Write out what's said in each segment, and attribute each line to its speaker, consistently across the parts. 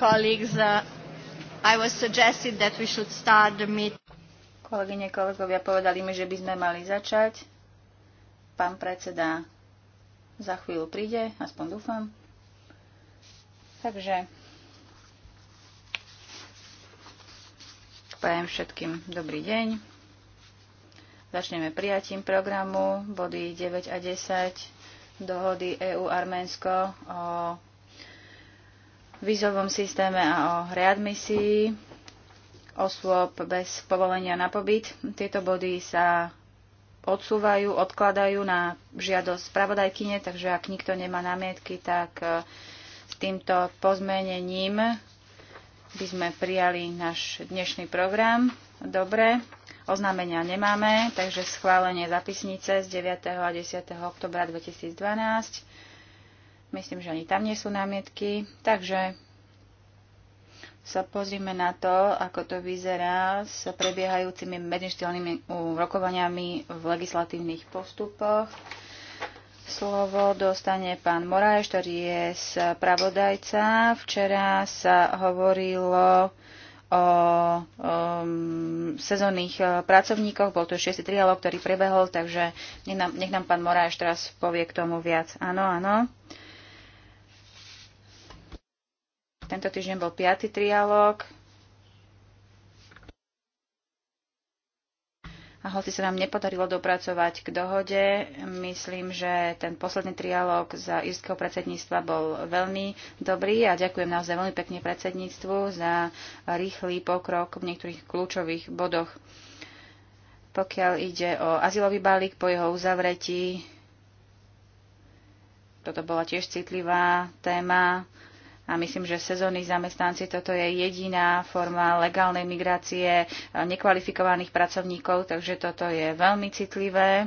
Speaker 1: colleagues, uh, I was suggested that we should start the meet. Kolegyne, kolegovia povedali mi, že by sme mali začať. Pán predseda za chvíľu príde, aspoň dúfam. Takže prajem všetkým dobrý deň. Začneme prijatím programu body 9 a 10 dohody EU-Arménsko o vízovom systéme a o readmisii osôb bez povolenia na pobyt. Tieto body sa odsúvajú, odkladajú na žiadosť spravodajkyne, takže ak nikto nemá námietky, tak e, s týmto pozmenením by sme prijali náš dnešný program. Dobre, oznámenia nemáme, takže schválenie zapisnice z 9. a 10. oktobra 2012. Myslím, že ani tam nie sú námietky. Takže sa pozrime na to, ako to vyzerá s prebiehajúcimi medzinštitálnymi rokovaniami v legislatívnych postupoch. Slovo dostane pán Moráš, ktorý je spravodajca. Včera sa hovorilo o um, sezónnych uh, pracovníkoch. Bol to 6. trialog, ktorý prebehol, takže nech nám, nech nám pán Moráš teraz povie k tomu viac. Áno, áno. Uh, tento týždeň bol piatý trialóg. A hoci sa nám nepodarilo dopracovať k dohode, myslím, že ten posledný trialóg za írskeho predsedníctva bol veľmi dobrý a ďakujem naozaj veľmi pekne predsedníctvu za rýchly pokrok v niektorých kľúčových bodoch. Pokiaľ ide o azylový balík po jeho uzavretí, toto bola tiež citlivá téma a myslím, že sezónni zamestnanci toto je jediná forma legálnej migrácie e, nekvalifikovaných pracovníkov, takže toto je veľmi citlivé e,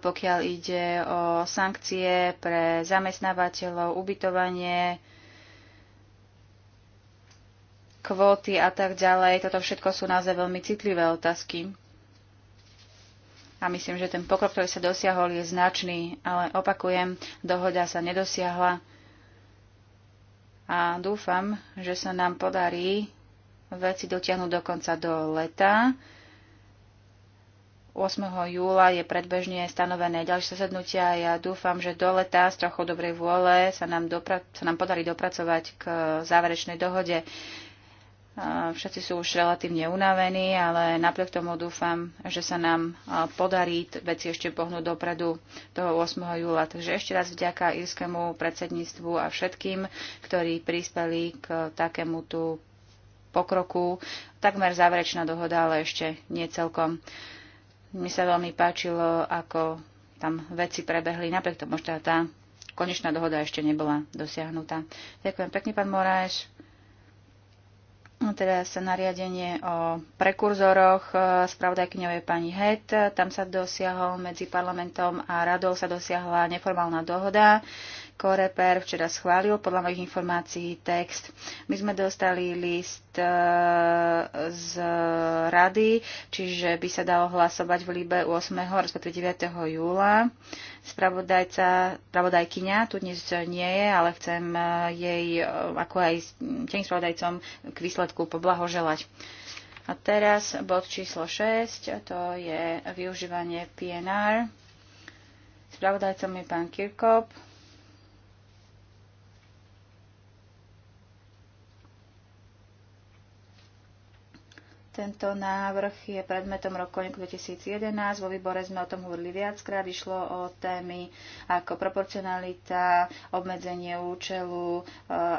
Speaker 1: pokiaľ ide o sankcie pre zamestnávateľov, ubytovanie, kvóty a tak ďalej. Toto všetko sú naozaj veľmi citlivé otázky. A myslím, že ten pokrok, ktorý sa dosiahol, je značný, ale opakujem, dohoda sa nedosiahla a dúfam, že sa nám podarí veci dotiahnuť dokonca do leta. 8. júla je predbežne stanovené ďalšie sednutia a ja dúfam, že do leta s trochou dobrej vôle sa nám, dopra- sa nám podarí dopracovať k záverečnej dohode. Všetci sú už relatívne unavení, ale napriek tomu dúfam, že sa nám podarí veci ešte pohnúť dopredu toho 8. júla. Takže ešte raz vďaka írskému predsedníctvu a všetkým, ktorí prispeli k takému tu pokroku. Takmer záverečná dohoda, ale ešte nie celkom. Mi sa veľmi páčilo, ako tam veci prebehli, napriek tomu, že tá konečná dohoda ešte nebola dosiahnutá. Ďakujem pekne, pán Moráš. No teraz nariadenie o prekurzoroch e, spravodajkyňovej pani Het. Tam sa dosiahol medzi parlamentom a radou sa dosiahla neformálna dohoda. Koreper včera schválil podľa mojich informácií text. My sme dostali list e, z rady, čiže by sa dalo hlasovať v Líbe 8. respektíve 9. júla. Spravodajca, spravodajkyňa tu dnes nie je, ale chcem e, jej, e, ako aj tým spravodajcom, k výsledku poblahoželať. A teraz bod číslo 6, to je využívanie PNR. Spravodajcom je pán Kirkop. Tento návrh je predmetom roku 2011. Vo výbore sme o tom hovorili viackrát. Išlo o témy ako proporcionalita, obmedzenie účelu, e,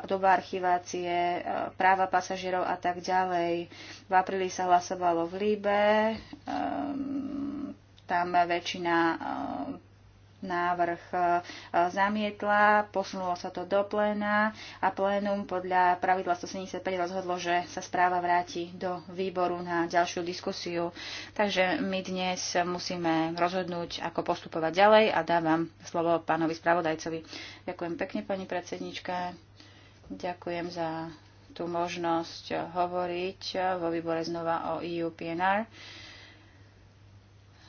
Speaker 1: doba archivácie, e, práva pasažierov a tak ďalej. V apríli sa hlasovalo v Líbe. Ehm, tam väčšina návrh e, e, zamietla, posunulo sa to do pléna a plénum podľa pravidla 175 rozhodlo, že sa správa vráti do výboru na ďalšiu diskusiu. Takže my dnes musíme rozhodnúť, ako postupovať ďalej a dávam slovo pánovi spravodajcovi. Ďakujem pekne, pani predsednička. Ďakujem za tú možnosť hovoriť vo výbore znova o EU PNR.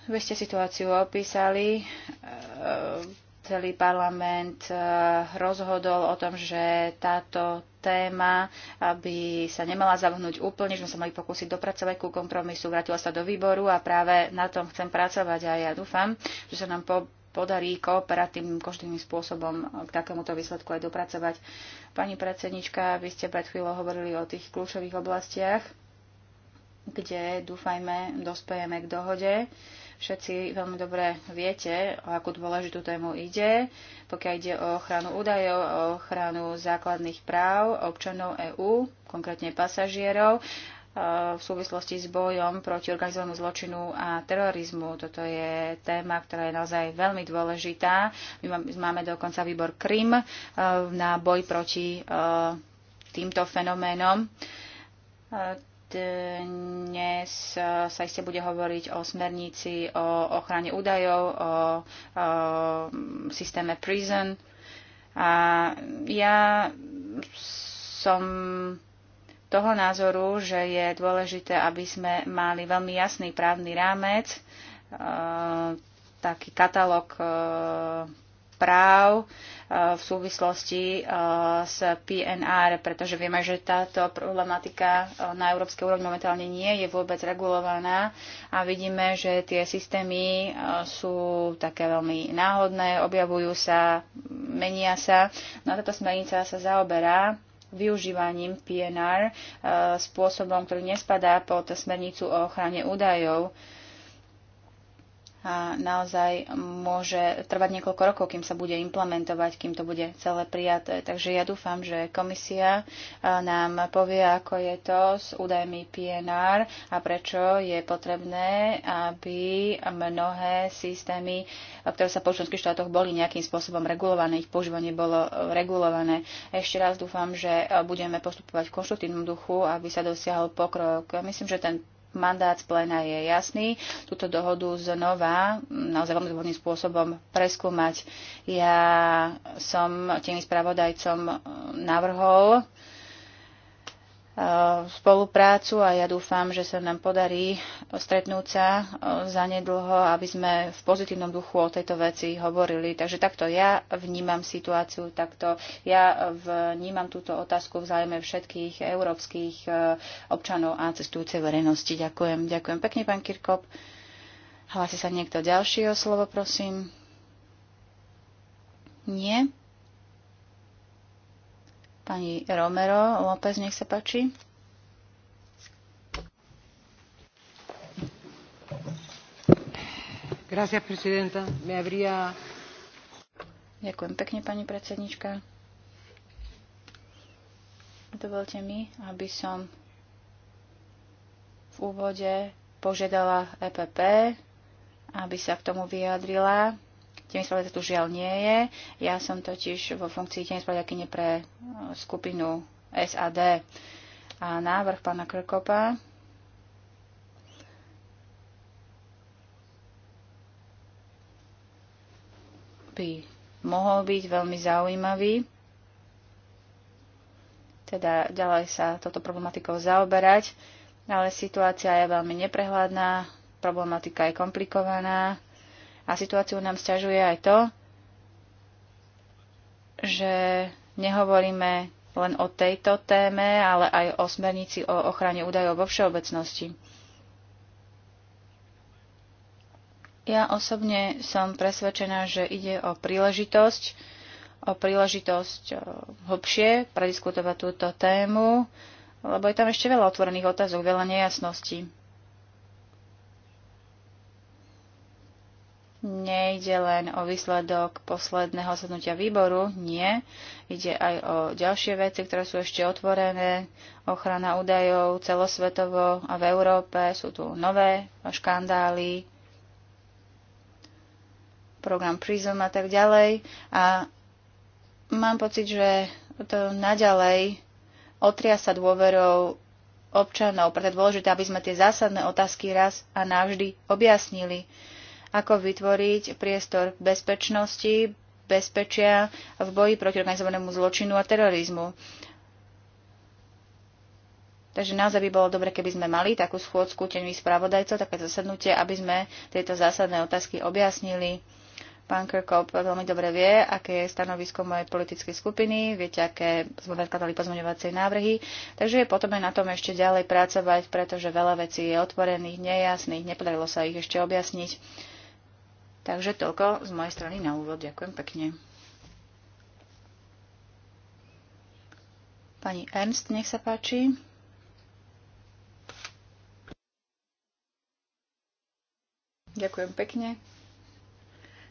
Speaker 1: Vy ste situáciu opísali. E, celý parlament e, rozhodol o tom, že táto téma, aby sa nemala zavhnúť úplne, že sme sa mali pokúsiť dopracovať ku kompromisu, vrátila sa do výboru a práve na tom chcem pracovať a ja dúfam, že sa nám po podarí kooperatívnym koštým spôsobom k takémuto výsledku aj dopracovať. Pani predsednička, vy ste pred chvíľou hovorili o tých kľúčových oblastiach, kde dúfajme dospejeme k dohode. Všetci veľmi dobre viete, o akú dôležitú tému ide, pokiaľ ide o ochranu údajov, o ochranu základných práv občanov EÚ, konkrétne pasažierov, e, v súvislosti s bojom proti organizovanému zločinu a terorizmu. Toto je téma, ktorá je naozaj veľmi dôležitá. My máme dokonca výbor Krym e, na boj proti e, týmto fenoménom. Dnes eh, sa iste bude hovoriť o smernici o ochrane údajov, o, o systéme PRISON. A ja som toho názoru, že je dôležité, aby sme mali veľmi jasný právny rámec, eh, taký katalóg eh, práv, Eh, v súvislosti eh, s PNR, pretože vieme, že táto problematika eh, na európskej úrovni momentálne nie je vôbec regulovaná a vidíme, že tie systémy sú také veľmi náhodné, objavujú sa, menia sa. No a táto smernica sa zaoberá využívaním PNR spôsobom, ktorý nespadá pod smernicu o ochrane údajov a naozaj môže trvať niekoľko rokov, kým sa bude implementovať, kým to bude celé prijaté. Takže ja dúfam, že komisia nám povie, ako je to s údajmi PNR a prečo je potrebné, aby mnohé systémy, ktoré sa po členských štátoch boli nejakým spôsobom regulované, ich používanie bolo e, regulované. Ešte raz dúfam, že e, budeme postupovať v konštruktívnom duchu, aby sa dosiahol pokrok. Myslím, že ten mandát plena je jasný. Túto dohodu znova naozaj veľmi dôvodným spôsobom preskúmať. Ja som tým spravodajcom navrhol, Eh, spoluprácu a ja dúfam, že sa nám podarí stretnúť sa eh, zanedlho, aby sme v pozitívnom duchu o tejto veci hovorili. Takže takto ja vnímam situáciu, takto ja vnímam túto otázku v zájme všetkých európskych eh, občanov a cestujúcej verejnosti. Ďakujem. Ďakujem pekne, pán Kirkop. Hlási sa niekto ďalšieho slovo, prosím? Nie? Pani Romero López, nech sa páči. Gracias, presidenta. Me habría... Ďakujem pekne, pani predsednička. Dovolte mi, aby som v úvode požiadala EPP, aby sa k tomu vyjadrila tým spravodajca tu žiaľ nie je. Ja som totiž vo funkcii tým spravodajkyne pre e, skupinu SAD. A návrh pána Krkopa by mohol byť veľmi zaujímavý. Teda ďalej sa toto problematikou zaoberať, ale situácia je veľmi neprehľadná, problematika je komplikovaná a situáciu nám stiažuje aj to, že nehovoríme len o tejto téme, ale aj o smernici o ochrane údajov vo všeobecnosti. Ja osobne som presvedčená, že ide o príležitosť, o príležitosť e, hlbšie prediskutovať túto tému, lebo je tam ešte veľa otvorených otázok, veľa nejasností. Nejde len o výsledok posledného zhodnutia výboru, nie. Ide aj o ďalšie veci, ktoré sú ešte otvorené. Ochrana údajov celosvetovo a v Európe sú tu nové škandály, program PRISM a tak ďalej. A mám pocit, že to naďalej otria sa dôverou občanov. Preto je dôležité, aby sme tie zásadné otázky raz a navždy objasnili ako vytvoriť priestor bezpečnosti, bezpečia v boji proti organizovanému zločinu a terorizmu. Takže naozaj by bolo dobre, keby sme mali takú schôdzku tenový spravodajcov, také zasadnutie, aby sme tieto zásadné otázky objasnili. Pán Kirkop veľmi dobre vie, aké je stanovisko mojej politickej skupiny, viete, aké sme predkladali pozmeňovacie návrhy, takže je potom aj na tom ešte ďalej pracovať, pretože veľa vecí je otvorených, nejasných, nepodarilo sa ich ešte objasniť. Takže toľko z mojej strany na úvod. Ďakujem pekne. Pani Ernst, nech sa páči. Ďakujem pekne.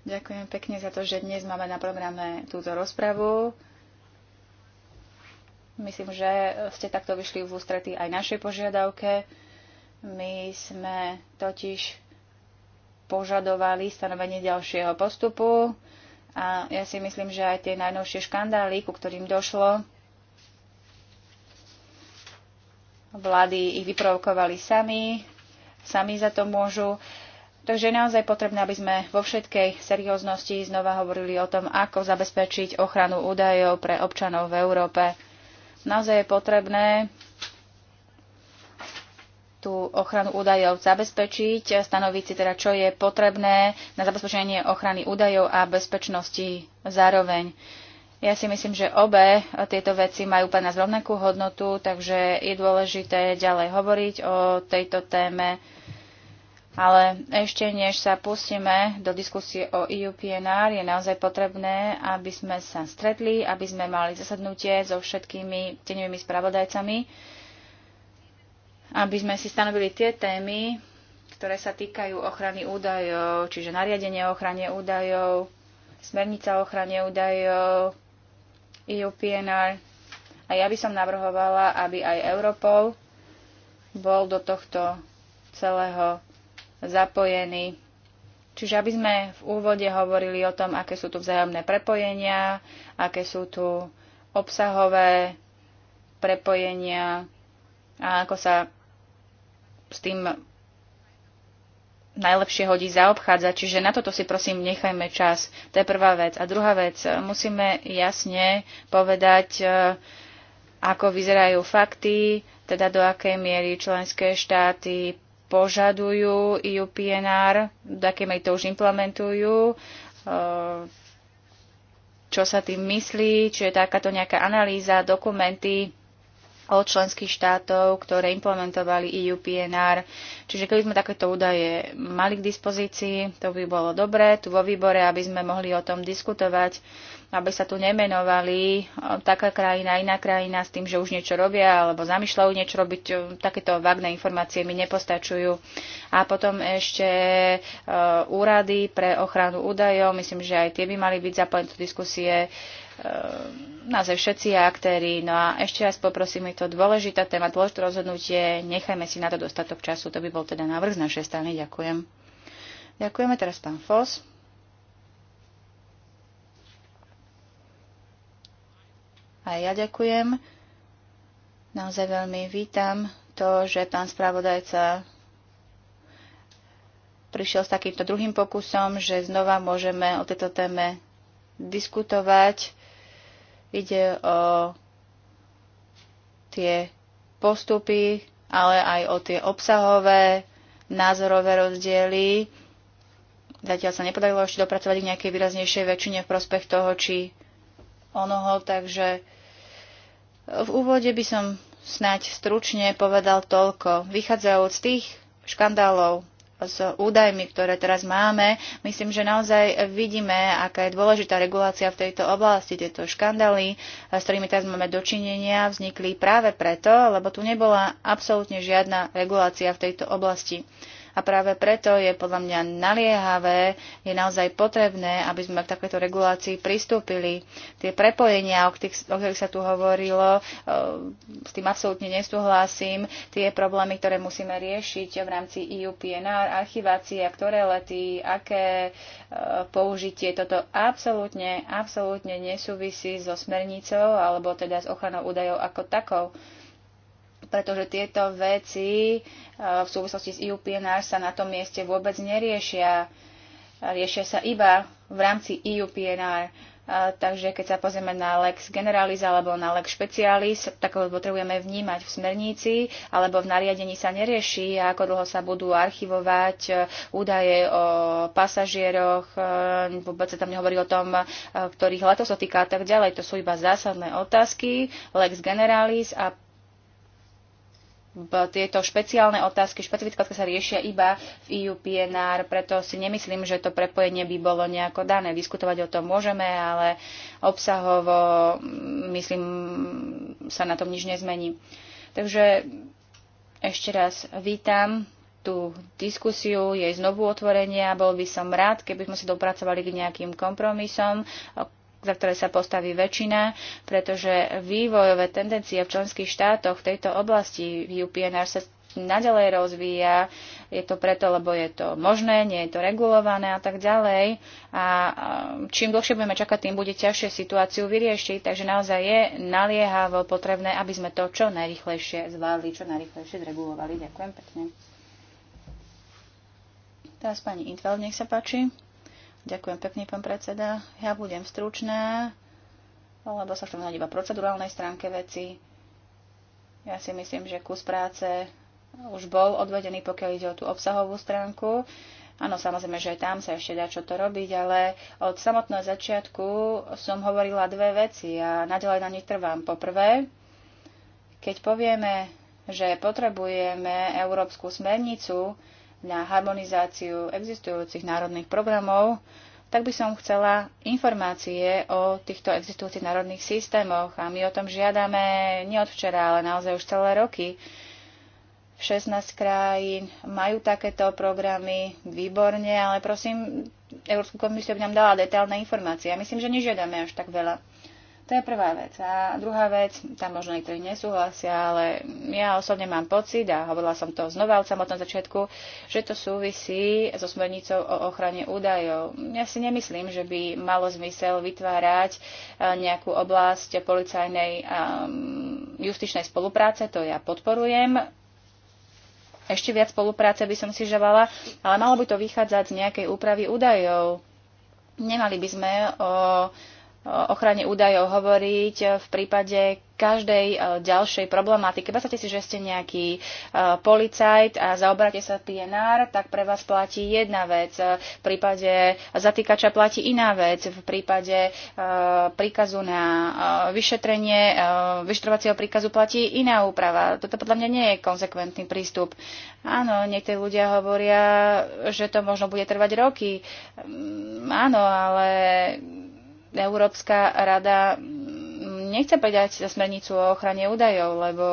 Speaker 1: Ďakujem pekne za to, že dnes máme na programe túto rozpravu. Myslím, že ste takto vyšli v ústretí aj našej požiadavke. My sme totiž požadovali stanovenie ďalšieho postupu a ja si myslím, že aj tie najnovšie škandály, ku ktorým došlo, vlády ich vyprovokovali sami, sami za to môžu. Takže je naozaj potrebné, aby sme vo všetkej serióznosti znova hovorili o tom, ako zabezpečiť ochranu údajov pre občanov v Európe. Naozaj je potrebné tú ochranu údajov zabezpečiť, stanoviť si teda, čo je potrebné na zabezpečenie ochrany údajov a bezpečnosti zároveň. Ja si myslím, že obe tieto veci majú úplne zrovnakú hodnotu, takže je dôležité ďalej hovoriť o tejto téme. Ale ešte než sa pustíme do diskusie o EUPNR, je naozaj potrebné, aby sme sa stretli, aby sme mali zasadnutie so všetkými tenevými spravodajcami aby sme si stanovili tie témy, ktoré sa týkajú ochrany údajov, čiže nariadenie o ochrane údajov, smernica o ochrane údajov, EU PNR. A ja by som navrhovala, aby aj Europol bol do tohto celého zapojený. Čiže aby sme v úvode hovorili o tom, aké sú tu vzájomné prepojenia, aké sú tu obsahové prepojenia a ako sa s tým najlepšie hodí zaobchádzať. Čiže na toto si prosím nechajme čas. To je prvá vec. A druhá vec, musíme jasne povedať, e, ako vyzerajú fakty, teda do akej miery členské štáty požadujú UPNR, do akej miery to už implementujú, e, čo sa tým myslí, či je takáto nejaká analýza, dokumenty, od členských štátov, ktoré implementovali EU PNR. Čiže keby sme takéto údaje mali k dispozícii, to by bolo dobré tu vo výbore, aby sme mohli o tom diskutovať aby sa tu nemenovali e, taká krajina, iná krajina s tým, že už niečo robia alebo zamýšľajú niečo robiť. E, takéto vágne informácie mi nepostačujú. A potom ešte e, úrady pre ochranu údajov, myslím, že aj tie by mali byť zapojené do diskusie naozaj všetci aktéry. No a ešte raz poprosím, je to dôležitá téma, dôležité rozhodnutie. Nechajme si na to dostatok času. To by bol teda návrh z našej strany. Ďakujem. Ďakujeme teraz pán Fos. A ja ďakujem. Naozaj veľmi vítam to, že pán spravodajca prišiel s takýmto druhým pokusom, že znova môžeme o tejto téme diskutovať. Ide o tie postupy, ale aj o tie obsahové, názorové rozdiely. Zatiaľ sa nepodarilo ešte dopracovať k nejakej výraznejšej väčšine v prospech toho, či onoho, takže v úvode by som snáď stručne povedal toľko. Vychádzajúc z tých škandálov, s údajmi, ktoré teraz máme, myslím, že naozaj vidíme, aká je dôležitá regulácia v tejto oblasti. Tieto škandály, s ktorými teraz máme dočinenia, vznikli práve preto, lebo tu nebola absolútne žiadna regulácia v tejto oblasti. A práve preto je podľa mňa naliehavé, je naozaj potrebné, aby sme k takéto regulácii pristúpili. Tie prepojenia, o ktorých, o ktorých sa tu hovorilo, e, s tým absolútne nesúhlasím. Tie problémy, ktoré musíme riešiť v rámci EU PNR, archivácia, ktoré lety, aké e, použitie, toto absolútne, absolútne nesúvisí so smernicou alebo teda s ochranou údajov ako takou pretože tieto veci eh, v súvislosti s EUPNR sa na tom mieste vôbec neriešia. Riešia sa iba v rámci EUPNR. Eh, takže keď sa pozrieme na lex generalis alebo na lex specialis, tak ho potrebujeme vnímať v smernici alebo v nariadení sa nerieši, ako dlho sa budú archivovať eh, údaje o pasažieroch, vôbec sa tam nehovorí o tom, ktorých letos sa týka a tak ďalej. To sú iba zásadné otázky, lex generalis a tieto špeciálne otázky, špecifické otázky sa riešia iba v EU PNR, preto si nemyslím, že to prepojenie by bolo nejako dané. Diskutovať o tom môžeme, ale obsahovo, mm, myslím, sa na tom nič nezmení. Takže ešte raz vítam tú diskusiu, jej znovu otvorenia. Bol by som rád, keby sme sa dopracovali k nejakým kompromisom, za ktoré sa postaví väčšina, pretože vývojové tendencie v členských štátoch v tejto oblasti UPNR sa naďalej rozvíja. Je to preto, lebo je to možné, nie je to regulované a tak ďalej. A čím dlhšie budeme čakať, tým bude ťažšie situáciu vyriešiť. Takže naozaj je naliehavo potrebné, aby sme to čo najrychlejšie zvládli, čo najrychlejšie zregulovali. Ďakujem pekne. Teraz pani Intvel, nech sa páči. Ďakujem pekne, pán predseda. Ja budem stručná, lebo sa chcem iba procedurálnej stránke veci. Ja si myslím, že kus práce už bol odvedený, pokiaľ ide o tú obsahovú stránku. Áno, samozrejme, že aj tam sa ešte dá čo to robiť, ale od samotného začiatku som hovorila dve veci a nadalej na nich trvám. Poprvé, keď povieme, že potrebujeme európsku smernicu, na harmonizáciu existujúcich národných programov, tak by som chcela informácie o týchto existujúcich národných systémoch a my o tom žiadame nie od včera, ale naozaj už celé roky. 16 krajín majú takéto programy, výborne, ale prosím, Európsku komisiu by nám dala detailné informácie. Ja myslím, že nežiadame až tak veľa. To je prvá vec. A druhá vec, tam možno niektorí nesúhlasia, ale ja osobne mám pocit, a hovorila som to znova od samotného začiatku, že to súvisí so smernicou o ochrane údajov. Ja si nemyslím, že by malo zmysel vytvárať e, nejakú oblasť policajnej a justičnej spolupráce, to ja podporujem, ešte viac spolupráce by som si želala, ale malo by to vychádzať z nejakej úpravy údajov. Nemali by sme o ochrane údajov hovoriť eh, v prípade každej eh, ďalšej problematiky. Predstavte si, že ste nejaký eh, policajt a zaoberáte sa PNR, tak pre vás platí jedna vec. V prípade zatýkača platí iná vec. V prípade príkazu na vyšetrenie, vyšetrovacieho príkazu platí iná úprava. Toto podľa mňa nie je konsekventný prístup. Áno, niektorí ľudia hovoria, že to možno bude trvať roky. Mm, áno, ale Európska rada mm, nechce predať smernicu o ochrane údajov, lebo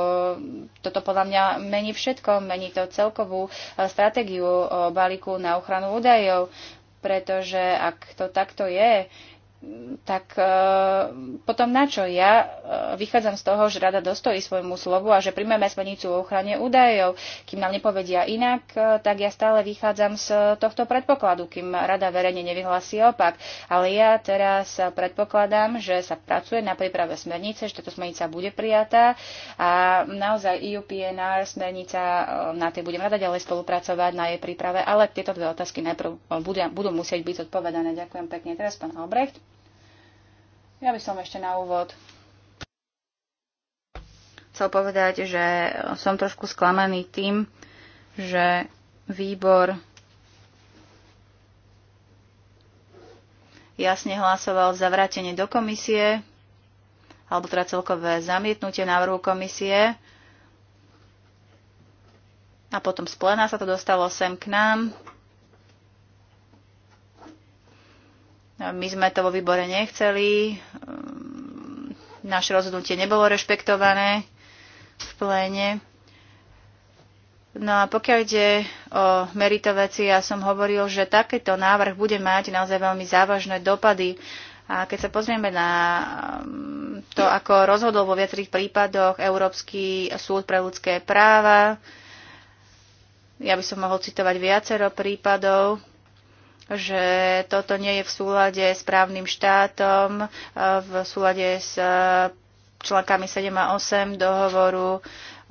Speaker 1: toto podľa mňa mení všetko, mení to celkovú e, stratégiu o balíku na ochranu údajov, pretože ak to takto je, tak e, potom na čo? Ja e, vychádzam z toho, že rada dostojí svojmu slovu a že príjmeme smernicu o ochrane údajov. Kým nám nepovedia inak, e, tak ja stále vychádzam z tohto predpokladu, kým rada verejne nevyhlasí opak. Ale ja teraz predpokladám, že sa pracuje na príprave smernice, že táto smernica bude prijatá a naozaj EUPNR smernica, na tej budem rada ďalej spolupracovať na jej príprave, ale tieto dve otázky najprv budú, budú musieť byť zodpovedané. Ďakujem pekne. Teraz pán Albrecht. Ja by som ešte na úvod chcel povedať, že som trošku sklamaný tým, že výbor jasne hlasoval za vrátenie do komisie, alebo teda celkové zamietnutie návrhu komisie. A potom z plena sa to dostalo sem k nám. My sme to vo výbore nechceli, ehm, naše rozhodnutie nebolo rešpektované v pléne. No a pokiaľ ide o merito veci, ja som hovoril, že takýto návrh bude mať naozaj veľmi závažné dopady. A keď sa pozrieme na ehm, to, ako rozhodol vo viacerých prípadoch Európsky súd pre ľudské práva, ja by som mohol citovať viacero prípadov, že toto nie je v súlade s právnym štátom, e, v súlade s e, článkami 7 a 8 dohovoru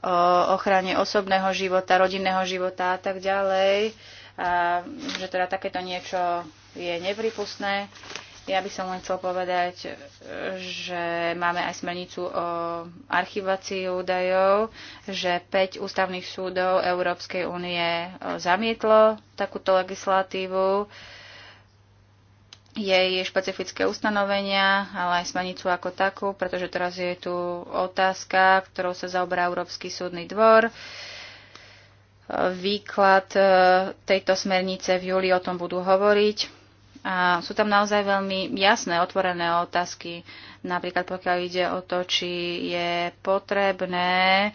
Speaker 1: o ochrane osobného života, rodinného života a tak ďalej, a že teda takéto niečo je nepripustné. Ja by som len chcel povedať, e, že máme aj smernicu o archivácii údajov, že 5 ústavných súdov Európskej únie e, zamietlo takúto legislatívu jej špecifické ustanovenia, ale aj smernicu ako takú, pretože teraz je tu otázka, ktorou sa zaoberá Európsky súdny dvor. E, výklad tejto smernice v júli o tom budú hovoriť. A sú tam naozaj veľmi jasné, otvorené otázky. Napríklad pokiaľ ide o to, či je potrebné e,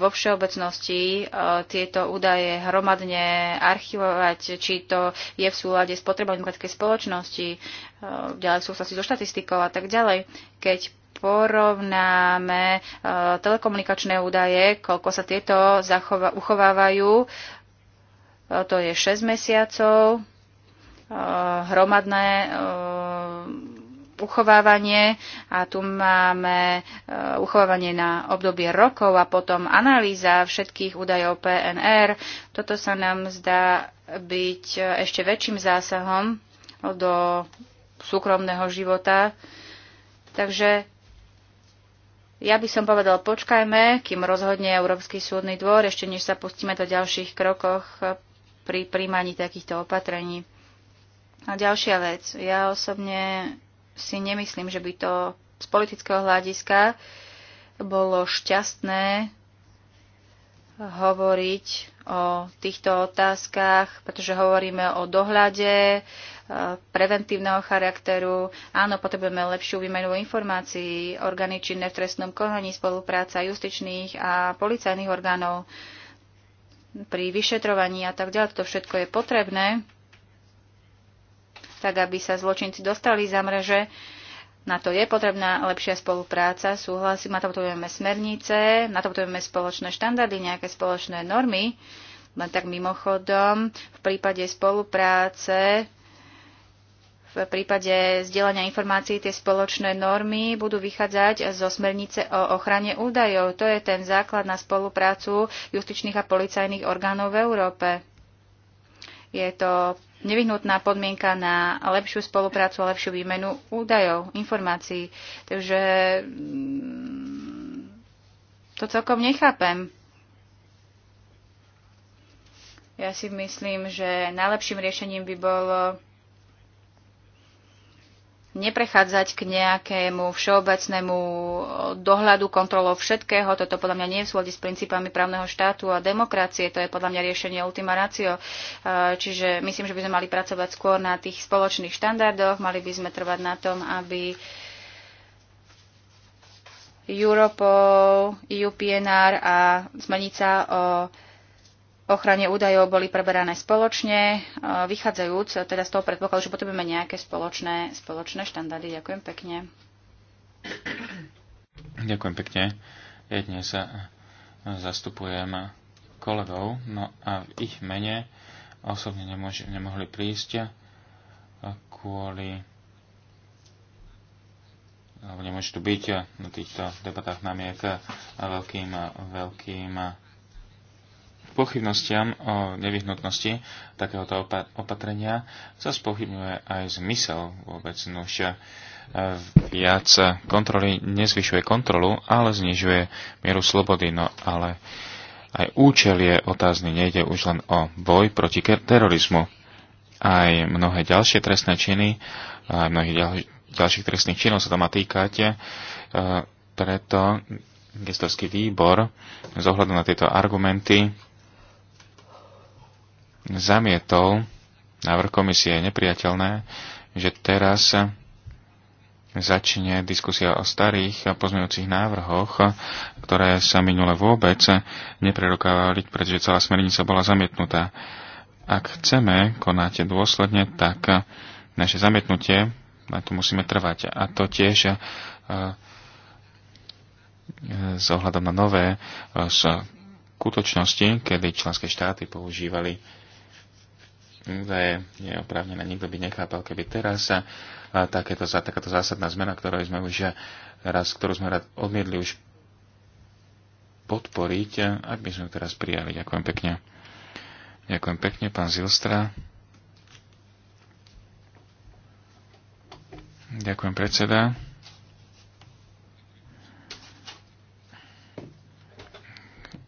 Speaker 1: vo všeobecnosti e, tieto údaje hromadne archivovať, či to je v súlade s potrebou demokratickej spoločnosti, e, ďalej v súvislosti so štatistikou a tak ďalej. Keď porovnáme telekomunikačné údaje, koľko sa tieto uchovávajú, to je 6 mesiacov, Eh, hromadné eh, uchovávanie a tu máme eh, uchovávanie na obdobie rokov a potom analýza všetkých údajov PNR. Toto sa nám zdá byť ešte väčším zásahom do súkromného života. Takže ja by som povedal, počkajme, kým rozhodne Európsky súdny dvor, ešte než sa pustíme do ďalších krokoch pri príjmaní takýchto opatrení. A ďalšia vec. Ja osobne si nemyslím, že by to z politického hľadiska bolo šťastné hovoriť o týchto otázkach, pretože hovoríme o dohľade e, preventívneho charakteru. Áno, potrebujeme lepšiu výmenu informácií, orgány činné v trestnom konaní, spolupráca justičných a policajných orgánov pri vyšetrovaní a tak ďalej. To všetko je potrebné tak aby sa zločinci dostali za mreže. Na to je potrebná lepšia spolupráca, súhlasím, na to potrebujeme smernice, na to potrebujeme spoločné štandardy, nejaké spoločné normy. Len tak mimochodom, v prípade spolupráce, v prípade zdieľania informácií tie spoločné normy budú vychádzať zo smernice o ochrane údajov. To je ten základ na spoluprácu justičných a policajných orgánov v Európe. Je to nevyhnutná podmienka na lepšiu spoluprácu a lepšiu výmenu údajov, informácií. Takže mm, to celkom nechápem. Ja si myslím, že najlepším riešením by bolo neprechádzať k nejakému všeobecnému dohľadu, kontrolou všetkého. Toto podľa mňa nie je v súlade s princípami právneho štátu a demokracie. To je podľa mňa riešenie ultima ratio. E, čiže myslím, že by sme mali pracovať skôr na tých spoločných štandardoch, mali by sme trvať na tom, aby Europol, EUPNR a zmeniť sa o ochrane údajov boli preberané spoločne, e, vychádzajúc teda z toho predpokladu, že potrebujeme nejaké spoločné, spoločné štandardy. Ďakujem pekne.
Speaker 2: Ďakujem pekne. Ja dnes zastupujem kolegov, no a v ich mene osobne nemôže, nemohli prísť kvôli alebo nemôžu tu byť na týchto debatách namiek veľkým, veľkým pochybnostiam o nevyhnutnosti takéhoto opatrenia sa spochybňuje aj zmysel vôbec nuž e, viac kontroly nezvyšuje kontrolu, ale znižuje mieru slobody. No ale aj účel je otázny, nejde už len o boj proti terorizmu. Aj mnohé ďalšie trestné činy, aj mnohých ďal, ďalších trestných činov sa to má týkať, e, preto gestorský výbor z ohľadu na tieto argumenty zamietol návrh komisie. Je nepriateľné, že teraz začne diskusia o starých pozmeňujúcich návrhoch, ktoré sa minule vôbec neprerokávali, pretože celá smernica bola zamietnutá. Ak chceme konať dôsledne, tak naše zamietnutie, na to musíme trvať. A to tiež e, e, s ohľadom na nové e, skutočnosti, kedy členské štáty používali údaje je oprávnené. Nikto by nechápal, keby teraz sa takéto, takáto zásadná zmena, ktorú sme už raz, ktorú sme rád odmietli už podporiť, ak by sme teraz prijali. Ďakujem pekne. Ďakujem pekne, pán Zilstra. Ďakujem, predseda.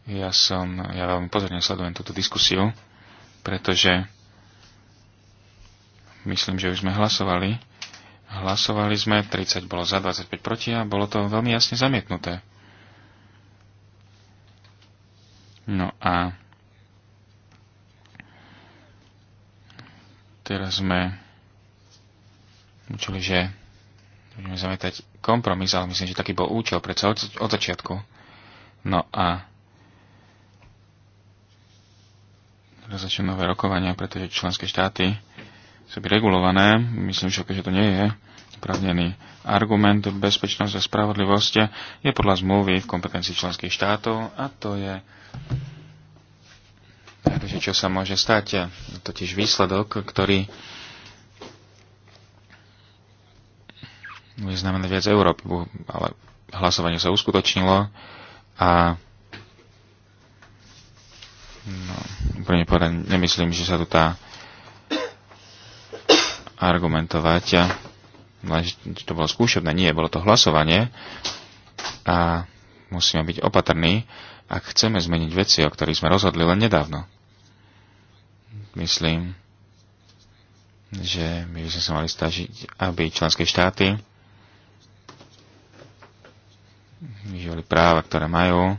Speaker 2: Ja som, ja veľmi pozorne sledujem túto diskusiu, pretože Myslím, že už sme hlasovali. Hlasovali sme, 30 bolo za, 25 proti a bolo to veľmi jasne zamietnuté. No a teraz sme učili, že budeme zamietať kompromis, ale myslím, že taký bol účel predsa od, od začiatku. No a teraz začnú nové rokovania, pretože členské štáty sú byť regulované. Myslím však, že to nie je upravnený argument. Bezpečnosť a spravodlivosť je podľa zmluvy v kompetencii členských štátov a to je Takže čo sa môže stať? Totiž výsledok, ktorý bude znamená viac Európy, ale hlasovanie sa uskutočnilo a no, úplne povedať, nemyslím, že sa tu tá argumentovať, a to bolo skúšobné, nie, bolo to hlasovanie a musíme byť opatrní, ak chceme zmeniť veci, o ktorých sme rozhodli len nedávno. Myslím, že my by sme sa mali stažiť, aby členské štáty využívali práva, ktoré majú,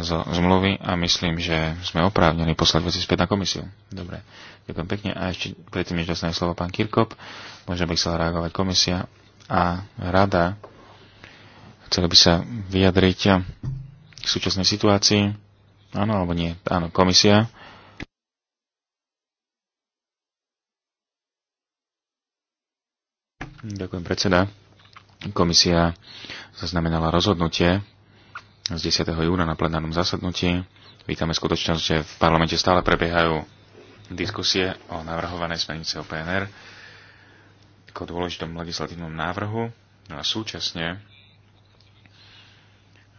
Speaker 2: z zmluvy a myslím, že sme oprávnení poslať veci späť na komisiu. Dobre, ďakujem pekne. A ešte predtým, než dostane slovo pán Kirkop, možno by chcela reagovať komisia a rada. Chceli by sa vyjadriť k súčasnej situácii. Áno alebo nie? Áno, komisia. Ďakujem predseda. Komisia zaznamenala rozhodnutie z 10. júna na plenárnom zasadnutí. Vítame skutočnosť, že v parlamente stále prebiehajú diskusie o navrhovanej smernice o PNR ako dôležitom legislatívnom návrhu. No a súčasne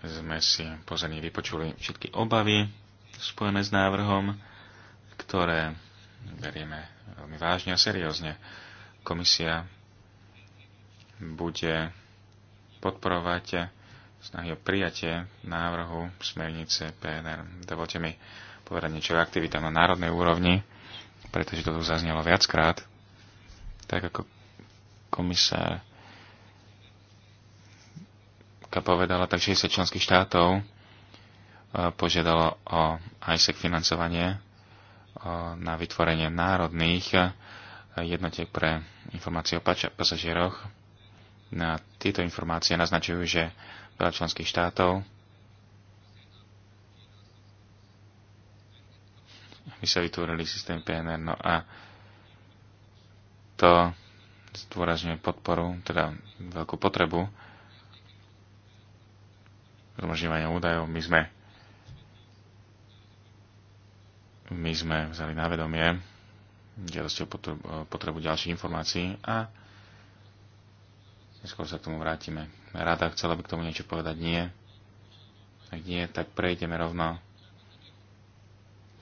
Speaker 2: sme si pozorne vypočuli všetky obavy spojené s návrhom, ktoré berieme veľmi vážne a seriózne. Komisia bude podporovať snahy o prijatie návrhu smernice PNR. Dovolte mi povedať niečo o aktivitách na národnej úrovni, pretože to tu zaznelo viackrát. Tak ako komisár povedala, tak 60 členských štátov e, požiadalo o ISEC financovanie e, na vytvorenie národných e, jednotiek pre informácie o pasažieroch. Na tieto informácie naznačujú, že členských štátov, My sa vytvorili systém PNR. No a to zdôrazňuje podporu, teda veľkú potrebu zmožňovania údajov. My sme my sme vzali na vedomie žiadosť o potrebu ďalších informácií a Neskôr sa k tomu vrátime. Rada chcela by k tomu niečo povedať? Nie. Ak nie, tak prejdeme rovno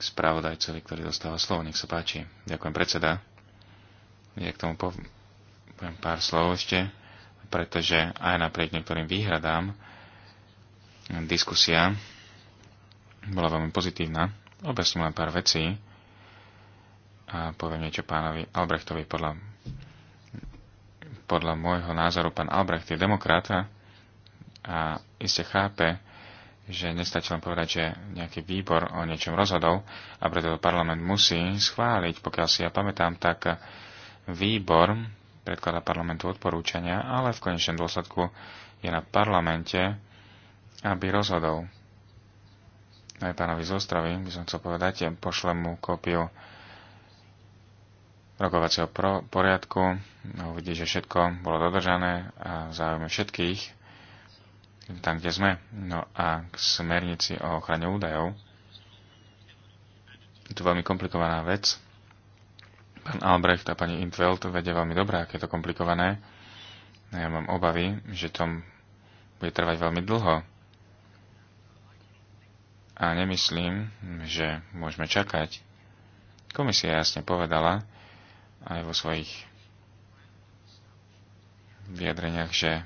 Speaker 2: k spravodajcovi, ktorý dostáva slovo. Nech sa páči. Ďakujem predseda. Ja k tomu poviem pár slov ešte, pretože aj napriek niektorým výhradám diskusia bola veľmi pozitívna. Objasním len pár vecí a poviem niečo pánovi Albrechtovi podľa podľa môjho názoru pán Albrecht je demokrata a iste chápe, že nestačí len povedať, že nejaký výbor o niečom rozhodol a preto to parlament musí schváliť. Pokiaľ si ja pamätám, tak výbor predkladá parlamentu odporúčania, ale v konečnom dôsledku je na parlamente, aby rozhodol. Aj pánovi z Ostravy by som chcel povedať, pošlem mu kópiu rokovacieho poriadku uvidí, no, že všetko bolo dodržané a záujme všetkých, tam, kde sme. No a k smernici o ochrane údajov. Je to veľmi komplikovaná vec. Pán Albrecht a pani Intveld vedia veľmi dobré, aké je to komplikované. No, ja mám obavy, že to bude trvať veľmi dlho. A nemyslím, že môžeme čakať. Komisia jasne povedala, aj vo svojich vyjadreniach, že e,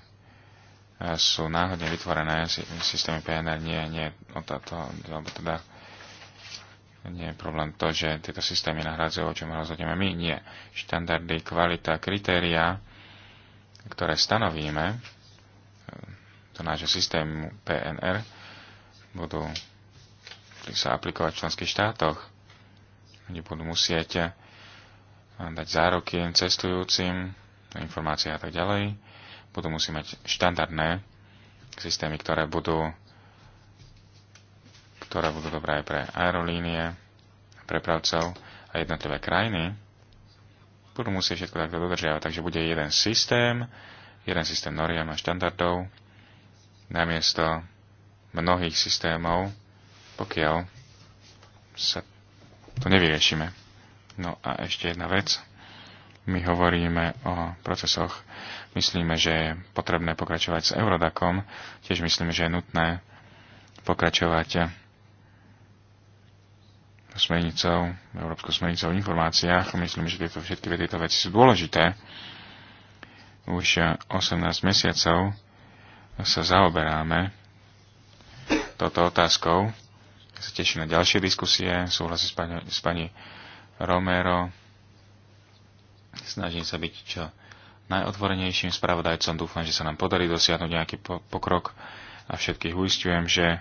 Speaker 2: sú náhodne vytvorené systémy PNR. Nie, nie, o táto, alebo teda nie je problém to, že tieto systémy nahradzujú, o čom rozhodneme my. Nie. Štandardy, kvalita, kritéria, ktoré stanovíme e, do nášho systému PNR, budú sa aplikovať v členských štátoch. Oni budú musieť e, dať zároky cestujúcim, informácie a tak ďalej. Budú musí mať štandardné systémy, ktoré budú, ktoré budú dobré aj pre aerolínie, prepravcov a jednotlivé krajiny. Budú musieť všetko takto dodržiavať, takže bude jeden systém, jeden systém noriem a štandardov, namiesto mnohých systémov, pokiaľ sa to nevyriešime. No a ešte jedna vec. My hovoríme o procesoch, myslíme, že je potrebné pokračovať s Eurodakom, tiež myslíme, že je nutné pokračovať smernicou, Európskou smernicou v informáciách. Myslím, že tieto, všetky tieto veci sú dôležité. Už 18 mesiacov sa zaoberáme touto otázkou. Ja sa teším na ďalšie diskusie, súhlasím s pani, s pani Romero. Snažím sa byť čo najotvorenejším spravodajcom. Dúfam, že sa nám podarí dosiahnuť nejaký pokrok a všetkých uistujem, že e,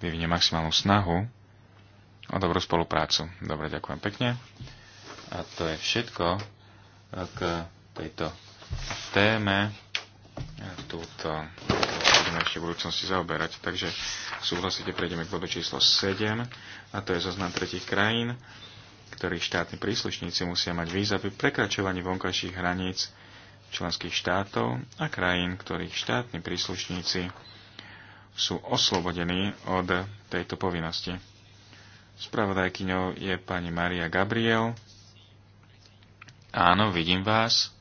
Speaker 2: vyvinie maximálnu snahu o dobrú spoluprácu. Dobre, ďakujem pekne. A to je všetko k tejto téme. Túto budeme ešte v budúcnosti zaoberať. Takže súhlasíte, prejdeme k bodu číslo 7, a to je zoznam tretich krajín, ktorých štátni príslušníci musia mať víza pri prekračovaní vonkajších hraníc členských štátov a krajín, ktorých štátni príslušníci sú oslobodení od tejto povinnosti. Spravodajkyňou je pani Maria Gabriel. Áno, vidím vás.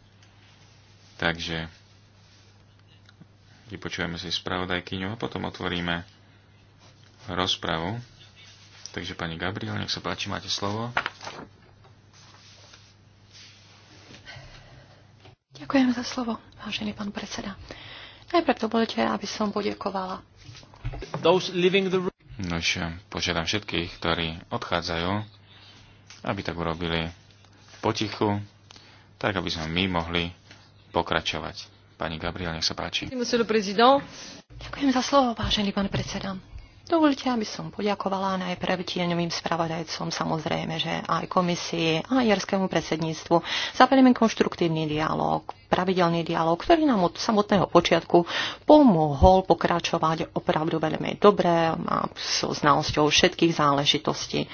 Speaker 2: Takže vypočujeme si spravodajkyňu a potom otvoríme rozpravu. Takže pani Gabriel, nech sa páči, máte slovo.
Speaker 3: Ďakujem za slovo, vážený pán predseda. Najprv to budete, aby som podiekovala.
Speaker 2: Nož, požiadam všetkých, ktorí odchádzajú, aby tak urobili potichu, tak aby sme my mohli pokračovať. Pani Gabriel, nech sa páči.
Speaker 3: Ďakujem za slovo, vážený pán predseda. Dovolte, aby som poďakovala najprv tieňovým spravodajcom, samozrejme, že aj komisii, aj jerskému predsedníctvu za veľmi konštruktívny dialog, pravidelný dialog, ktorý nám od samotného počiatku pomohol pokračovať opravdu veľmi dobre a so znalosťou všetkých záležitostí.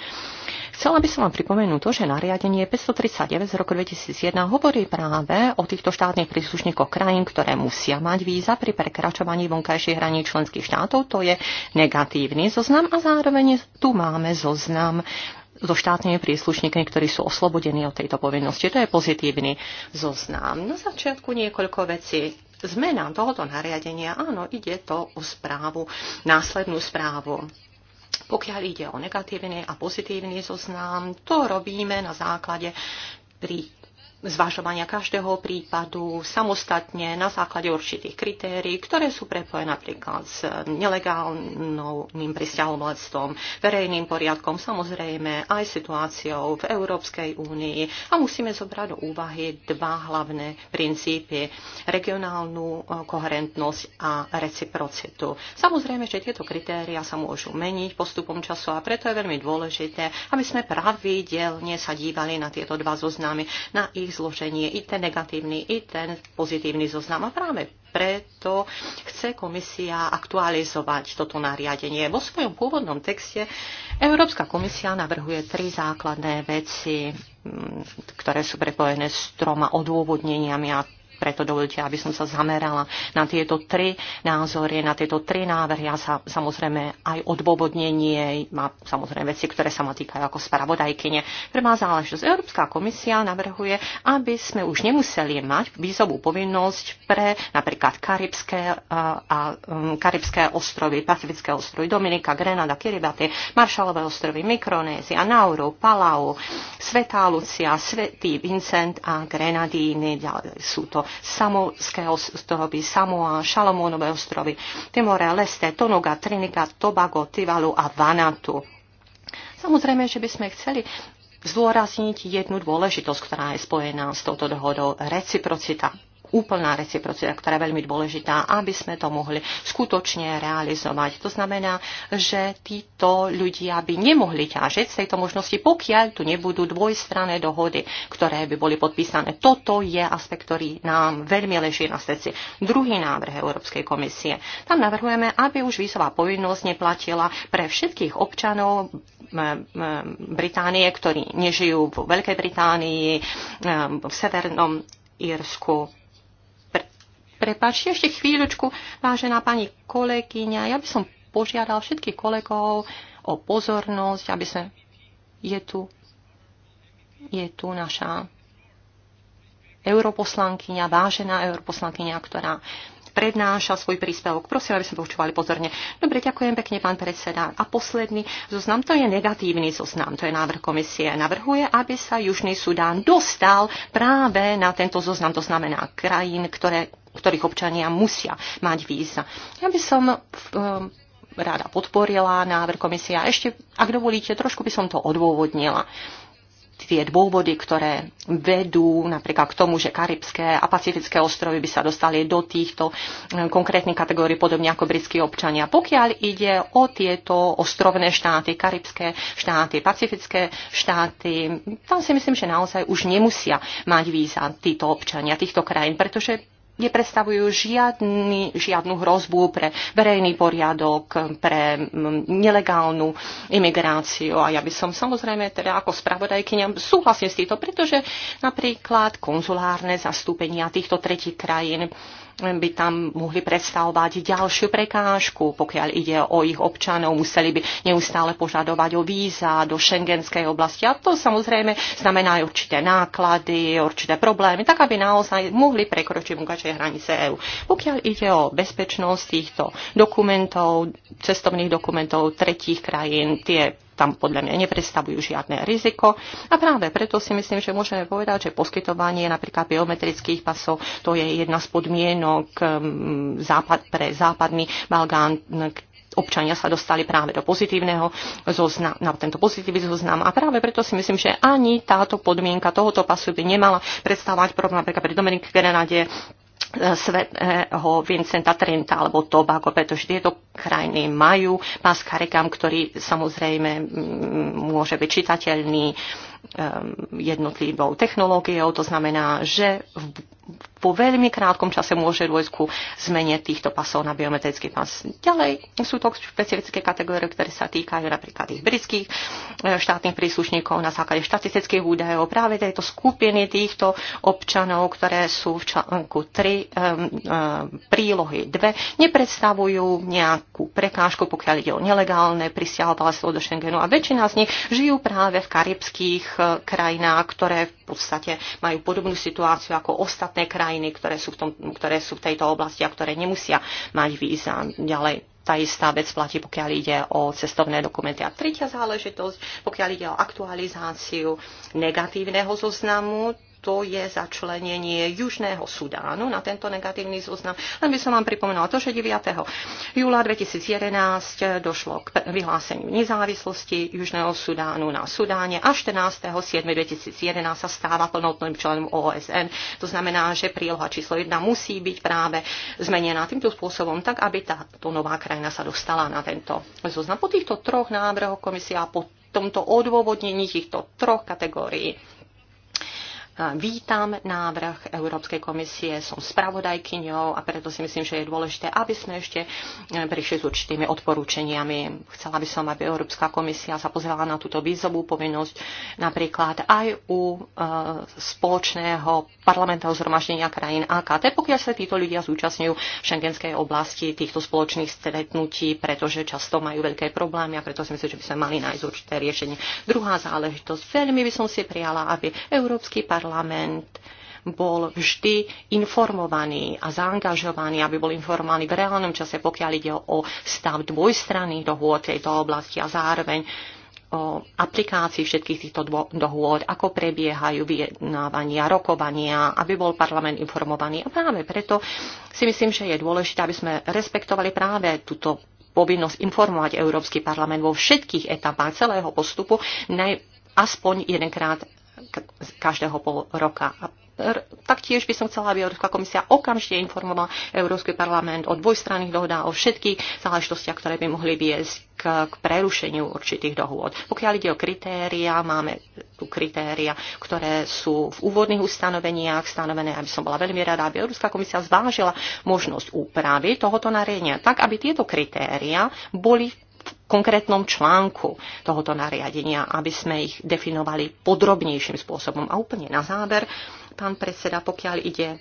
Speaker 3: Chcela by som vám pripomenúť to, že nariadenie 539 z roku 2001 hovorí práve o týchto štátnych príslušníkoch krajín, ktoré musia mať víza pri prekračovaní vonkajších hraní členských štátov. To je negatívny zoznam a zároveň tu máme zoznam so štátnymi príslušníkmi, ktorí sú oslobodení od tejto povinnosti. To je pozitívny zoznam. Na začiatku niekoľko vecí. Zmena tohoto nariadenia, áno, ide to o správu, následnú správu pokiaľ ide o negatívny a pozitívny zoznam, to robíme na základe pri zvažovania každého prípadu samostatne na základe určitých kritérií, ktoré sú prepojené napríklad s nelegálnym pristahovalectvom, verejným poriadkom, samozrejme aj situáciou v Európskej únii. A musíme zobrať do úvahy dva hlavné princípy. Regionálnu eh, koherentnosť a reciprocitu. Samozrejme, že tieto kritéria sa môžu meniť postupom času a preto je veľmi dôležité, aby sme pravidelne sa dívali na tieto dva zoznámy. na ich ich zloženie, i ten negatívny, i ten pozitívny zoznam. A práve preto chce komisia aktualizovať toto nariadenie. Vo svojom pôvodnom texte Európska komisia navrhuje tri základné veci, ktoré sú prepojené s troma odôvodneniami a preto dovolte, aby som sa zamerala na tieto tri názory, na tieto tri návrhy a sa, samozrejme aj odbobodnenie má samozrejme veci, ktoré sa ma týkajú ako spravodajkyne. Prvá záležitosť. Európska komisia navrhuje, aby sme už nemuseli mať výzovú povinnosť pre napríklad Karibské, a, a, um, Karibské ostrovy, Pacifické ostrovy, Dominika, Grenada, Kiribati, Maršalové ostrovy, Mikronézia, Nauru, Palau, Svetá Lucia, Svetý Vincent a Grenadíny. Ďalej sú to Samovského ostrovy, Samoa, Šalomónové ostrovy, Timore, Leste, Tonoga, Trinika, Tobago, Tivalu a Vanatu. Samozrejme, že by sme chceli zdôrazniť jednu dôležitosť, ktorá je spojená s touto dohodou, reciprocita úplná reciprocita, ktorá je veľmi dôležitá, aby sme to mohli skutočne realizovať. To znamená, že títo ľudia by nemohli ťažiť z tejto možnosti, pokiaľ tu nebudú dvojstranné dohody, ktoré by boli podpísané. Toto je aspekt, ktorý nám veľmi leží na srdci. Druhý návrh Európskej komisie. Tam navrhujeme, aby už výzová povinnosť neplatila pre všetkých občanov Británie, ktorí nežijú v Veľkej Británii, v Severnom Írsku Prepačte ešte chvíľočku, vážená pani kolegyňa, ja by som požiadal všetkých kolegov o pozornosť, aby sme... Je tu, je tu naša europoslankyňa, vážená europoslankyňa, ktorá prednáša svoj príspevok. Prosím, aby sme počúvali pozorne. Dobre, ďakujem pekne, pán predseda. A posledný zoznam, to je negatívny zoznam, to je návrh komisie. Navrhuje, aby sa Južný Sudán dostal práve na tento zoznam, to znamená krajín, ktoré ktorých občania musia mať víza. Ja by som ehm, rada podporila návrh komisie a ešte, ak dovolíte, trošku by som to odôvodnila tie dôvody, ktoré vedú napríklad k tomu, že karibské a pacifické ostrovy by sa dostali do týchto ehm, konkrétnych kategórií, podobne ako britskí občania. Pokiaľ ide o tieto ostrovné štáty, karibské štáty, pacifické štáty, tam si myslím, že naozaj už nemusia mať víza títo občania týchto krajín, pretože neprestavujú žiadny, žiadnu hrozbu pre verejný poriadok, pre nelegálnu imigráciu. A ja by som samozrejme teda ako spravodajkyňa súhlasím s týmto, pretože napríklad konzulárne zastúpenia týchto tretich krajín by tam mohli predstavovať ďalšiu prekážku, pokiaľ ide o ich občanov, museli by neustále požadovať o víza do šengenskej oblasti. A to samozrejme znamená aj určité náklady, určité problémy, tak aby naozaj mohli prekročiť vonkajšie hranice EÚ. Pokiaľ ide o bezpečnosť týchto dokumentov, cestovných dokumentov tretích krajín, tie tam podľa mňa nepredstavujú žiadne riziko. A práve preto si myslím, že môžeme povedať, že poskytovanie napríklad biometrických pasov, to je jedna z podmienok mm, západ, pre západný Balgán, občania sa dostali práve do pozitívneho zoznam, na tento pozitívny zoznam. A práve preto si myslím, že ani táto podmienka tohoto pasu by nemala predstavovať problém napríklad pri Dominik Grenade svetého Vincenta Trenta alebo Tobago, pretože tieto krajiny majú pás ktorý samozrejme mm, môže byť čitateľný, Um, jednotlivou technológiou. To znamená, že po veľmi krátkom čase môže dôjsť ku zmene týchto pasov na biometrický pas. Ďalej sú to špecifické kategórie, ktoré sa týkajú napríklad tých britských eh, štátnych príslušníkov na základe štatistických údajov práve tejto skupiny týchto občanov, ktoré sú v článku 3 eh, prílohy 2, nepredstavujú nejakú prekážku, pokiaľ ide o nelegálne prisťahovalstvo do Schengenu a väčšina z nich žijú práve v karibských Eh, krajinách, ktoré v podstate majú podobnú situáciu ako ostatné krajiny, ktoré sú v, tom, ktoré sú v tejto oblasti a ktoré nemusia mať víza. Ďalej tá istá vec platí, pokiaľ ide o cestovné dokumenty. A tretia záležitosť, pokiaľ ide o aktualizáciu negatívneho zoznamu, to je začlenenie Južného Sudánu na tento negatívny zoznam. Len by som vám pripomenula to, že 9. júla 2011 došlo k vyhláseniu nezávislosti Južného Sudánu na Sudáne a 14. 7. 2011 sa stáva plnotným členom OSN. To znamená, že príloha číslo 1 musí byť práve zmenená týmto spôsobom, tak aby táto nová krajina sa dostala na tento zoznam. Po týchto troch návrhoch komisia po tomto odôvodnení týchto troch kategórií Vítam návrh Európskej komisie, som spravodajkyňou a preto si myslím, že je dôležité, aby sme ešte e, prišli s určitými odporúčeniami. Chcela by som, aby Európska komisia sa pozrela na túto výzovú povinnosť napríklad aj u e, spoločného parlamentného zhromaždenia krajín AKT, pokiaľ sa títo ľudia zúčastňujú v šengenskej oblasti týchto spoločných stretnutí, pretože často majú veľké problémy a preto si myslím, že by sme mali nájsť určité riešenie. Druhá záležitosť. Veľmi by som si prijala, aby Európsky parlament parlament bol vždy informovaný a zaangažovaný, aby bol informovaný v reálnom čase, pokiaľ ide o stav dvojstranných dohôd tejto oblasti a zároveň o aplikácii všetkých týchto dohôd, ako prebiehajú vyjednávania, rokovania, aby bol parlament informovaný. A práve preto si myslím, že je dôležité, aby sme respektovali práve túto povinnosť informovať Európsky parlament vo všetkých etapách celého postupu, aspoň jedenkrát každého pol roka. A taktiež by som chcela, aby Európska komisia okamžite informovala Európsky parlament o dvojstranných dohodách, o všetkých záležitostiach, ktoré by mohli viesť k, k prerušeniu určitých dohôd. Pokiaľ ide o kritéria, máme tu kritéria, ktoré sú v úvodných ustanoveniach stanovené, aby som bola veľmi rada, aby Európska komisia zvážila možnosť úpravy tohoto nariadenia tak, aby tieto kritéria boli konkrétnom článku tohoto nariadenia, aby sme ich definovali podrobnejším spôsobom. A úplne na záver, pán predseda, pokiaľ ide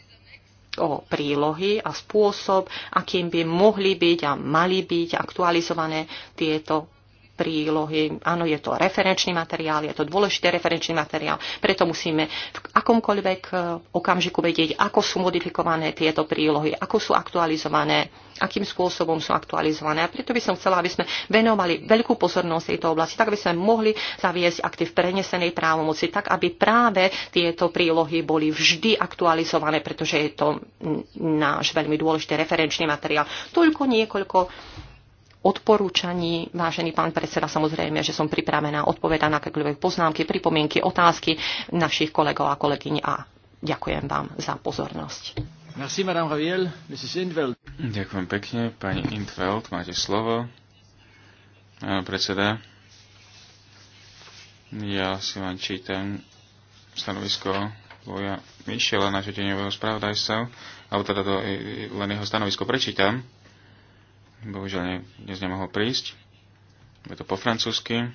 Speaker 3: o prílohy a spôsob, akým by mohli byť a mali byť aktualizované tieto prílohy. Áno, je to referenčný materiál, je to dôležitý referenčný materiál, preto musíme v akomkoľvek e, okamžiku vedieť, ako sú modifikované tieto prílohy, ako sú aktualizované, akým spôsobom sú aktualizované. A preto by som chcela, aby sme venovali veľkú pozornosť tejto oblasti, tak aby sme mohli zaviesť aktív prenesenej právomoci, tak aby práve tieto prílohy boli vždy aktualizované, pretože je to náš veľmi dôležitý referenčný materiál. Toľko niekoľko odporúčaní. Vážený pán predseda, samozrejme, že som pripravená odpovedať na akékoľvek poznámky, pripomienky, otázky našich kolegov a kolegyň a ďakujem vám za pozornosť.
Speaker 2: Merci, Madame Raviel. Mrs. Ďakujem pekne. Pani Intveld, máte slovo. Áno, predseda. Ja si vám čítam stanovisko Boja Mišela, našeho deňového spravodajstva, alebo teda to len jeho stanovisko prečítam. Bohužiaľ ne, dnes nemohol prísť. Je to po francúzsky.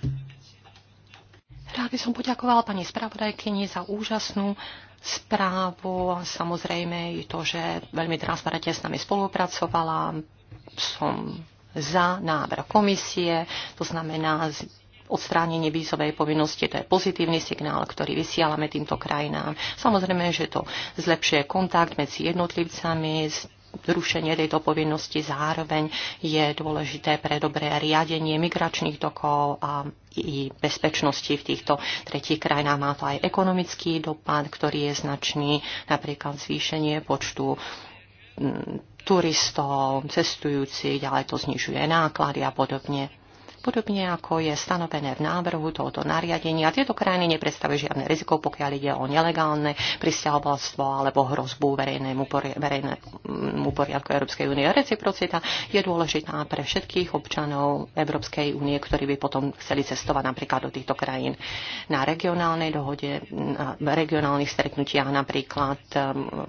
Speaker 3: Rád by som poďakovala pani spravodajkyni za úžasnú správu. Samozrejme i to, že veľmi transparentne s nami spolupracovala. Som za návrh komisie, to znamená odstránenie vízovej povinnosti, to je pozitívny signál, ktorý vysielame týmto krajinám. Samozrejme, že to zlepšuje kontakt medzi jednotlivcami, zrušenie tejto povinnosti zároveň je dôležité pre dobré riadenie migračných tokov a i bezpečnosti v týchto tretich krajinách. Má to aj ekonomický dopad, ktorý je značný, napríklad zvýšenie počtu mm, turistov, cestujúcich, ďalej to znižuje náklady a podobne podobne ako je stanovené v návrhu tohoto nariadenia. Tieto krajiny nepredstavujú žiadne riziko, pokiaľ ide o nelegálne pristahovalstvo alebo hrozbu verejnému, pori- verejnému poriadku Európskej únie. Reciprocita je dôležitá pre všetkých občanov Európskej únie, ktorí by potom chceli cestovať napríklad do týchto krajín. Na regionálnej dohode, na regionálnych stretnutiach napríklad um,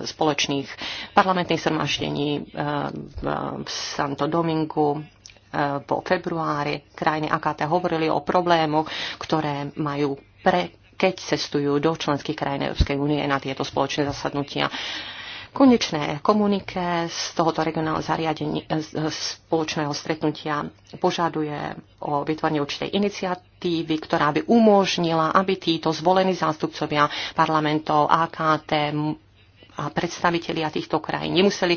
Speaker 3: spoločných parlamentných zhromaždení uh, v Santo Domingu vo e, februári krajiny AKT hovorili o problémoch, ktoré majú pre, keď cestujú do členských krajín Európskej únie na tieto spoločné zasadnutia. Konečné komunike z tohoto regionálneho zariadení, e, e, spoločného stretnutia požaduje o vytvorenie určitej iniciatívy, ktorá by umožnila, aby títo zvolení zástupcovia parlamentov AKT a predstavitelia týchto krajín nemuseli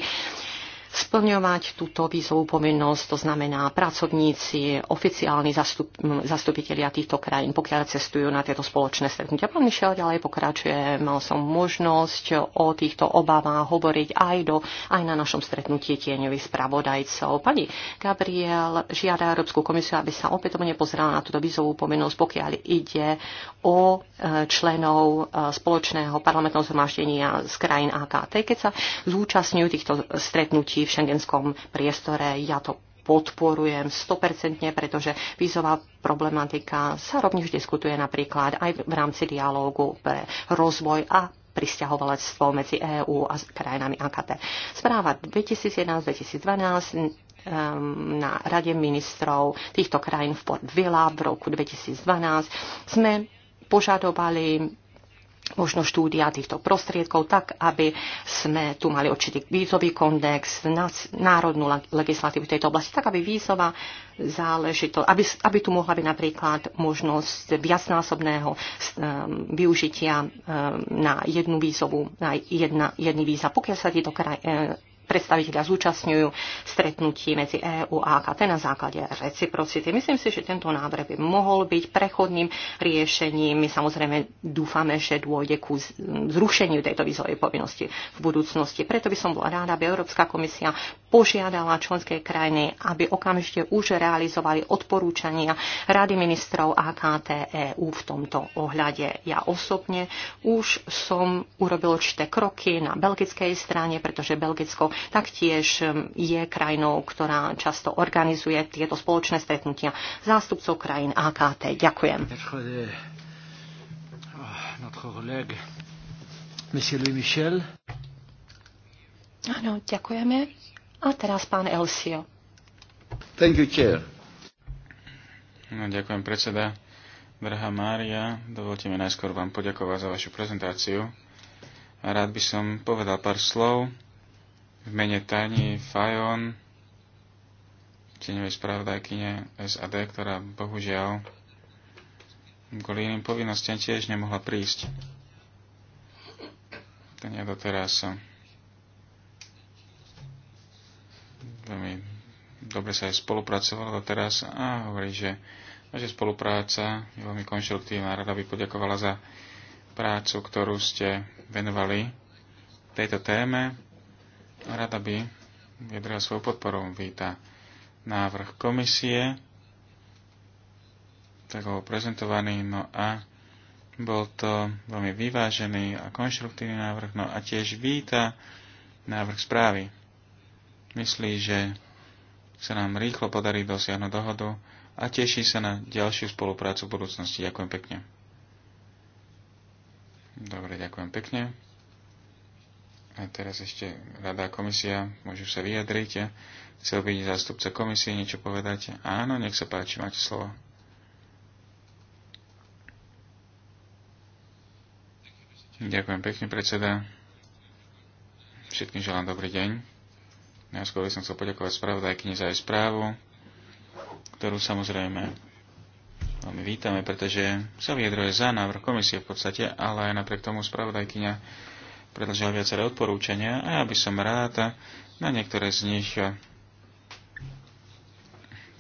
Speaker 3: splňovať túto vízovú povinnosť, to znamená pracovníci, oficiálni zastup, zastupitelia týchto krajín, pokiaľ cestujú na tieto spoločné stretnutia. Pán Mišel ďalej pokračuje, mal som možnosť o týchto obavách hovoriť aj, do, aj na našom stretnutí tieňových spravodajcov. Pani Gabriel žiada Európsku komisiu, aby sa opätovne pozerala na túto vízovú povinnosť, pokiaľ ide o e, členov e, spoločného parlamentného zhromaždenia z krajín AKT, keď sa zúčastňujú týchto stretnutí ľudí v šengenskom priestore. Ja to podporujem 100%, pretože vízová problematika sa rovnež diskutuje napríklad aj v rámci dialógu pre rozvoj a pristahovalectvo medzi EÚ a krajinami AKT. Správa 2011-2012 ehm, na Rade ministrov týchto krajín v Port Vila v roku 2012 sme požadovali možno štúdia týchto prostriedkov, tak aby sme tu mali určitý vízový kondex, národnú legislatívu v tejto oblasti, tak aby vízová záležitosť, aby, aby tu mohla byť napríklad možnosť viacnásobného ehm, využitia ehm, na jednu vízovú, na jedna, jedný víza, pokiaľ sa tieto kraj, ehm, predstaviteľa zúčastňujú stretnutí medzi EÚ a AKT na základe reciprocity. Myslím si, že tento návrh by mohol byť prechodným riešením. My samozrejme dúfame, že dôjde ku zrušeniu tejto výzovej povinnosti v budúcnosti. Preto by som bola ráda, aby Európska komisia požiadala členské krajiny, aby okamžite už realizovali odporúčania Rady ministrov AKT EU v tomto ohľade. Ja osobne už som urobil určité kroky na belgickej strane, pretože Belgicko taktiež um, je krajinou, ktorá často organizuje tieto spoločné stretnutia zástupcov krajín AKT.
Speaker 2: Ďakujem. Monsieur Louis Michel.
Speaker 3: Áno, ďakujeme. A teraz pán
Speaker 1: Elsio.
Speaker 2: Thank you, chair. No, ďakujem, predseda. Drahá Mária, dovolte mi najskôr vám poďakovať za vašu prezentáciu. A rád by som povedal pár slov v mene Tani Fajon, tieňovej spravodajkyne SAD, ktorá bohužiaľ kvôli iným povinnostiam tiež nemohla prísť. ja doteraz som veľmi dobre sa aj spolupracovalo teraz a hovorí, že že spolupráca je veľmi konštruktívna. Rada by poďakovala za prácu, ktorú ste venovali tejto téme. Rada by vyjadrila svoju podporu. Víta návrh komisie, tak ho prezentovaný, no a bol to veľmi vyvážený a konštruktívny návrh, no a tiež víta návrh správy myslí, že sa nám rýchlo podarí dosiahnuť dohodu a teší sa na ďalšiu spoluprácu v budúcnosti. Ďakujem pekne. Dobre, ďakujem pekne. A teraz ešte rada komisia, môžu sa vyjadriť. Chcel byť zástupca komisie niečo povedať. Áno, nech sa páči, máte slovo. Ďakujem pekne, predseda. Všetkým želám dobrý deň. Najskôr by som chcel poďakovať spravodajkyni za jej správu, ktorú samozrejme veľmi vítame, pretože sa vyjadruje za návrh komisie v podstate, ale aj napriek tomu spravodajkyňa predlžila viaceré odporúčania a ja by som rád na niektoré z nich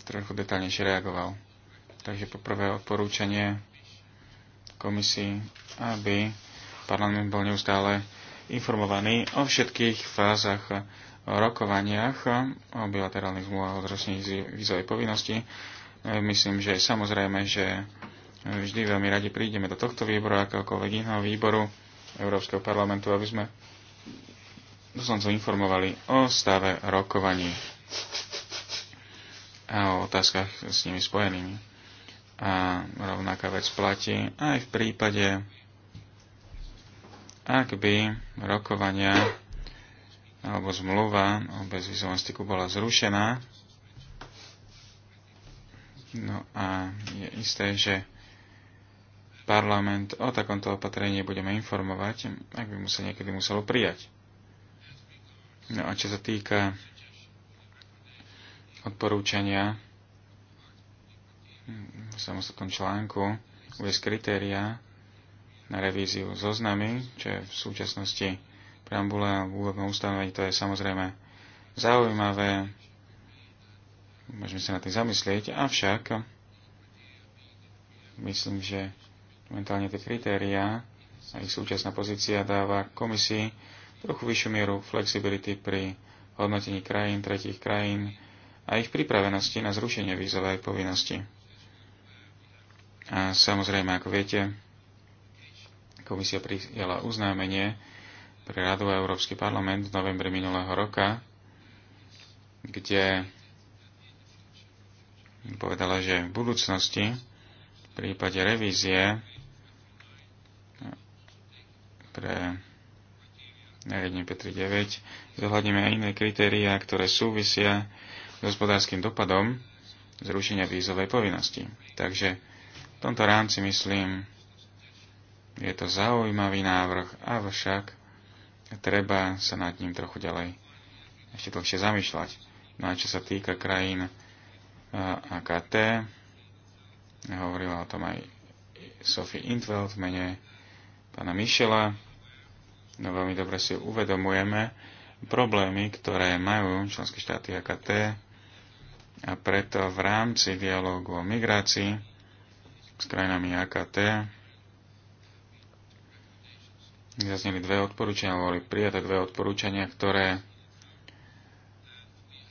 Speaker 2: trochu detaľnejšie reagoval. Takže poprvé odporúčanie komisii, aby parlament bol neustále informovaný o všetkých fázach rokovaniach o bilaterálnych zmluvách o zrušení vízovej povinnosti. E, myslím, že samozrejme, že vždy veľmi radi prídeme do tohto výboru, akéhokoľvek iného výboru Európskeho parlamentu, aby sme poslancov informovali o stave rokovaní a o otázkach s nimi spojenými. A rovnaká vec platí aj v prípade, ak by rokovania alebo zmluva o bezvizovom styku bola zrušená. No a je isté, že parlament o takomto opatrení budeme informovať, ak by mu sa niekedy muselo prijať. No a čo sa týka odporúčania v samostatnom článku uvesť kritéria na revíziu zoznamy, čo je v súčasnosti preambule a v úvodnom ustanovení, to je samozrejme zaujímavé, môžeme sa na tým zamyslieť, avšak myslím, že momentálne tie kritériá a ich súčasná pozícia dáva komisii trochu vyššiu mieru flexibility pri hodnotení krajín, tretich krajín a ich pripravenosti na zrušenie vízovej povinnosti. A samozrejme, ako viete, komisia prijala uznámenie pre Radu a Európsky parlament v novembri minulého roka, kde povedala, že v budúcnosti v prípade revízie pre nariadenie Petri 9 zohľadníme aj iné kritériá, ktoré súvisia s hospodárskym dopadom zrušenia vízovej povinnosti. Takže v tomto rámci myslím, je to zaujímavý návrh, avšak treba sa nad ním trochu ďalej ešte dlhšie zamýšľať. No a čo sa týka krajín AKT, hovorila o tom aj Sophie Intveld v mene pána Michela. No veľmi dobre si uvedomujeme problémy, ktoré majú členské štáty AKT a preto v rámci dialógu o migrácii s krajinami AKT zazneli dve odporúčania, boli prijaté dve odporúčania, ktoré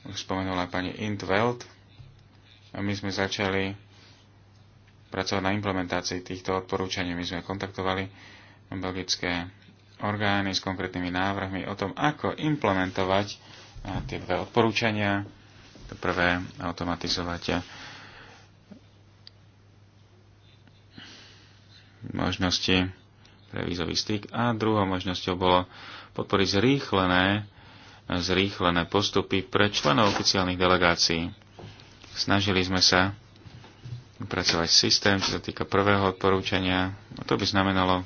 Speaker 2: už spomenula pani Intveld. A my sme začali pracovať na implementácii týchto odporúčaní. My sme kontaktovali belgické orgány s konkrétnymi návrhmi o tom, ako implementovať tie dve odporúčania. To prvé, automatizovať možnosti pre vízový styk a druhou možnosťou bolo podporiť zrýchlené, zrýchlené postupy pre členov oficiálnych delegácií. Snažili sme sa upracovať systém, čo sa týka prvého odporúčania. A to by znamenalo,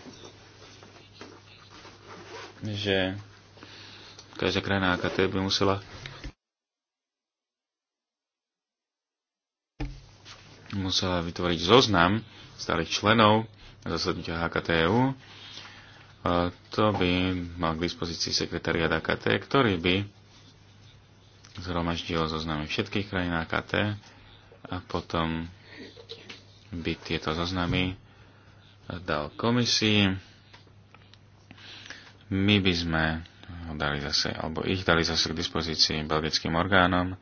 Speaker 2: že každá krajina AKT by musela musela vytvoriť zoznam stálych členov na zasadnutia HKTU to by mal k dispozícii sekretariat AKT, ktorý by zhromaždil zoznamy všetkých krajín AKT a potom by tieto zoznamy dal komisii. My by sme ho dali zase, alebo ich dali zase k dispozícii belgickým orgánom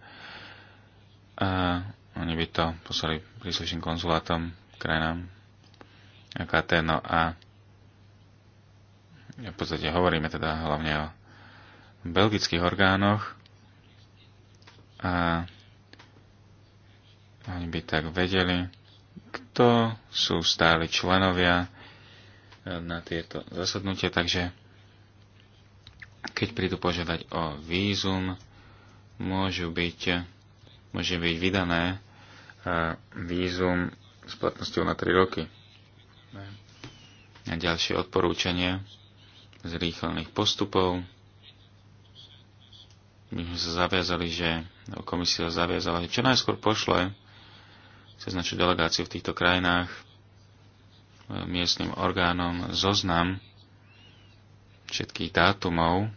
Speaker 2: a oni by to poslali príslušným konzulátom krajinám AKT. No a v podstate hovoríme teda hlavne o belgických orgánoch a oni by tak vedeli, kto sú stáli členovia e, na tieto zasadnutie, takže keď prídu požiadať o vízum, môžu byť, môže byť vydané e, vízum s platnosťou na 3 roky. A ďalšie odporúčanie zrýchlených postupov. My sme sa zaviazali, že komisia zaviazala, že čo najskôr pošle cez našu delegáciu v týchto krajinách e, miestnym orgánom zoznam všetkých dátumov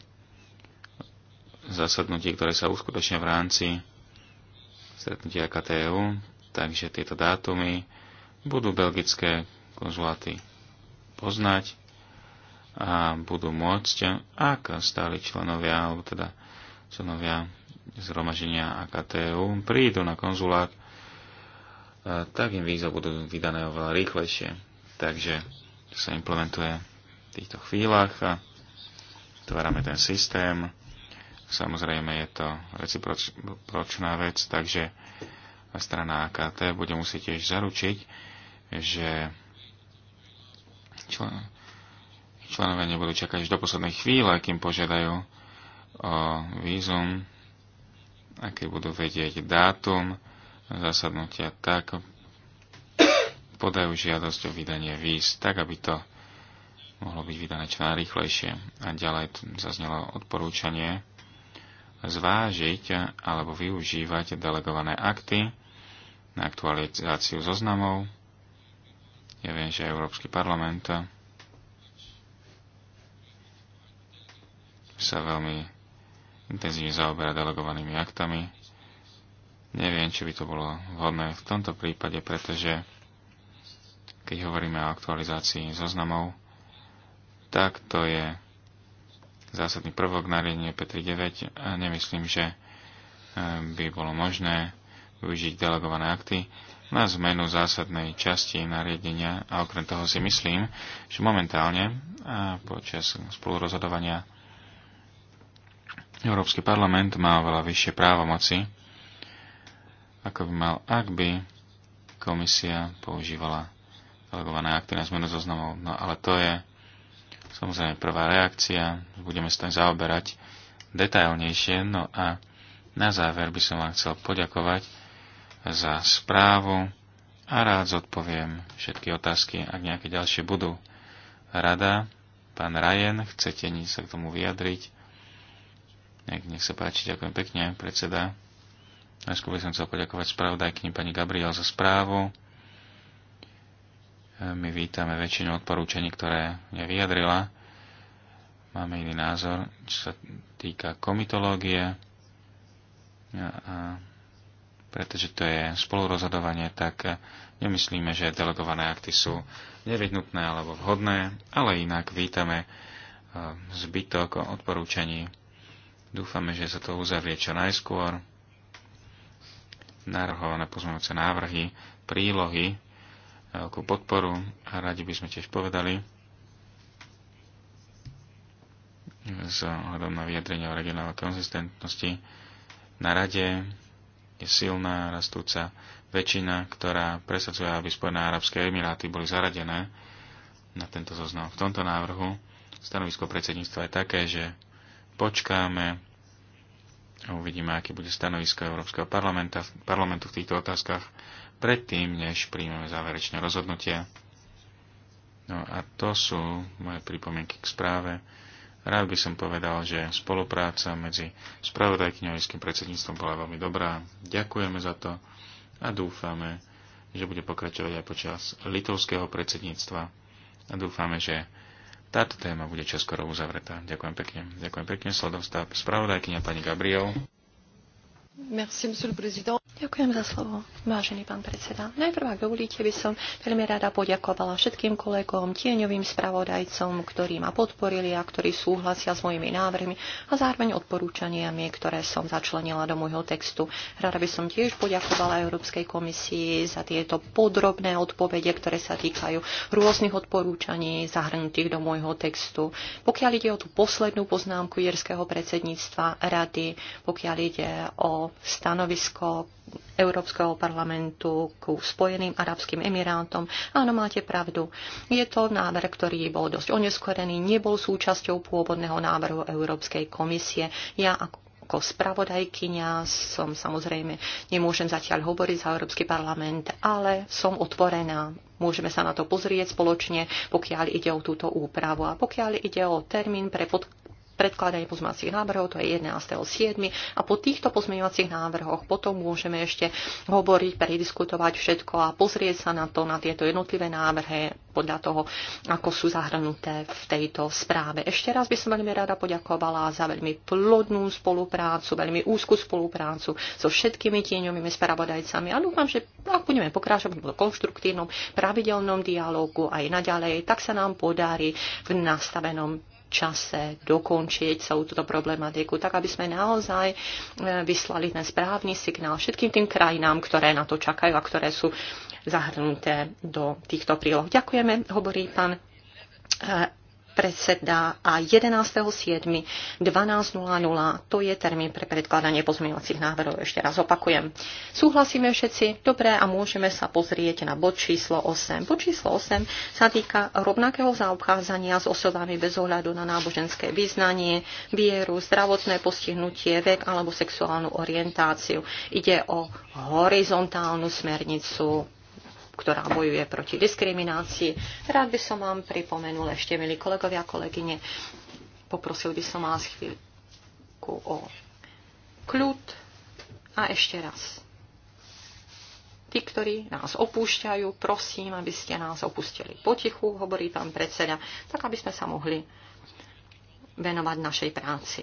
Speaker 2: zasadnutí, ktoré sa uskutočnia v rámci stretnutia KTU, e takže tieto dátumy budú belgické konzuláty poznať a budú môcť, ak stáli členovia, alebo teda členovia zhromaženia AKTU prídu na konzulát, e, tak im víza budú vydané oveľa rýchlejšie. Takže sa implementuje v týchto chvíľach tvárame ten systém. Samozrejme je to recipročná vec, takže strana AKT bude musieť tiež zaručiť, že člen, členovia nebudú čakať až do poslednej chvíle, kým požiadajú o vízum, aké budú vedieť dátum zasadnutia, tak podajú žiadosť o vydanie víz, tak aby to mohlo byť vydané čo najrychlejšie. A ďalej tu zaznelo odporúčanie zvážiť alebo využívať delegované akty na aktualizáciu zoznamov. Ja viem, že Európsky parlament sa veľmi intenzívne zaoberá delegovanými aktami. Neviem, či by to bolo vhodné v tomto prípade, pretože keď hovoríme o aktualizácii zoznamov, tak to je zásadný prvok nariadenie P39 a nemyslím, že eh, by bolo možné využiť delegované akty na zmenu zásadnej časti nariadenia a okrem toho si myslím, že momentálne a počas spolurozhodovania Európsky parlament má veľa vyššie právomoci, ako by mal, ak by komisia používala delegované akty na zmenu zoznamov. No ale to je samozrejme prvá reakcia. Budeme sa tam zaoberať detailnejšie. No a na záver by som vám chcel poďakovať za správu a rád zodpoviem všetky otázky, ak nejaké ďalšie budú. Rada, pán Rajen, chcete sa k tomu vyjadriť? Nech, nech sa páči, ďakujem pekne, predseda. Najskôr by som chcel poďakovať spravodajkyni pani Gabriel za správu. E, my vítame väčšinu odporúčaní, ktoré nevyjadrila. Máme iný názor, čo sa týka komitológie. A, a pretože to je spolurozhodovanie, tak nemyslíme, že delegované akty sú nevyhnutné alebo vhodné, ale inak vítame e, zbytok odporúčaní Dúfame, že sa to uzavrie čo najskôr. Narhované pozmeňujúce návrhy, prílohy, veľkú podporu a radi by sme tiež povedali z ohľadom na vyjadrenie o regionálnej konzistentnosti na rade je silná rastúca väčšina, ktorá presadzuje, aby Spojené arabské emiráty boli zaradené na tento zoznam. V tomto návrhu stanovisko predsedníctva je také, že počkáme a uvidíme, aké bude stanovisko Európskeho parlamenta, parlamentu v týchto otázkach predtým, než príjmeme záverečné rozhodnutie. No a to sú moje pripomienky k správe. Rád by som povedal, že spolupráca medzi spravodajkyňou a irským predsedníctvom bola veľmi dobrá. Ďakujeme za to a dúfame, že bude pokračovať aj počas litovského predsedníctva a dúfame, že táto téma bude čoskoro uzavretá. Ďakujem pekne. Ďakujem pekne. Sledovstá spravodajkynia pani Gabriel.
Speaker 3: Ďakujem za slovo, vážený pán predseda. Najprv, ak dovolíte, by som veľmi rada poďakovala všetkým kolegom, tieňovým spravodajcom, ktorí ma podporili a ktorí súhlasia s mojimi návrhmi a zároveň odporúčaniami, ktoré som začlenila do môjho textu. Rada by som tiež poďakovala Európskej komisii za tieto podrobné odpovede, ktoré sa týkajú rôznych odporúčaní zahrnutých do môjho textu. Pokiaľ ide o tú poslednú poznámku jerského predsedníctva rady, pokiaľ ide o stanovisko Európskeho parlamentu ku Spojeným Arabským Emirátom. Áno, máte pravdu. Je to návrh, ktorý bol dosť oneskorený, nebol súčasťou pôvodného návrhu Európskej komisie. Ja ako ako spravodajkyňa som samozrejme, nemôžem zatiaľ hovoriť za Európsky parlament, ale som otvorená. Môžeme sa na to pozrieť spoločne, pokiaľ ide o túto úpravu a pokiaľ ide o termín pre podklad predkladanie pozmeňovacích návrhov, to je 11.7. A po týchto pozmeňovacích návrhoch potom môžeme ešte hovoriť, prediskutovať všetko a pozrieť sa na to, na tieto jednotlivé návrhy podľa toho, ako sú zahrnuté v tejto správe. Ešte raz by som veľmi rada poďakovala za veľmi plodnú spoluprácu, veľmi úzkú spoluprácu so všetkými tieňovými spravodajcami a dúfam, že ak budeme pokračovať v konštruktívnom pravidelnom dialogu aj naďalej, tak sa nám podarí v nastavenom čase dokončiť celú túto problematiku, tak aby sme naozaj e, vyslali ten správny signál všetkým tým krajinám, ktoré na to čakajú a ktoré sú zahrnuté do týchto príloh. Ďakujeme, hovorí pán e, predseda a 11.7.12.00, to je termín pre predkladanie pozmeňovacích návrhov. Ešte raz opakujem. Súhlasíme všetci? Dobre a môžeme sa pozrieť na bod číslo 8. Bod číslo 8 sa týka rovnakého zaobchádzania s osobami bez ohľadu na náboženské vyznanie, vieru, zdravotné postihnutie, vek alebo sexuálnu orientáciu. Ide o horizontálnu smernicu ktorá bojuje proti diskriminácii. Rád by som vám pripomenul ešte, milí kolegovia a kolegyne, poprosil by som vás chvíľku o kľud a ešte raz. Tí, ktorí nás opúšťajú, prosím, aby ste nás opustili potichu, hovorí pán predseda, tak aby sme sa mohli venovať našej práci.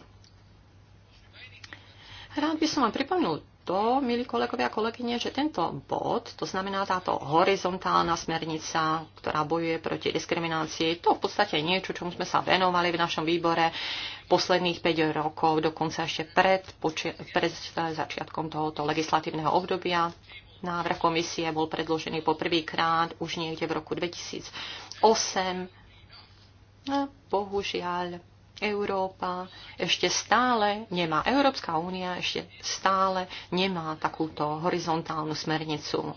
Speaker 3: Rád by som vám pripomenul to, milí kolegovia a kolegyne, že tento bod, to znamená táto horizontálna smernica, ktorá bojuje proti diskriminácii, to v podstate je niečo, čomu sme sa venovali v našom výbore posledných 5 rokov, dokonca ešte pred, poči- pred začiatkom tohoto legislatívneho obdobia. Návrh komisie bol predložený poprvýkrát už niekde v roku 2008. A bohužiaľ, Európa ešte stále nemá, Európska únia ešte stále nemá takúto horizontálnu smernicu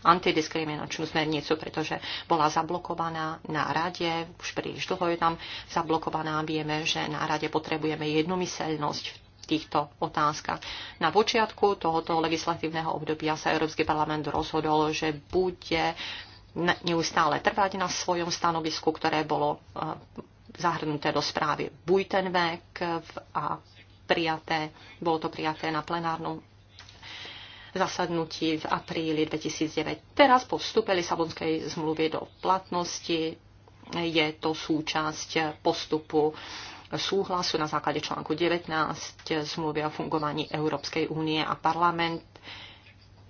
Speaker 3: antidiskriminačnú smernicu, pretože bola zablokovaná na rade, už príliš dlho je tam zablokovaná. Vieme, že na rade potrebujeme jednomyseľnosť v týchto otázkach. Na počiatku tohoto legislatívneho obdobia sa Európsky parlament rozhodol, že bude neustále trvať na svojom stanovisku, ktoré bolo eh, zahrnuté do správy Bujtenvek a prijaté, bolo to prijaté na plenárnom zasadnutí v apríli 2009. Teraz po vstupe Lisabonskej zmluvy do platnosti je to súčasť postupu súhlasu na základe článku 19 zmluvy o fungovaní Európskej únie a parlament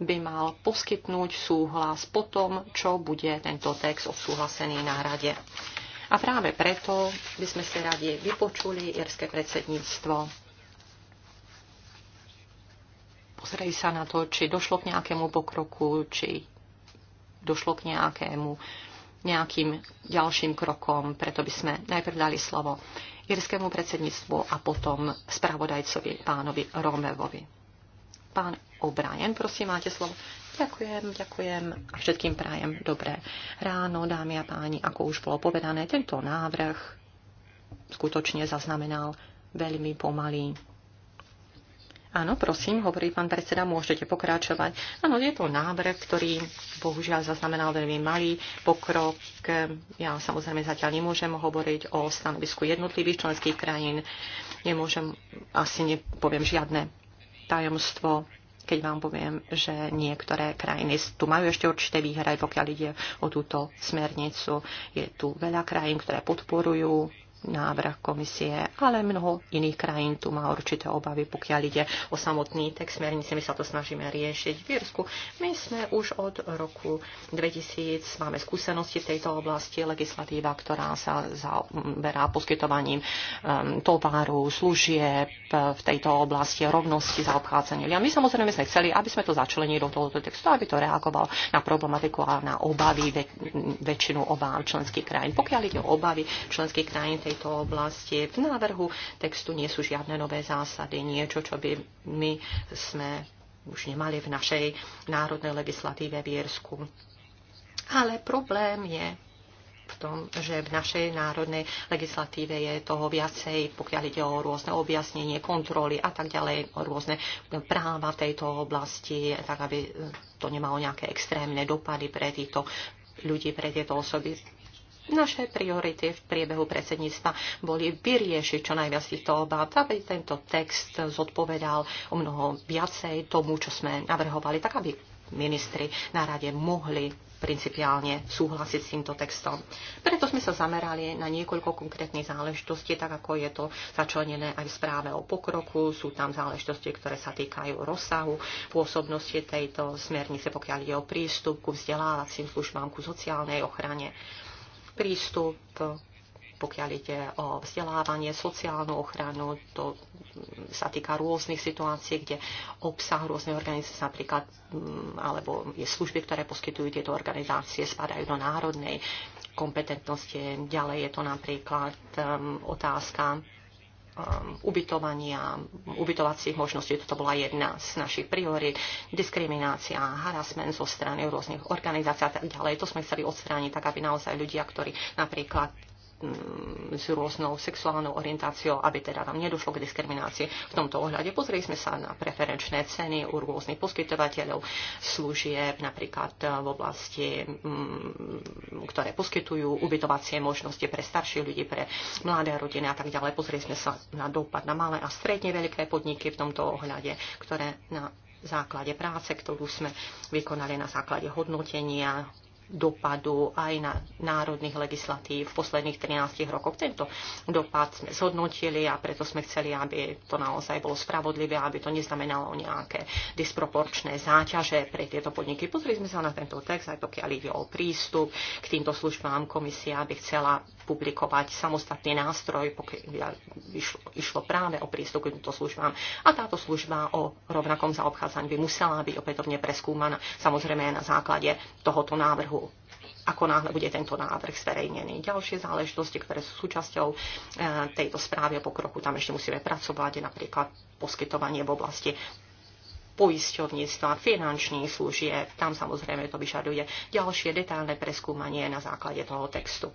Speaker 3: by mal poskytnúť súhlas po tom, čo bude tento text odsúhlasený na rade. A práve preto by sme si radi vypočuli irské predsedníctvo. Pozreli sa na to, či došlo k nejakému pokroku, či došlo k nejakému nejakým ďalším krokom, preto by sme najprv dali slovo irskému predsedníctvu a potom spravodajcovi pánovi Romevovi. Pán O'Brien, prosím, máte slovo. Ďakujem, ďakujem a všetkým prajem dobré ráno, dámy a páni. Ako už bolo povedané, tento návrh skutočne zaznamenal veľmi pomalý Áno, prosím, hovorí pán predseda, môžete pokračovať. Áno, je to návrh, ktorý bohužiaľ zaznamenal veľmi malý pokrok. Ja samozrejme zatiaľ nemôžem hovoriť o stanovisku jednotlivých členských krajín. Nemôžem, asi nepoviem žiadne tajomstvo keď vám poviem, že niektoré krajiny tu majú ešte určité výhrady, pokiaľ ide o túto smernicu. Je tu veľa krajín, ktoré podporujú návrh komisie, ale mnoho iných krajín tu má určité obavy, pokiaľ ide o samotný text smernice. My sa to snažíme riešiť v Írsku. My sme už od roku 2000, máme skúsenosti v tejto oblasti, legislatíva, ktorá sa zaoberá poskytovaním um, tovaru, služieb eh, v tejto oblasti, rovnosti obchádzanie. A my samozrejme sme chceli, aby sme to začlenili do tohoto textu, aby to reagovalo na problematiku a na obavy, väč- väčšinu obáv členských krajín. Pokiaľ ide o obavy členských krajín, tejto oblasti. V návrhu textu nie sú žiadne nové zásady, niečo, čo by my sme už nemali v našej národnej legislatíve v Jersku. Ale problém je v tom, že v našej národnej legislatíve je toho viacej, pokiaľ ide o rôzne objasnenie, kontroly a tak ďalej, o rôzne práva v tejto oblasti, tak aby to nemalo nejaké extrémne dopady pre týchto ľudí, pre tieto osoby. Naše priority v priebehu predsedníctva boli vyriešiť čo najviac týchto obáv, aby tento text zodpovedal o mnoho viacej tomu, čo sme navrhovali, tak aby ministri na rade mohli principiálne súhlasiť s týmto textom. Preto sme sa zamerali na niekoľko konkrétnych záležitostí, tak ako je to začlenené aj v správe o pokroku. Sú tam záležitosti, ktoré sa týkajú rozsahu pôsobnosti tejto smernice, pokiaľ je o prístup ku vzdelávacím službám, ku sociálnej ochrane prístup, pokiaľ ide o vzdelávanie, sociálnu ochranu, to sa týka rôznych situácií, kde obsah rôznych organizácií napríklad, mm, alebo je služby, ktoré poskytujú tieto organizácie, spadajú do národnej kompetentnosti. Ďalej je to napríklad um, otázka Um, ubytovania, ubytovacích možností. Toto bola jedna z našich priorít. Diskriminácia, harassment zo strany rôznych organizácií a tak ďalej. To sme chceli odstrániť tak, aby naozaj ľudia, ktorí napríklad Mm, s rôznou sexuálnou orientáciou, aby teda tam nedošlo k diskriminácii. V tomto ohľade pozreli sme sa na preferenčné ceny u rôznych poskytovateľov služieb, napríklad eh, v oblasti, mm, ktoré poskytujú ubytovacie možnosti pre starších ľudí, pre mladé rodiny a tak ďalej. Pozreli sme sa na dopad na malé a stredne veľké podniky v tomto ohľade, ktoré na základe práce, ktorú sme vykonali na základe hodnotenia dopadu aj na národných legislatív v posledných 13 rokoch. Tento dopad sme zhodnotili a preto sme chceli, aby to naozaj bolo spravodlivé, aby to neznamenalo nejaké disproporčné záťaže pre tieto podniky. Pozreli sme sa na tento text, aj pokiaľ ide o prístup k týmto službám. Komisia by chcela publikovať samostatný nástroj, pokiaľ išlo, išlo práve o prístup k týmto službám. A táto služba o rovnakom zaobchádzaní by musela byť opätovne preskúmaná, samozrejme aj na základe tohoto návrhu ako náhle bude tento návrh zverejnený. Ďalšie záležitosti, ktoré sú súčasťou e, tejto správy o pokroku, tam ešte musíme pracovať, napríklad poskytovanie v oblasti poisťovníctva, finančných služieb. Tam samozrejme to vyžaduje ďalšie detálne preskúmanie na základe toho textu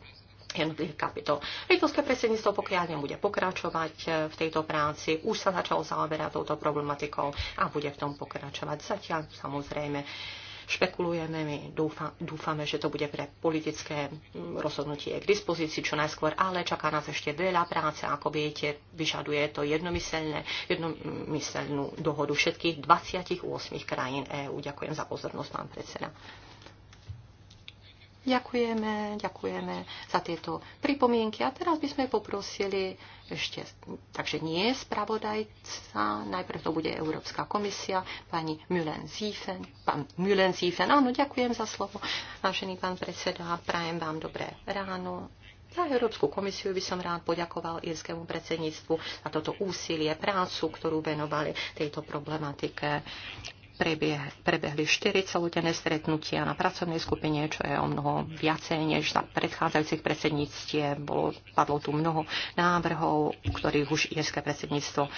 Speaker 3: jednotlivých kapitol. Litovské predsedníctvo, pokiaľ nebude pokračovať e, v tejto práci, už sa začalo zaoberať touto problematikou a bude v tom pokračovať. Zatiaľ samozrejme špekulujeme, my dúfa, dúfame, že to bude pre politické rozhodnutie k dispozícii čo najskôr, ale čaká nás ešte veľa práce, ako viete, vyžaduje to jednomyselné, jednomyselnú dohodu všetkých 28 krajín EÚ. Ďakujem za pozornosť, pán predseda. Ďakujeme, ďakujeme za tieto pripomienky. A teraz by sme poprosili ešte, takže nie spravodajca, najprv to bude Európska komisia, pani müllen ziefen Pán Müllen ziefen áno, ďakujem za slovo. Vážený pán predseda, prajem vám dobré ráno. Za Európsku komisiu by som rád poďakoval írskému predsedníctvu za toto úsilie, prácu, ktorú venovali tejto problematike prebehli 4 celodenné stretnutia na pracovnej skupine, čo je o mnoho viacej než za predchádzajúcich predsedníctie. Bolo, padlo tu mnoho návrhov, o ktorých už irské predsedníctvo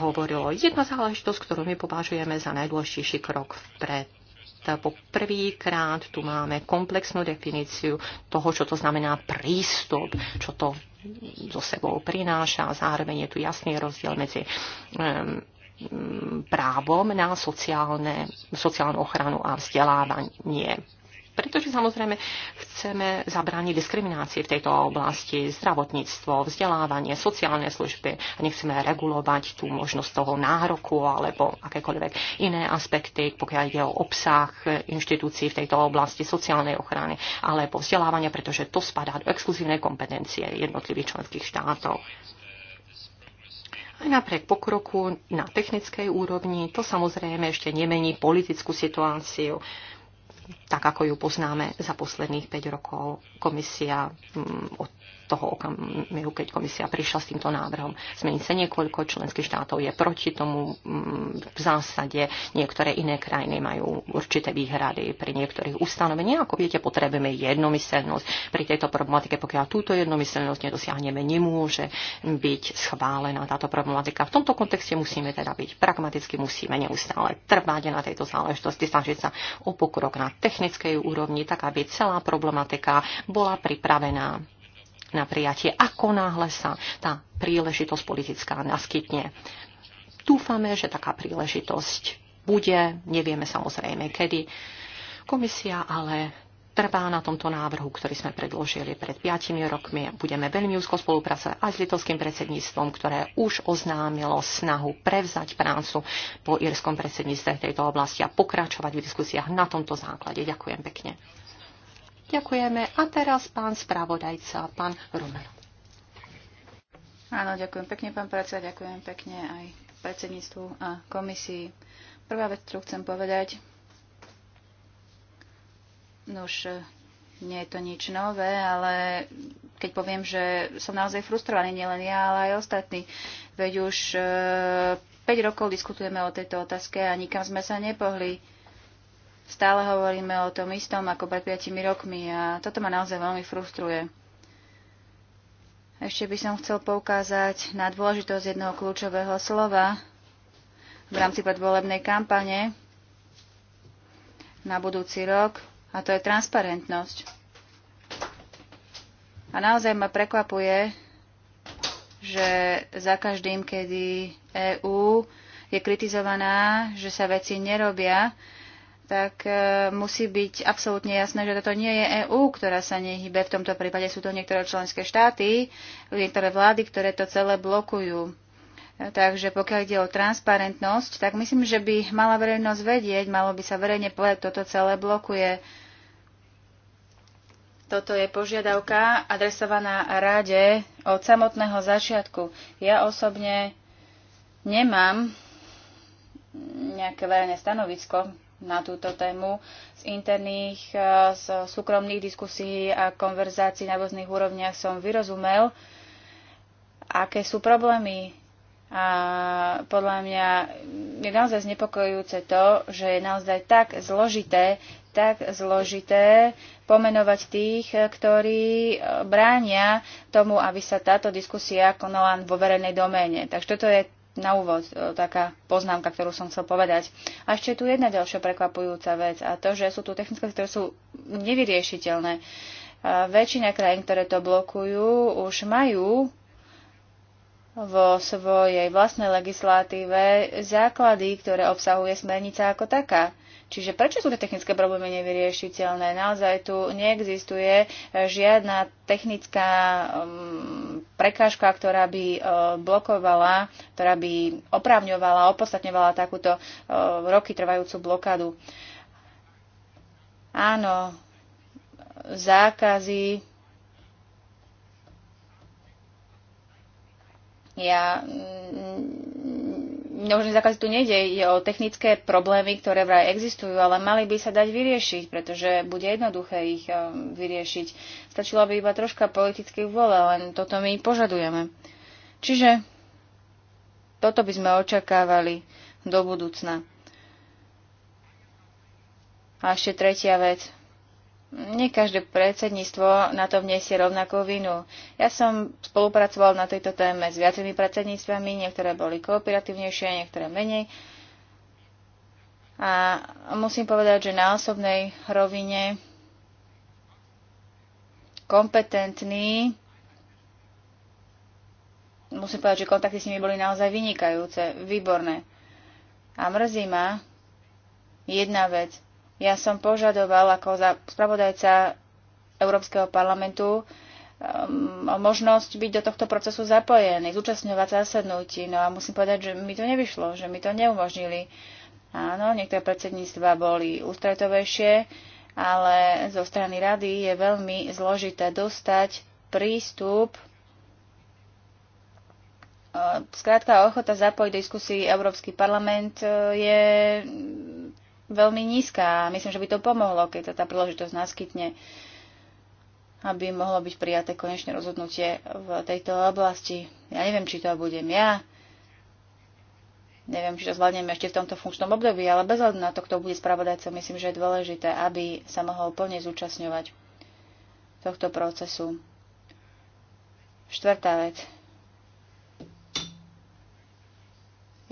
Speaker 3: hovorilo. Jedna záležitosť, ktorú my považujeme za najdôležitejší krok pre po prvýkrát tu máme komplexnú definíciu toho, čo to znamená prístup, čo to so sebou prináša. Zároveň je tu jasný rozdiel medzi um, právom na sociálne, sociálnu ochranu a vzdelávanie. Pretože samozrejme chceme zabrániť diskriminácii v tejto oblasti, zdravotníctvo, vzdelávanie, sociálne služby a nechceme regulovať tú možnosť toho nároku alebo akékoľvek iné aspekty, pokiaľ ide o obsah inštitúcií v tejto oblasti sociálnej ochrany alebo vzdelávania, pretože to spadá do exkluzívnej kompetencie jednotlivých členských štátov. Aj napriek pokroku na technickej úrovni to samozrejme ešte nemení politickú situáciu tak ako ju poznáme za posledných 5 rokov. Komisia mm, od toho okamihu, keď komisia prišla s týmto návrhom. Zmení sa niekoľko členských štátov je proti tomu mm, v zásade. Niektoré iné krajiny majú určité výhrady pri niektorých ustanoveniach. Ako viete, potrebujeme jednomyselnosť. Pri tejto problematike, pokiaľ túto jednomyselnosť nedosiahneme, nemôže byť schválená táto problematika. V tomto kontexte musíme teda byť pragmaticky, musíme neustále trvať na tejto záležitosti, snažiť sa o pokrok na na technickej úrovni, tak aby celá problematika bola pripravená na prijatie, ako náhle sa tá príležitosť politická naskytne. Dúfame, že taká príležitosť bude, nevieme samozrejme kedy. Komisia ale trvá na tomto návrhu, ktorý sme predložili pred 5 rokmi. Budeme veľmi úzko spolupracovať aj s litovským predsedníctvom, ktoré už oznámilo snahu prevzať prácu po írskom predsedníctve v tejto oblasti a pokračovať v diskusiách na tomto základe. Ďakujem pekne. Ďakujeme. A teraz pán spravodajca, pán Rumer.
Speaker 1: Áno, ďakujem pekne, pán predseda, ďakujem pekne aj predsedníctvu a komisii. Prvá vec, ktorú chcem povedať, Nož, e, nie je to nič nové, ale keď poviem, že som naozaj frustrovaný, nielen ja, ale aj ostatní, veď už 5 e, rokov diskutujeme o tejto otázke a nikam sme sa nepohli. Stále hovoríme o tom istom ako pred 5 rokmi a toto ma naozaj veľmi frustruje. Ešte by som chcel poukázať na dôležitosť jedného kľúčového slova v rámci predvolebnej kampane na budúci rok a to je transparentnosť. A naozaj ma prekvapuje, že za každým, kedy EÚ je kritizovaná, že sa veci nerobia, tak e, musí byť absolútne jasné, že toto nie je EÚ, ktorá sa nehybe. V tomto prípade sú to niektoré členské štáty, niektoré vlády, ktoré to celé blokujú. E, takže pokiaľ ide o transparentnosť, tak myslím, že by mala verejnosť vedieť, malo by sa verejne povedať, toto celé blokuje. Toto je požiadavka adresovaná rade od samotného začiatku. Ja osobne nemám nejaké verejné stanovisko na túto tému z interných, e, z súkromných diskusí a konverzácií na rôznych úrovniach som vyrozumel, aké sú problémy. A podľa mňa je naozaj znepokojujúce to, že je naozaj tak zložité, tak zložité pomenovať tých, eh, ktorí eh, bránia tomu, aby sa táto diskusia konala vo verejnej doméne. Takže toto je na úvod eh, taká poznámka, ktorú som chcel povedať. A ešte tu jedna ďalšia prekvapujúca vec a to, že sú tu technické, ktoré sú nevyriešiteľné. A väčšina krajín, ktoré to blokujú, už majú vo svojej vlastnej legislatíve základy, ktoré obsahuje smernica ako taká. Čiže prečo sú tie technické problémy nevyriešiteľné? Naozaj tu neexistuje eh, žiadna technická mm, prekážka, ktorá by eh, blokovala, ktorá by oprávňovala, opodstatňovala takúto eh, roky trvajúcu blokádu. Áno, zákazy. Ja mm, nožný zákaz tu nejde, ide o technické problémy, ktoré vraj existujú, ale mali by sa dať vyriešiť, pretože bude jednoduché ich eh, vyriešiť. Stačilo by iba troška politických vôle, len toto my požadujeme. Čiže toto by sme očakávali do budúcna. A ešte tretia vec nie každé predsedníctvo na to vniesie rovnakú vinu. Ja som spolupracoval na tejto téme s viacerými predsedníctvami, niektoré boli kooperatívnejšie, niektoré menej. A musím povedať, že na osobnej rovine kompetentní, musím povedať, že kontakty s nimi boli naozaj vynikajúce, výborné. A mrzí ma jedna vec, ja som požadoval ako za spravodajca Európskeho parlamentu um, o možnosť byť do tohto procesu zapojený, zúčastňovať zasadnutí. No a musím povedať, že mi to nevyšlo, že mi to neumožnili. Áno, niektoré predsedníctva boli ústretovejšie, ale zo strany rady je veľmi zložité dostať prístup e, Skrátka, ochota zapojiť diskusii Európsky parlament e, je veľmi nízka a myslím, že by to pomohlo, keď sa tá príležitosť naskytne, aby mohlo byť prijaté konečné rozhodnutie v tejto oblasti. Ja neviem, či to budem ja, neviem, či to zvládneme ešte v tomto funkčnom období, ale bez hľadu na to, kto bude spravodajcom, myslím, že je dôležité, aby sa mohol plne zúčastňovať tohto procesu. Štvrtá vec.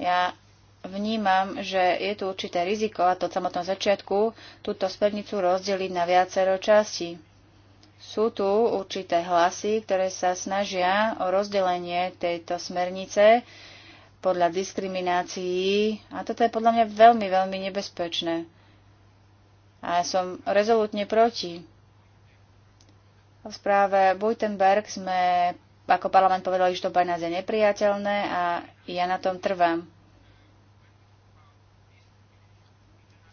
Speaker 1: Ja vnímam, že je tu určité riziko, a to od samotného začiatku, túto smernicu rozdeliť na viacero častí. Sú tu určité hlasy, ktoré sa snažia o rozdelenie tejto smernice podľa diskriminácií a toto je podľa mňa veľmi, veľmi nebezpečné. A ja som rezolutne proti. V správe Buitenberg sme ako parlament povedali, že to pre nás je nepriateľné a ja na tom trvám.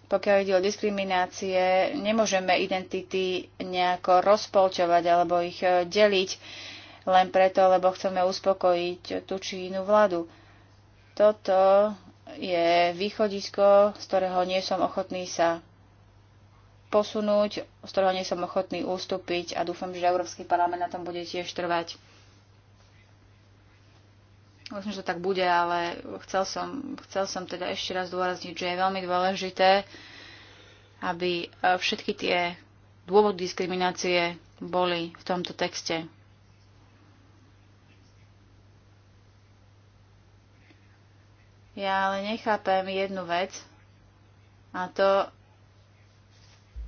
Speaker 1: Pokiaľ ide o diskriminácie, nemôžeme identity nejako rozpolťovať alebo ich e, deliť len preto, lebo chceme uspokojiť tú či inú vládu. Toto je východisko, z ktorého nie som ochotný sa posunúť, z ktorého nie som ochotný ústupiť a dúfam, že Európsky parlament na tom bude tiež trvať. Myslím, že tak bude, ale chcel som, chcel som teda ešte raz dôrazniť, že je veľmi dôležité, aby e, všetky tie dôvody diskriminácie boli v tomto texte. Ja ale nechápem jednu vec, a to,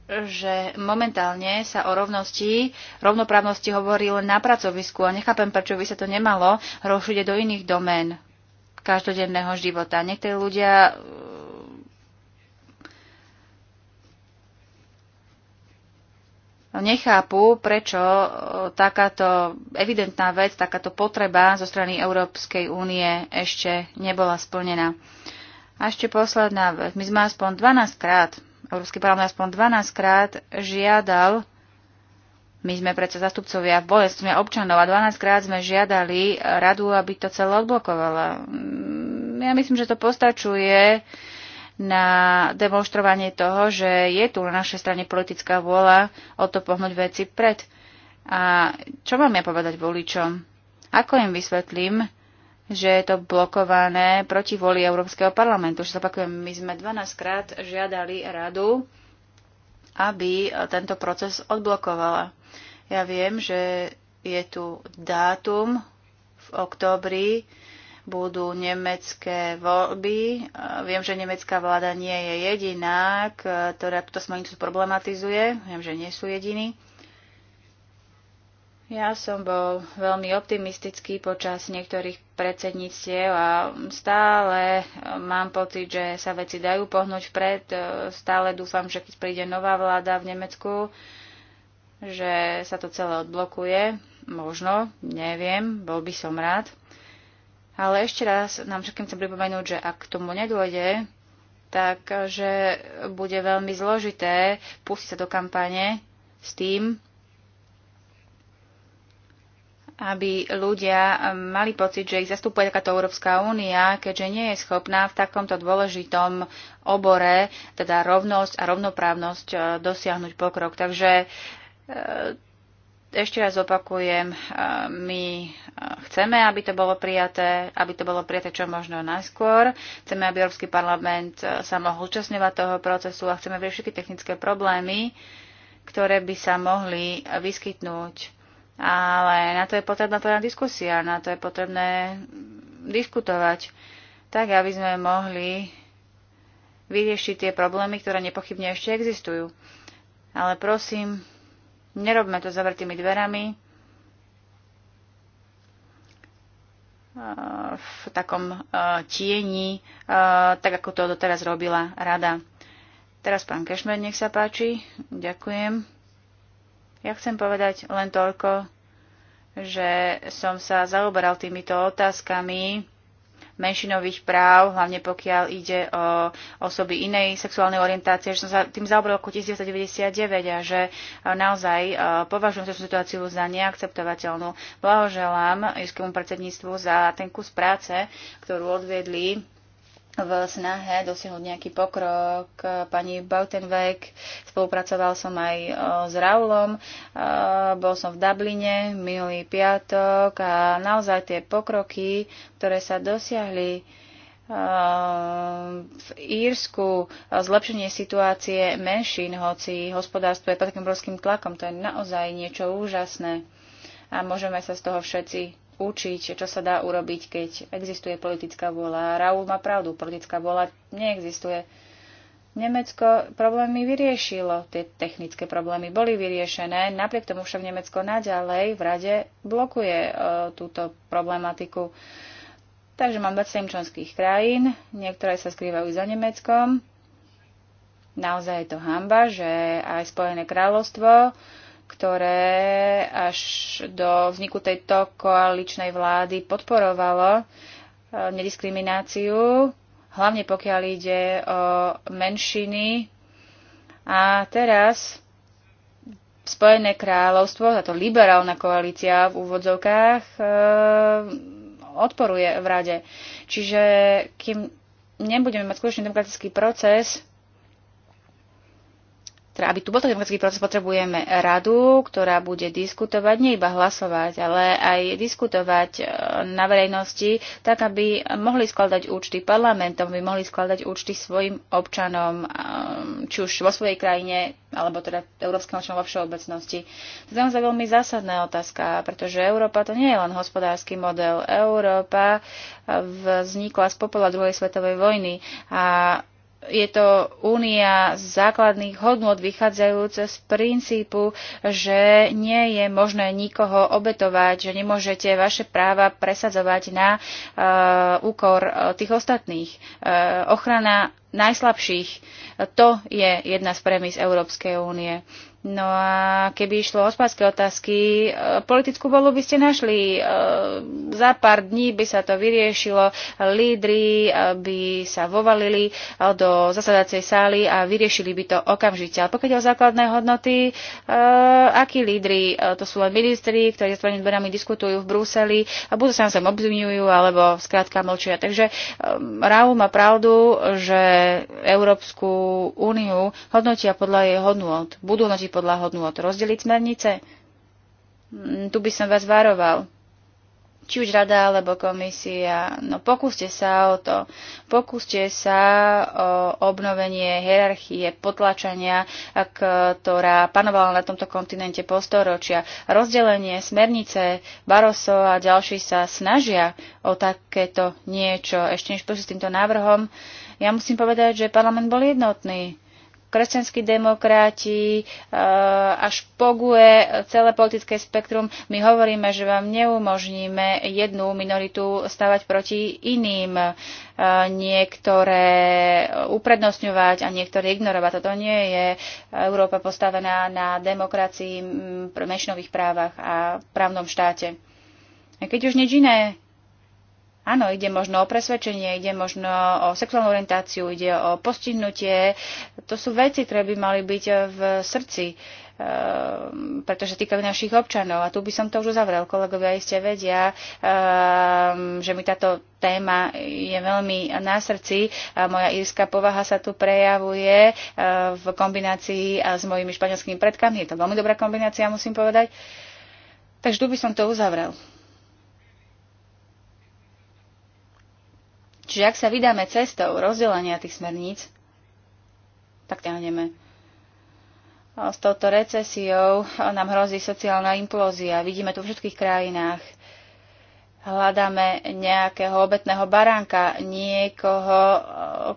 Speaker 1: že momentálne sa o rovnosti, rovnoprávnosti hovorí len na pracovisku a nechápem, prečo by sa to nemalo rozšiť do iných domén každodenného života. Niektorí ľudia eh, nechápu, prečo eh, takáto evidentná vec, takáto potreba zo strany Európskej únie ešte nebola splnená. A ešte posledná vec. My sme aspoň 12 krát Európsky parlament aspoň 12 krát žiadal, my sme predsa zastupcovia v bolestmi sme občanov a 12 krát sme žiadali radu, aby to celé odblokovala. Mm, ja myslím, že to postačuje na demonstrovanie toho, že je tu na našej strane politická vôľa o to pohnúť veci pred. A čo mám ja povedať voličom? Ako im vysvetlím, že je to blokované proti voli Európskeho parlamentu. Že opakujem, my sme 12 krát žiadali radu, aby tento proces odblokovala. Ja viem, že je tu dátum v októbri, budú nemecké voľby. Viem, že nemecká vláda nie je jediná, ktorá túto smernicu problematizuje. Viem, že nie sú jediní. Ja som bol veľmi optimistický počas niektorých predsedníctiev a stále mám pocit, že sa veci dajú pohnúť vpred. E, stále dúfam, že keď príde nová vláda v Nemecku, že sa to celé odblokuje. Možno, neviem, bol by som rád. Ale ešte raz nám všetkým chcem pripomenúť, že ak k tomu nedôjde, tak že bude veľmi zložité pustiť sa do kampane s tým, aby ľudia eh, mali pocit, že ich zastupuje takáto Európska únia, keďže nie je schopná v takomto dôležitom obore, teda rovnosť a rovnoprávnosť, eh, dosiahnuť pokrok. Takže eh, ešte raz opakujem, my chceme, aby to bolo prijaté, aby to bolo prijaté čo možno najskôr. Chceme, aby Európsky parlament sa mohol účastňovať toho procesu a chceme riešiť všetky technické problémy, ktoré by sa mohli vyskytnúť ale na to je potrebná teda diskusia, na to je potrebné diskutovať, tak aby sme mohli vyriešiť tie problémy, ktoré nepochybne ešte existujú. Ale prosím, nerobme to zavretými dverami v takom tieni, tak ako to doteraz robila rada. Teraz pán Kešmer, nech sa páči. Ďakujem. Ja chcem povedať len toľko, že som sa zaoberal týmito otázkami menšinových práv, hlavne pokiaľ ide o osoby inej sexuálnej orientácie, že som sa tým zaoberal roku 1999 a že eh, naozaj eh, považujem tú situáciu za neakceptovateľnú. Blahoželám Juskému predsedníctvu za ten kus práce, ktorú odviedli v snahe dosiahnuť nejaký pokrok. Pani Bautenweg, spolupracoval som aj e, s Raulom, e, bol som v Dubline minulý piatok a naozaj tie pokroky, ktoré sa dosiahli e, v Írsku, zlepšenie situácie menšín, hoci hospodárstvo je pod takým obrovským tlakom, to je naozaj niečo úžasné a môžeme sa z toho všetci učiť, čo sa dá urobiť, keď existuje politická vôľa. Raúl má pravdu, politická vôľa neexistuje. Nemecko problémy vyriešilo, tie technické problémy boli vyriešené, napriek tomu však Nemecko naďalej v rade blokuje e, túto problematiku. Takže mám 27 členských krajín, niektoré sa skrývajú za Nemeckom. Naozaj je to hamba, že aj Spojené kráľovstvo ktoré až do vzniku tejto koaličnej vlády podporovalo e, nediskrimináciu, hlavne pokiaľ ide o menšiny. A teraz Spojené kráľovstvo, táto liberálna koalícia v úvodzovkách, e, odporuje v rade. Čiže kým nebudeme mať skutočný demokratický proces, teda, aby tu bol ten demokratický proces, potrebujeme radu, ktorá bude diskutovať, nie iba hlasovať, ale aj diskutovať e, na verejnosti, tak aby mohli skladať účty parlamentom, aby mohli skladať účty svojim občanom, e, či už vo svojej krajine, alebo teda európskym občanom vo všeobecnosti. To je naozaj veľmi zásadná otázka, pretože Európa to nie je len hospodársky model. Európa e, vznikla z popola druhej svetovej vojny a je to únia základných hodnot vychádzajúce z princípu, že nie je možné nikoho obetovať, že nemôžete vaše práva presadzovať na uh, úkor e, tých ostatných. Uh, ochrana najslabších, to je jedna z premis Európskej únie. No a keby išlo o hospodárske otázky, e, politickú volu by ste našli. E, za pár dní by sa to vyriešilo, lídry e, by sa vovalili do zasadacej sály a vyriešili by to okamžite. Ale pokiaľ o základné hodnoty, akí lídry? To sú len ministri, ktorí s tvojimi dverami diskutujú v Bruseli a budú sa sem obzimňujú alebo skrátka mlčia. Takže Rau má pravdu, že Európsku úniu hodnotia podľa jej hodnot. Budú hodnotiť postaviť podľa hodnôt. Rozdeliť smernice? Mm, tu by som vás varoval. Či už rada alebo komisia, no pokúste sa o to. Pokúste sa o obnovenie hierarchie potlačania, ktorá panovala na tomto kontinente storočia. Rozdelenie smernice Baroso a ďalší sa snažia o takéto niečo. Ešte než s týmto návrhom, ja musím povedať, že parlament bol jednotný kresťanskí demokrati, eh, až poguje celé politické spektrum. My hovoríme, že vám neumožníme jednu minoritu stavať proti iným, eh, niektoré uprednostňovať a niektoré ignorovať. Toto nie je Európa postavená na demokracii, menšinových právach a právnom štáte. A keď už nič iné Áno, ide možno o presvedčenie, ide možno o sexuálnu orientáciu, ide o postihnutie. To sú veci, ktoré by mali byť v srdci eh, pretože týkajú našich občanov. A tu by som to už uzavrel. Kolegovia iste vedia, eh, že mi táto téma je veľmi na srdci. Moja írska povaha sa tu prejavuje eh, v kombinácii s mojimi španielskými predkami. Je to veľmi dobrá kombinácia, musím povedať. Takže tu by som to uzavrel. Čiže ak sa vydáme cestou rozdelenia tých smerníc, tak ťahneme. S touto recesiou nám hrozí sociálna implózia. Vidíme to v všetkých krajinách. Hľadáme nejakého obetného baránka, niekoho,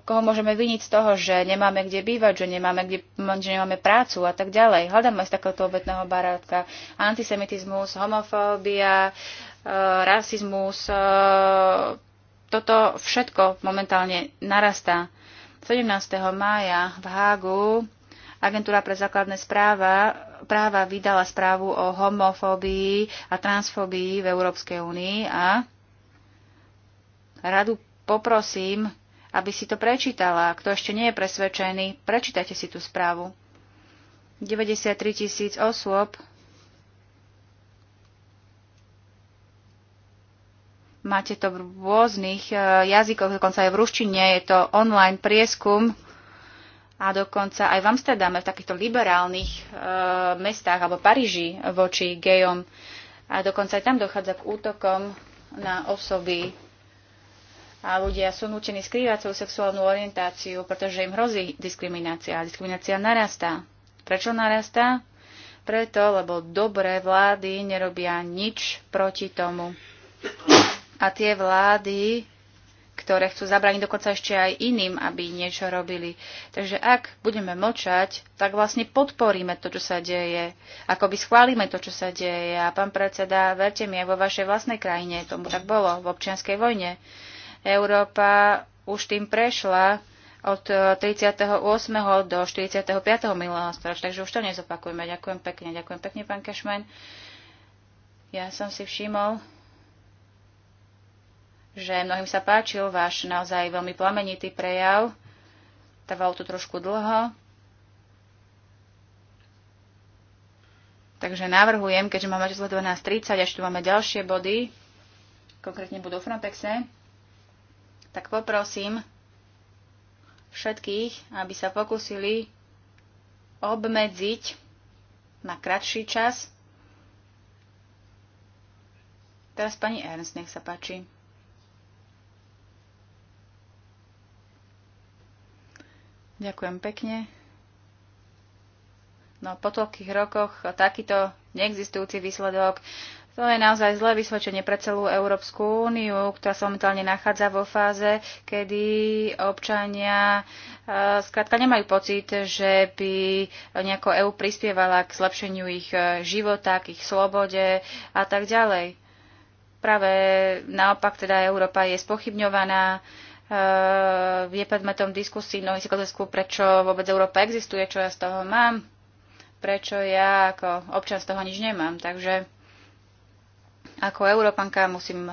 Speaker 1: koho môžeme vyniť z toho, že nemáme kde bývať, že nemáme, kde, že nemáme prácu a tak ďalej. Hľadáme z takéhoto obetného baránka antisemitizmus, homofóbia, e, rasizmus, e, toto všetko momentálne narastá. 17. mája v Hágu Agentúra pre základné správa, práva vydala správu o homofóbii a transfóbii v Európskej únii a radu poprosím, aby si to prečítala. Kto ešte nie je presvedčený, prečítajte si tú správu. 93 tisíc osôb Máte to v rôznych e, jazykoch, dokonca aj v ruštine, je to online prieskum a dokonca aj v Amsterdame, v takýchto liberálnych e, mestách alebo Paríži voči gejom. A dokonca aj tam dochádza k útokom na osoby a ľudia sú nútení skrývať svoju sexuálnu orientáciu, pretože im hrozí diskriminácia. A diskriminácia narastá. Prečo narastá? Preto, lebo dobré vlády nerobia nič proti tomu. A tie vlády, ktoré chcú zabrániť dokonca ešte aj iným, aby niečo robili. Takže ak budeme močať, tak vlastne podporíme to, čo sa deje. Akoby schválime to, čo sa deje. A pán predseda, verte mi, aj vo vašej vlastnej krajine tomu tak bolo, v občianskej vojne. Európa už tým prešla od 38. Eh, do 45. minulého storočia, takže už to nezopakujeme. Ďakujem pekne, ďakujem pekne, pán Kešmen. Ja som si všimol, že mnohým sa páčil váš naozaj veľmi plamenitý prejav. Trvalo to trošku dlho. Takže navrhujem, keďže máme čas 12.30, až tu máme ďalšie body, konkrétne budú v Frontexe, tak poprosím všetkých, aby sa pokúsili obmedziť na kratší čas. Teraz pani Ernst, nech sa páči. Ďakujem pekne. No po toľkých rokoch takýto neexistujúci výsledok to je naozaj zlé vysvedčenie pre celú Európsku úniu, ktorá sa momentálne nachádza vo fáze, kedy občania e, skrátka nemajú pocit, že by nejako EÚ prispievala k zlepšeniu ich e, života, k ich slobode a tak ďalej. Práve naopak teda Európa je spochybňovaná, e, Eh, je predmetom diskusí mnohých cyklotestku, prečo vôbec Európa existuje, čo ja z toho mám, prečo ja ako občan z toho nič nemám. Takže ako Európanka musím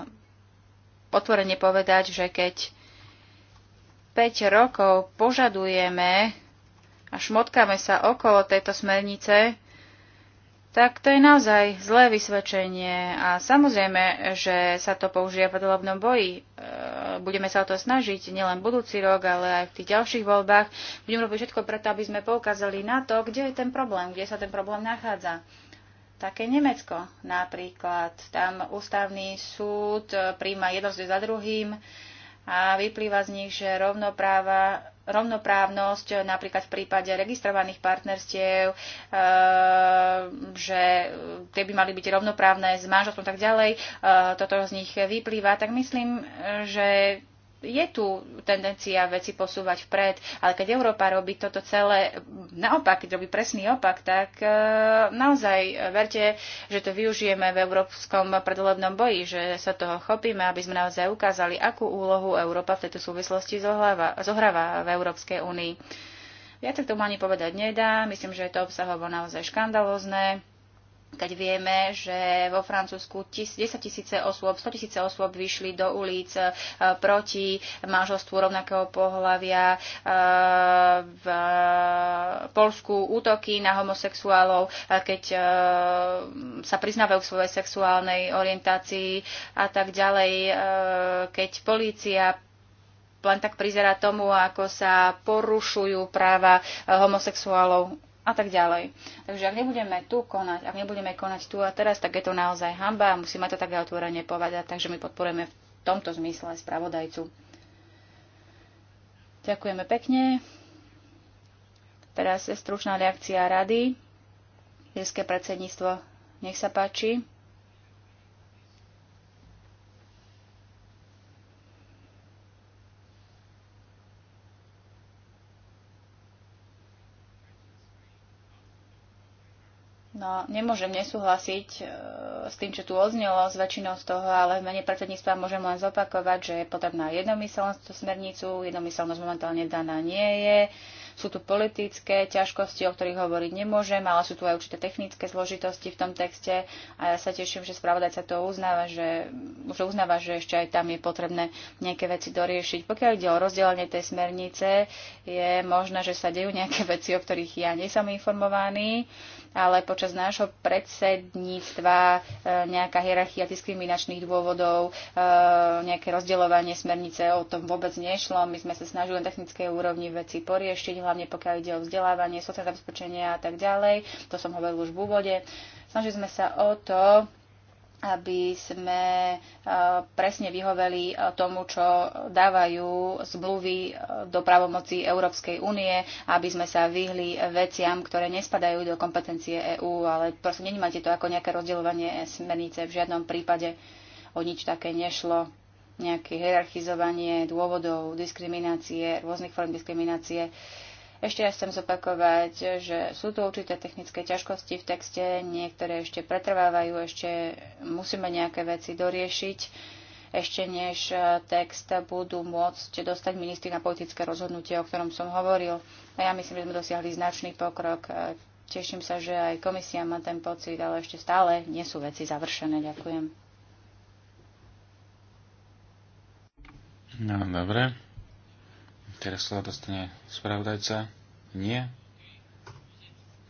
Speaker 1: otvorene povedať, že keď 5 rokov požadujeme a šmotkáme sa okolo tejto smernice, tak to je naozaj zlé vysvedčenie a samozrejme, že sa to použije v podobnom boji. Eh, budeme sa o to snažiť nielen budúci rok, ale aj v tých ďalších voľbách. Budeme robiť všetko preto, aby sme poukázali na to, kde je ten problém, kde sa ten problém nachádza. Také Nemecko napríklad. Tam ústavný súd e, príjma jednosť za druhým a vyplýva z nich, že rovnopráva rovnoprávnosť, napríklad v prípade registrovaných partnerstiev, e, že tie by mali byť rovnoprávne s manželstvom tak ďalej, e, toto z nich vyplýva, tak myslím, že je tu tendencia veci posúvať vpred, ale keď Európa robí toto celé naopak, keď robí presný opak, tak e, naozaj e, verte, že to využijeme v európskom predvolebnom boji, že sa toho chopíme, aby sme naozaj ukázali, akú úlohu Európa v tejto súvislosti zohráva, zohráva v Európskej únii. Viac k tomu ani povedať nedá, myslím, že je to obsahovo naozaj škandalozné keď vieme, že vo Francúzsku 10 tisíce osôb, 100 tisíce osôb vyšli do ulic e, proti manželstvu rovnakého pohľavia, e, v e, Polsku útoky na homosexuálov, keď sa priznávajú k svojej sexuálnej orientácii a tak ďalej, keď polícia len tak prizera tomu, ako sa porušujú práva homosexuálov a tak ďalej. Takže ak nebudeme tu konať, ak nebudeme konať tu a teraz, tak je to naozaj hamba a musíme to tak otvorene povedať, takže my podporujeme v tomto zmysle spravodajcu. Ďakujeme pekne. Teraz je stručná reakcia rady. Irské predsedníctvo, nech sa páči. No, nemôžem nesúhlasiť e, s tým, čo tu odznelo, s väčšinou z toho, ale v mene predsedníctva môžem len zopakovať, že je potrebná jednomyselnosť tú smernicu, jednomyselnosť momentálne daná nie je. Sú tu politické ťažkosti, o ktorých hovoriť nemôžem, ale sú tu aj určité technické zložitosti v tom texte a ja sa teším, že spravodajca to uznáva, že, že uznáva, že ešte aj tam je potrebné nejaké veci doriešiť. Pokiaľ ide o rozdelenie tej smernice, je možné, že sa dejú nejaké veci, o ktorých ja nie som informovaný, ale počas nášho predsedníctva e, nejaká hierarchia diskriminačných dôvodov, e, nejaké rozdeľovanie smernice o tom vôbec nešlo. My sme sa snažili na technickej úrovni veci poriešiť, hlavne pokiaľ ide o vzdelávanie, sociálne zabezpečenie a tak ďalej. To som hovoril už v úvode. Snažili sme sa o to, aby sme e, presne vyhoveli e, tomu, čo dávajú zmluvy e, do pravomoci Európskej únie, aby sme sa vyhli veciam, ktoré nespadajú do kompetencie EÚ, ale proste nenímajte to ako nejaké rozdeľovanie smernice. V žiadnom prípade o nič také nešlo nejaké hierarchizovanie dôvodov diskriminácie, rôznych form diskriminácie. Uh, ešte raz chcem zopakovať, že sú tu určité technické ťažkosti v texte, niektoré ešte pretrvávajú, ešte musíme nejaké veci doriešiť ešte než e, text budú môcť dostať ministri na politické rozhodnutie, o ktorom som hovoril. A ja myslím, že sme dosiahli značný pokrok. E, teším sa, že aj komisia má ten pocit, ale ešte stále nie sú veci završené. Ďakujem.
Speaker 2: No, dobre. Teraz slovo dostane spravodajca. Nie?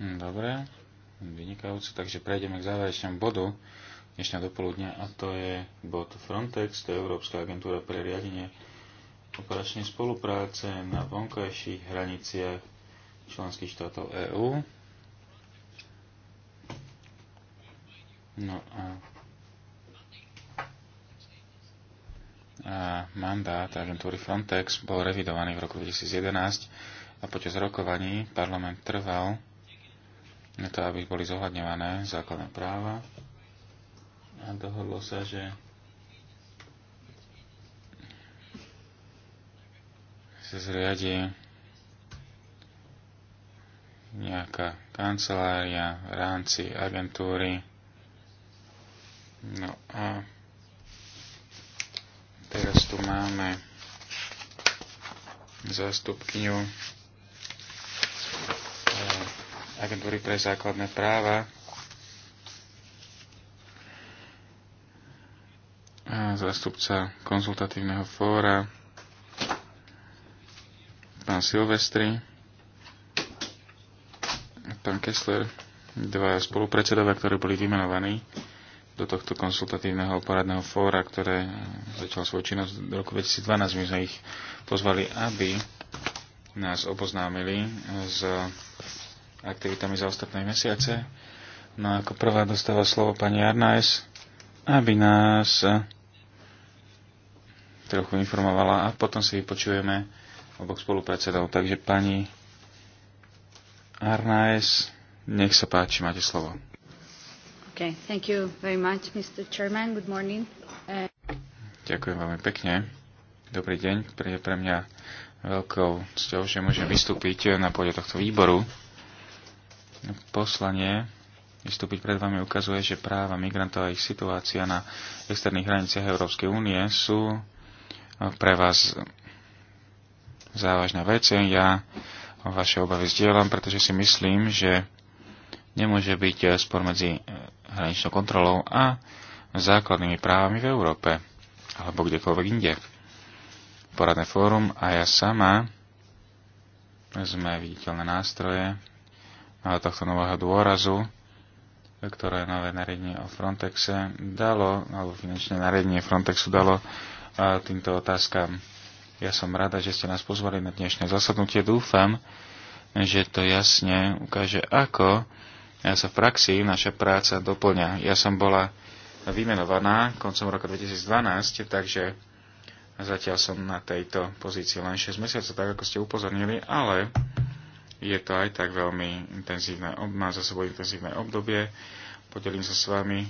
Speaker 2: Hm, dobre. Vynikajúce. Takže prejdeme k záverečnému bodu dnešného dopoludnia a to je bod Frontex, to je Európska agentúra pre riadenie operačnej spolupráce na vonkajších hraniciach členských štátov EÚ. No a mandát agentúry Frontex bol revidovaný v roku 2011 a počas rokovaní parlament trval na to, aby boli zohľadňované základné práva a dohodlo sa, že sa zriadi nejaká kancelária v rámci agentúry. No a Teraz tu máme zástupkyňu eh, agentúry pre základné práva zástupca konzultatívneho fóra pán Silvestri pán Kessler dva spolupredsedovia, ktorí boli vymenovaní do tohto konsultatívneho poradného fóra, ktoré eh, začalo svoju činnosť v roku 2012. My sme ich pozvali, aby nás oboznámili s aktivitami za ostatné mesiace. No ako prvá dostáva slovo pani Arnaes, aby nás eh, trochu informovala a potom si vypočujeme oboch spolupredsedov. Takže pani Arnaes, nech sa páči, máte slovo. Uh, Ďakujem veľmi pekne. Dobrý deň. Je pre mňa veľkou cťou, že môžem vystúpiť na pôde tohto výboru. Poslanie vystúpiť pred vami ukazuje, že práva migrantov a ich situácia na externých hraniciach Európskej únie sú pre vás závažná vec. Ja vaše obavy zdieľam, pretože si myslím, že nemôže byť spor medzi hraničnou kontrolou a základnými právami v Európe alebo kdekoľvek inde. Poradné fórum a ja sama sme viditeľné nástroje tohto nového dôrazu, ktoré nové nariadenie o Frontexe dalo, alebo finančné nariadenie Frontexu dalo týmto otázkam. Ja som rada, že ste nás pozvali na dnešné zasadnutie. Dúfam, že to jasne ukáže, ako ja sa v praxi naša práca doplňa. Ja som bola vymenovaná koncom roka 2012, takže zatiaľ som na tejto pozícii len 6 mesiacov, tak ako ste upozornili, ale je to aj tak veľmi intenzívne, má za sebou intenzívne obdobie. Podelím sa s vami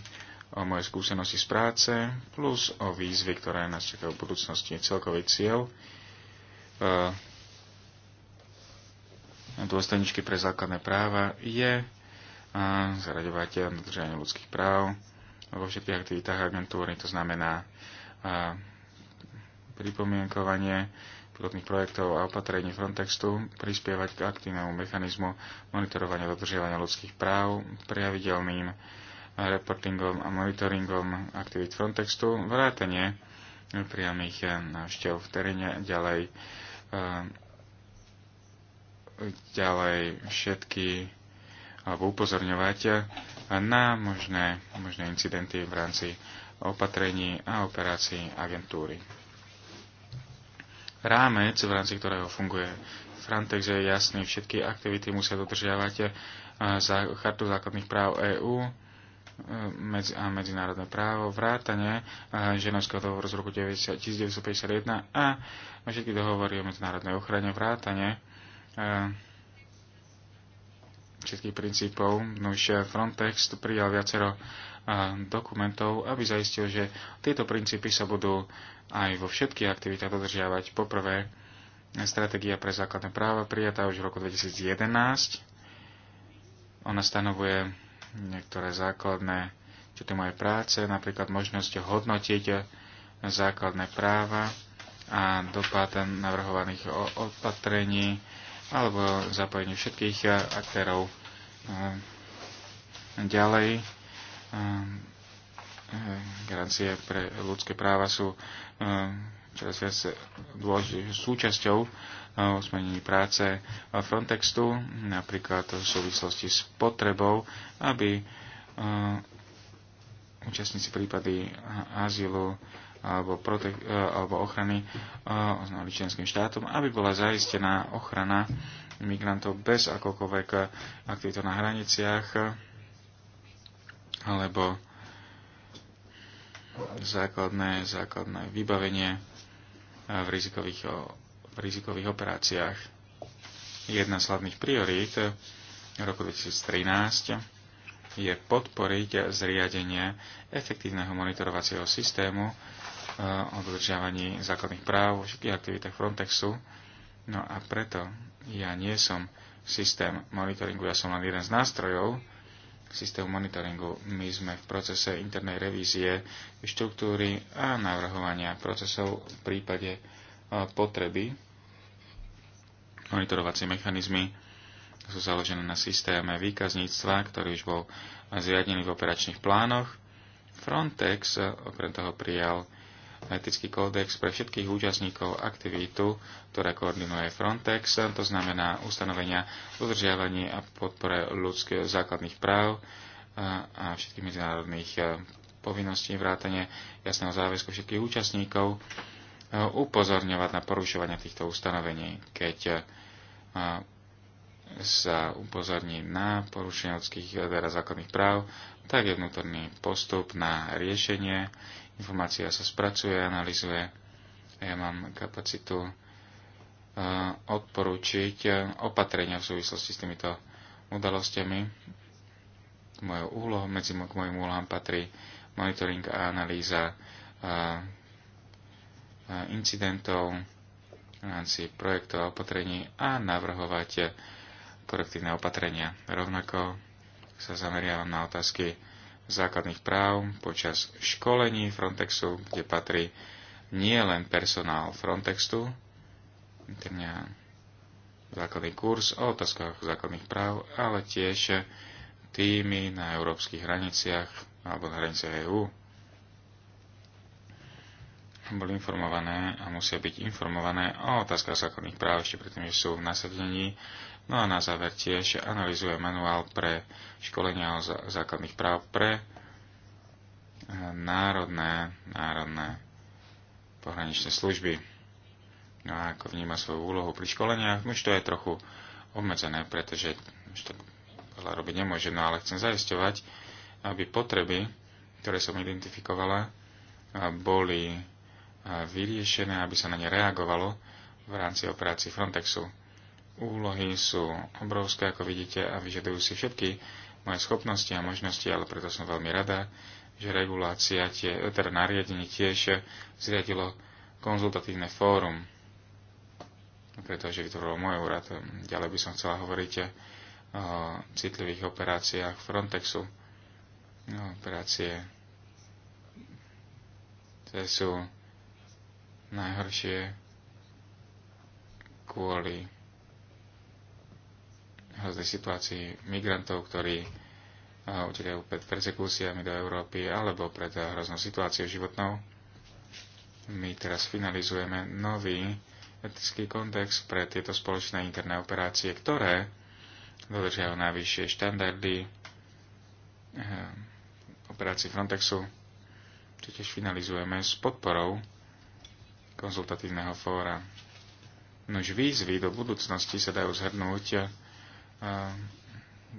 Speaker 2: o moje skúsenosti z práce, plus o výzvy, ktoré nás čakajú v budúcnosti. Celkový cieľ eh, Dôstaničky pre základné práva je a zaraďovať dodržanie ľudských práv vo všetkých aktivitách agentúry, to znamená a, pripomienkovanie pilotných projektov a opatrení Frontextu, prispievať k aktívnemu mechanizmu monitorovania dodržiavania ľudských práv, prijaviteľným reportingom a monitoringom aktivít Frontextu, vrátanie priamých e, návštev v teréne, ďalej, ďalej všetky alebo upozorňovať na možné, možné incidenty v rámci opatrení a operácií agentúry. Rámec, v rámci ktorého funguje Frontex, je jasný. Všetky aktivity musia dodržiavať eh, za chartu základných práv EÚ eh, a medzinárodné právo, vrátane eh, ženovského dohovoru z roku 1951 a všetky dohovory o medzinárodnej ochrane, vrátane všetkých princípov. No už Frontex tu prijal viacero dokumentov, aby zaistil, že tieto princípy sa budú aj vo všetkých aktivitách dodržiavať. Poprvé, stratégia pre základné práva prijatá už v roku 2011. Ona stanovuje niektoré základné čo to moje práce, napríklad možnosť hodnotiť základné práva a dopad navrhovaných opatrení, alebo zapojenie všetkých eh, aktérov. Eh, ďalej, eh, garancie pre ľudské práva sú čoraz viac dôležitou súčasťou smenení práce Frontextu, napríklad v súvislosti s potrebou, aby účastníci prípady azylu alebo, prote- e, alebo ochrany e, oznámili členským štátom, aby bola zaistená ochrana migrantov bez akokoľvek aktivito na hraniciach alebo základné, základné vybavenie e, v rizikových, v rizikových operáciách. Jedna z hlavných priorít roku 2013 je podporiť zriadenie efektívneho monitorovacieho systému o dodržiavaní základných práv vo všetkých aktivitách Frontexu. No a preto ja nie som systém monitoringu, ja som len jeden z nástrojov systému monitoringu. My sme v procese internej revízie štruktúry a navrhovania procesov v prípade e, potreby. Monitorovacie mechanizmy sú založené na systéme výkazníctva, ktorý už bol zriadený v operačných plánoch. Frontex e, okrem toho prijal etický kódex pre všetkých účastníkov aktivitu, ktoré koordinuje Frontex, to znamená ustanovenia udržiavanie a podpore ľudských základných práv a, a všetkých medzinárodných e, povinností vrátane jasného záväzku všetkých účastníkov e, upozorňovať na porušovanie týchto ustanovení, keď e, sa upozorní na porušenie ľudských teda základných práv, tak je vnútorný postup na riešenie Informácia sa spracuje, analizuje. Ja mám kapacitu eh, odporučiť eh, opatrenia v súvislosti s týmito udalostiami. Mojou úlohou, medzi k mojim úlohám patrí monitoring a analýza eh, incidentov v rámci projektov a opatrení a navrhovať korektívne opatrenia. Rovnako sa zameriavam na otázky základných práv počas školení Frontexu, kde patrí nie len personál Frontexu, interne základný kurz o otázkach základných práv, ale tiež týmy na európskych hraniciach alebo na hraniciach EÚ boli informované a musia byť informované o otázkach základných práv ešte predtým, že sú v nasadení No a na záver tiež analizuje manuál pre školenia o základných práv pre eh, národné, národné pohraničné služby. No a ako vníma svoju úlohu pri školeniach, už to je trochu obmedzené, pretože už to veľa robiť nemôže, no ale chcem zaisťovať, aby potreby, ktoré som identifikovala, eh, boli eh, vyriešené, aby sa na ne reagovalo v rámci operácií Frontexu úlohy sú obrovské, ako vidíte, a vyžadujú si všetky moje schopnosti a možnosti, ale preto som veľmi rada, že regulácia, tie, teda nariadenie tiež zriadilo konzultatívne fórum, pretože vytvorilo môj úrad. Ďalej by som chcela hovoriť o citlivých operáciách Frontexu. No, operácie to sú najhoršie kvôli hroznej situácii migrantov, ktorí eh, utekajú pred persekúciami do Európy alebo pred eh, hroznou situáciou životnou. My teraz finalizujeme nový etický kontext pre tieto spoločné interné operácie, ktoré dodržiavajú najvyššie štandardy eh, operácií Frontexu. Čo tiež finalizujeme s podporou konzultatívneho fóra. Nož výzvy do budúcnosti sa dajú zhrnúť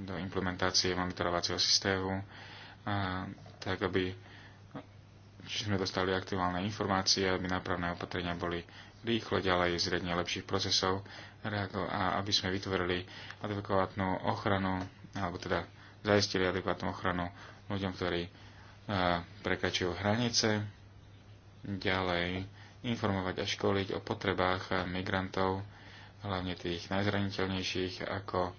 Speaker 2: do implementácie monitorovacieho systému, tak aby či sme dostali aktuálne informácie, aby nápravné opatrenia boli rýchle ďalej zredne lepších procesov a aby sme vytvorili adekvátnu ochranu, alebo teda zaistili adekvátnu ochranu ľuďom, ktorí prekračujú hranice, ďalej informovať a školiť o potrebách migrantov, hlavne tých najzraniteľnejších, ako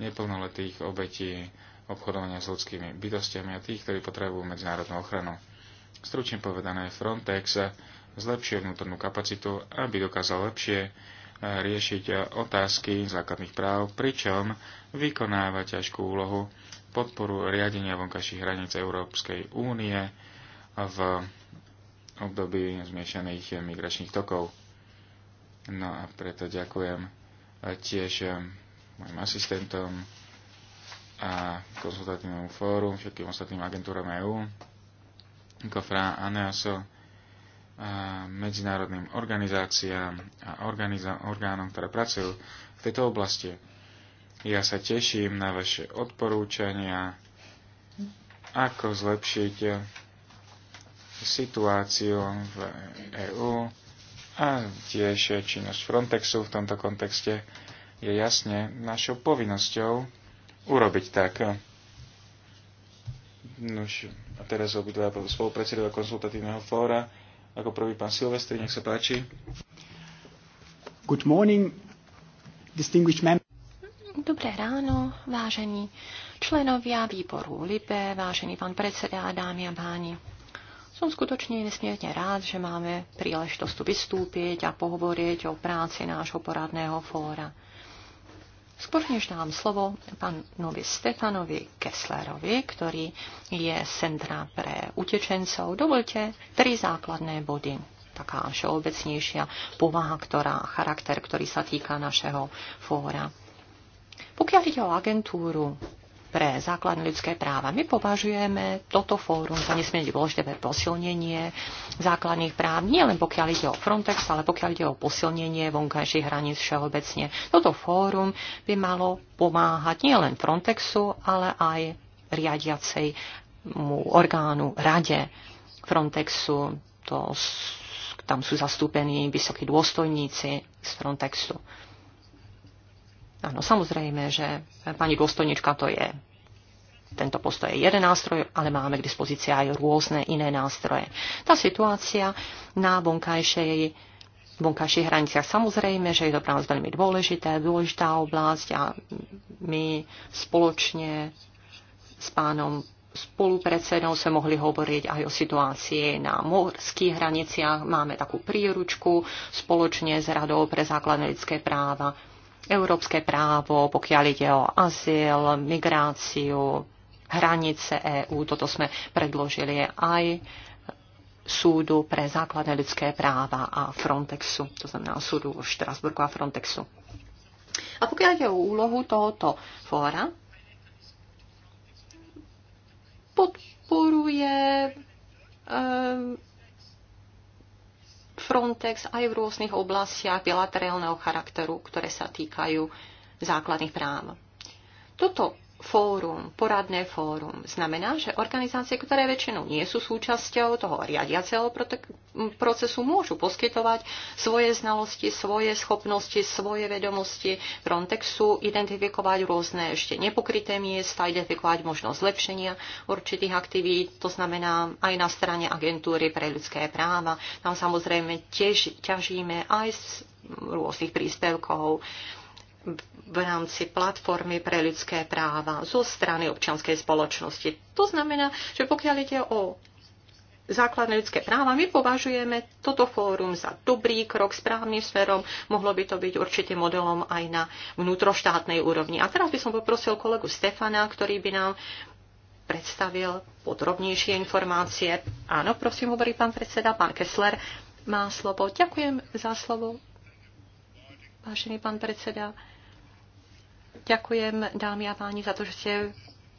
Speaker 2: neplnoletých obetí obchodovania s ľudskými bytostiami a tých, ktorí potrebujú medzinárodnú ochranu. Stručne povedané, Frontex zlepšuje vnútornú kapacitu, aby dokázal lepšie eh, riešiť eh, otázky základných práv, pričom vykonáva ťažkú úlohu podporu riadenia vonkajších hraníc Európskej únie v období zmiešaných migračných tokov. No a preto ďakujem e, tiež e, mojim asistentom a konzultatívnemu fóru, všetkým ostatným agentúram EU, Kofra, ANEASO, a medzinárodným organizáciám a organiza- orgánom, ktoré pracujú v tejto oblasti. Ja sa teším na vaše odporúčania, ako zlepšiť situáciu v EÚ a tiež činnosť Frontexu v tomto kontexte je jasne našou povinnosťou urobiť tak. Nož, a teraz obidva spolupredsedovia konzultatívneho fóra. Ako prvý pán Silvestri, nech sa páči. Good morning, distinguished members.
Speaker 3: Dobré ráno, vážení členovia výboru LIBE, vážený pán predseda, dámy a páni. Som skutočne nesmierne rád, že máme príležitosť vystúpiť a pohovoriť o práci nášho poradného fóra. Skôr než dám slovo pánovi Stefanovi Kesslerovi, ktorý je centra pre utečencov, dovolte tri základné body. Taká všeobecnejšia povaha, ktorá, charakter, ktorý sa týka našeho fóra. Pokiaľ ide o agentúru pre základné ľudské práva. My považujeme toto fórum za nesmierne dôležité pre posilnenie základných práv, nielen pokiaľ ide o Frontex, ale pokiaľ ide o posilnenie vonkajších hraníc všeobecne. Toto fórum by malo pomáhať nielen Frontexu, ale aj riadiacej orgánu, rade Frontexu. To, tam sú zastúpení vysokí dôstojníci z Frontexu. Áno, samozrejme, že pani dôstojnička to je tento postoj je jeden nástroj, ale máme k dispozícii aj rôzne iné nástroje. Tá situácia na vonkajšej vonkajších hraniciach. Samozrejme, že je to pre nás veľmi dôležité, dôležitá oblasť a my spoločne s pánom spolupredsedom sme mohli hovoriť aj o situácii na morských hraniciach. Máme takú príručku spoločne s Radou pre základné ľudské práva európske právo, pokiaľ ide o azyl, migráciu, hranice EÚ. Toto sme predložili aj súdu pre základné ľudské práva a Frontexu, to znamená súdu v Štrasburgu a Frontexu. A pokiaľ ide o úlohu tohoto fóra, podporuje eh, Frontex aj v rôznych oblastiach bilaterálneho charakteru, ktoré sa týkajú základných práv. Toto fórum, poradné fórum. Znamená, že organizácie, ktoré väčšinou nie sú súčasťou toho riadiaceho procesu, môžu poskytovať svoje znalosti, svoje schopnosti, svoje vedomosti Frontexu, identifikovať rôzne ešte nepokryté miesta, identifikovať možnosť zlepšenia určitých aktivít, to znamená aj na strane agentúry pre ľudské práva. Tam samozrejme tiež ťažíme aj z rôznych príspevkov v rámci platformy pre ľudské práva zo strany občianskej spoločnosti. To znamená, že pokiaľ ide o základné ľudské práva, my považujeme toto fórum za dobrý krok správnym smerom. Mohlo by to byť určite modelom aj na vnútroštátnej úrovni. A teraz by som poprosil kolegu Stefana, ktorý by nám predstavil podrobnejšie informácie. Áno, prosím, hovorí pán predseda, pán Kessler má slovo. Ďakujem za slovo, vážený pán predseda. Ďakujem, dámy a páni, za to, že ste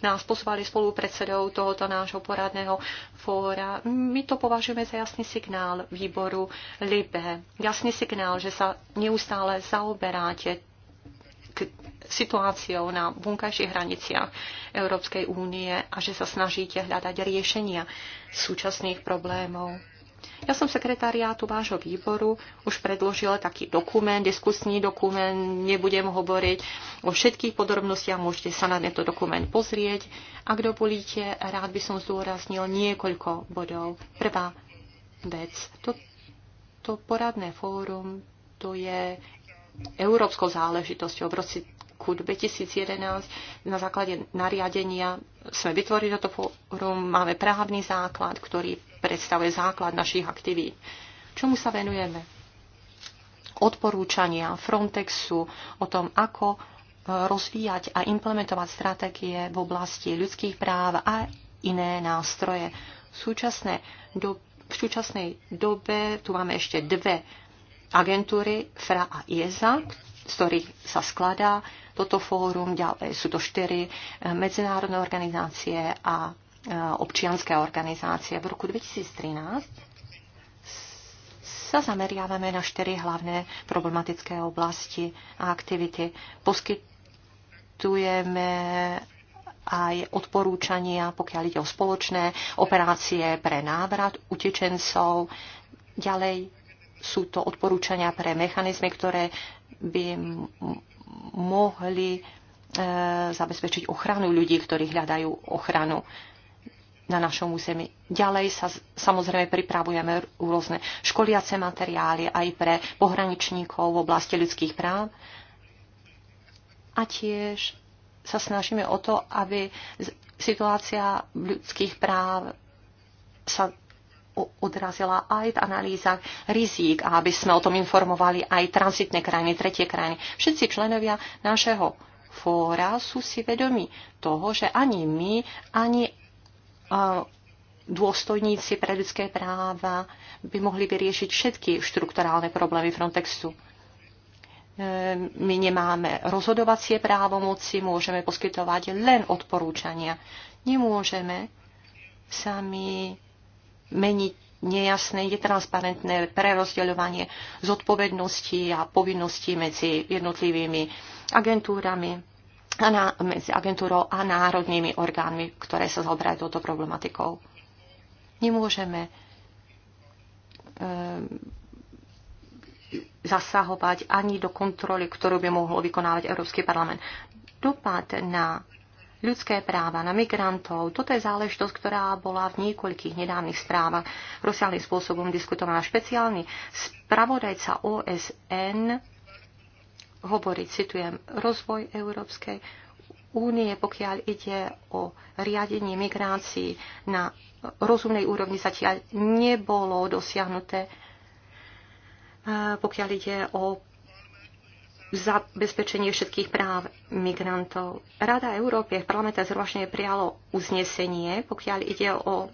Speaker 3: nás pozvali spolupredsedou tohoto nášho poradného fóra. My to považujeme za jasný signál výboru LIBE. Jasný signál, že sa neustále zaoberáte k situáciou na vonkajších hraniciach Európskej únie a že sa snažíte hľadať riešenia súčasných problémov. Ja som sekretariátu vášho výboru už predložila taký dokument, diskusný dokument, nebudem hovoriť o všetkých podrobnostiach, môžete sa na tento dokument pozrieť. Ak dovolíte, rád by som zdôraznil niekoľko bodov. Prvá vec, to, to poradné fórum, to je európskou záležitosťou. V roce 2011 na základe nariadenia sme vytvorili toto fórum, máme právny základ, ktorý predstavuje základ našich aktivít. Čomu sa venujeme? Odporúčania Frontexu o tom, ako e, rozvíjať a implementovať stratégie v oblasti ľudských práv a iné nástroje. V súčasnej, do, v súčasnej dobe tu máme ešte dve agentúry, FRA a IESA, z ktorých sa skladá toto fórum. Ďalej sú to štyri e, medzinárodné organizácie a Eh, občianské organizácie. V roku 2013 sa zameriavame na štyri hlavné problematické oblasti a aktivity. Poskytujeme aj odporúčania, pokiaľ ide o spoločné operácie pre návrat utečencov. Ďalej sú to odporúčania pre mechanizmy, ktoré by mohli e, zabezpečiť ochranu ľudí, ktorí hľadajú ochranu na našom území. Ďalej sa samozrejme pripravujeme rôzne školiace materiály aj pre pohraničníkov v oblasti ľudských práv. A tiež sa snažíme o to, aby situácia ľudských práv sa odrazila aj v analýzach rizík a aby sme o tom informovali aj transitné krajiny, tretie krajiny. Všetci členovia nášho fóra sú si vedomi toho, že ani my, ani dôstojníci pre ľudské práva by mohli vyriešiť všetky štrukturálne problémy Frontexu. E, my nemáme rozhodovacie právomoci, môžeme poskytovať len odporúčania. Nemôžeme sami meniť nejasné, netransparentné prerozdeľovanie zodpovedností a povinností medzi jednotlivými agentúrami a na, medzi agentúrou a národnými orgánmi, ktoré sa zaoberajú touto problematikou. Nemôžeme ehm, zasahovať ani do kontroly, ktorú by mohol vykonávať Európsky parlament. Dopad na ľudské práva, na migrantov, toto je záležitosť, ktorá bola v niekoľkých nedávnych správach rozsiahlým spôsobom diskutovaná. Špeciálny spravodajca OSN hovorí, citujem, rozvoj Európskej únie, pokiaľ ide o riadenie migrácií na rozumnej úrovni zatiaľ nebolo dosiahnuté, pokiaľ ide o zabezpečenie všetkých práv migrantov. Rada Európy v parlamente zrovna prijalo uznesenie, pokiaľ ide o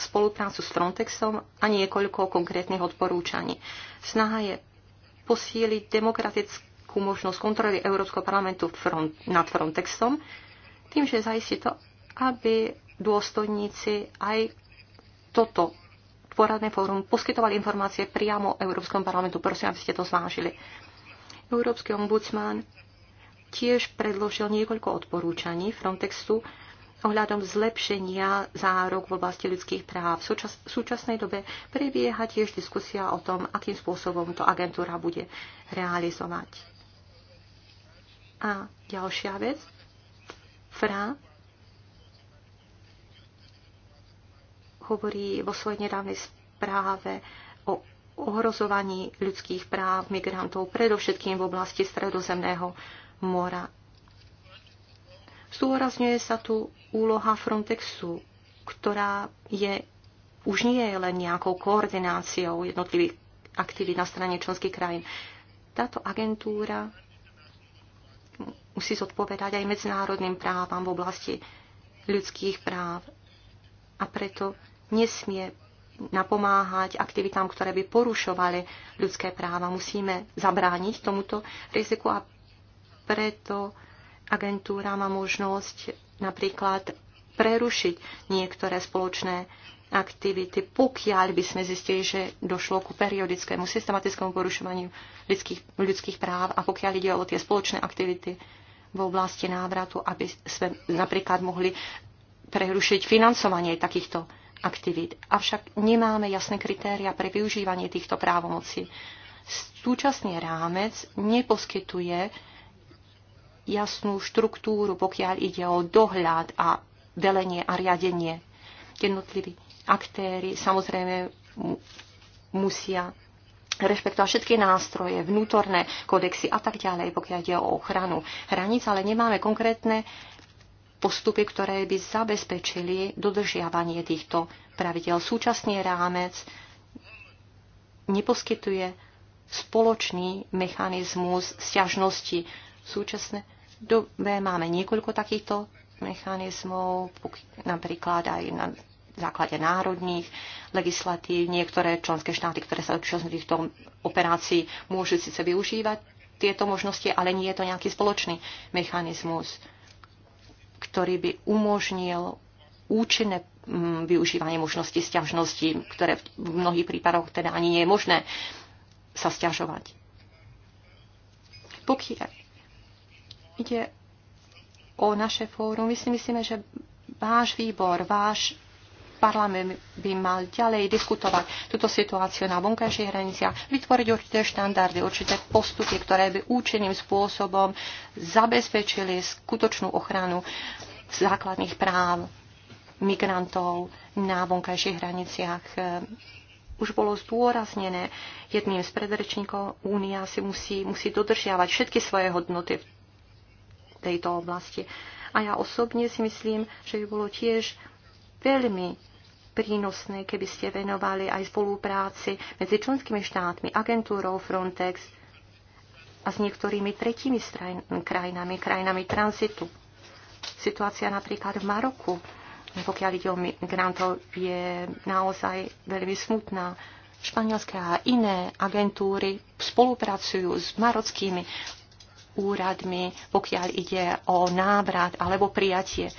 Speaker 3: spoluprácu s Frontexom a niekoľko konkrétnych odporúčaní. Snaha je posílit demokratickou možnost kontroly Evropského parlamentu front, nad Frontexom, tým, že zajistí to, aby dôstojníci aj toto poradné fórum poskytovali informácie priamo Európskom parlamentu. Prosím, aby ste to zvážili. Európsky ombudsman tiež predložil niekoľko odporúčaní Frontexu ohľadom zlepšenia zárok v oblasti ľudských práv. V, súčas, súčasnej dobe prebieha tiež diskusia o tom, akým spôsobom to agentúra bude realizovať. A ďalšia vec, FRA hovorí vo svojej nedávnej správe o ohrozovaní ľudských práv migrantov, predovšetkým v oblasti Stredozemného mora. Zdôrazňuje sa tu úloha Frontexu, která je už nie je len nejakou koordináciou jednotlivých aktivít na strane členských krajín. Táto agentúra musí zodpovedať aj medzinárodným právam v oblasti ľudských práv a preto nesmie napomáhať aktivitám, ktoré by porušovali ľudské práva. Musíme zabrániť tomuto riziku a preto agentúra má možnosť napríklad prerušiť niektoré spoločné aktivity, pokiaľ by sme zistili, že došlo ku periodickému systematickému porušovaniu ľudských, ľudských práv a pokiaľ ide o tie spoločné aktivity v oblasti návratu, aby sme napríklad mohli prerušiť financovanie takýchto aktivít. Avšak nemáme jasné kritéria pre využívanie týchto právomocí. Súčasný rámec neposkytuje jasnú štruktúru, pokiaľ ide o dohľad a velenie a riadenie. Jednotliví aktéry samozrejme musia rešpektovať všetky nástroje, vnútorné kodexy a tak ďalej, pokiaľ ide o ochranu hraníc, ale nemáme konkrétne postupy, ktoré by zabezpečili dodržiavanie týchto pravidel. Súčasný rámec neposkytuje spoločný mechanizmus sťažnosti súčasné dobe máme niekoľko takýchto mechanizmov, napríklad aj na základe národných legislatív. Niektoré členské štáty, ktoré sa v tom operácii, môžu síce využívať tieto možnosti, ale nie je to nejaký spoločný mechanizmus, ktorý by umožnil účinné mm, využívanie možností sťažnosti, ktoré v mnohých prípadoch teda ani nie je možné sa stiažovať. Pokiaľ ide o naše fórum. My si myslíme, že váš výbor, váš parlament by mal ďalej diskutovať túto situáciu na vonkajších hraniciach, vytvoriť určité štandardy, určité postupy, ktoré by účinným spôsobom zabezpečili skutočnú ochranu základných práv migrantov na vonkajších hraniciach. Už bolo zdôraznené jedným z predrečníkov, Únia si musí, musí dodržiavať všetky svoje hodnoty v tejto oblasti. A ja osobne si myslím, že by bolo tiež veľmi prínosné, keby ste venovali aj spolupráci medzi členskými štátmi, agentúrou Frontex a s niektorými tretími krajinami, krajinami transitu. Situácia napríklad v Maroku, pokiaľ ide o migrantov, je naozaj veľmi smutná. Španielské a iné agentúry spolupracujú s marockými úradmi, pokiaľ ide o návrat alebo prijatie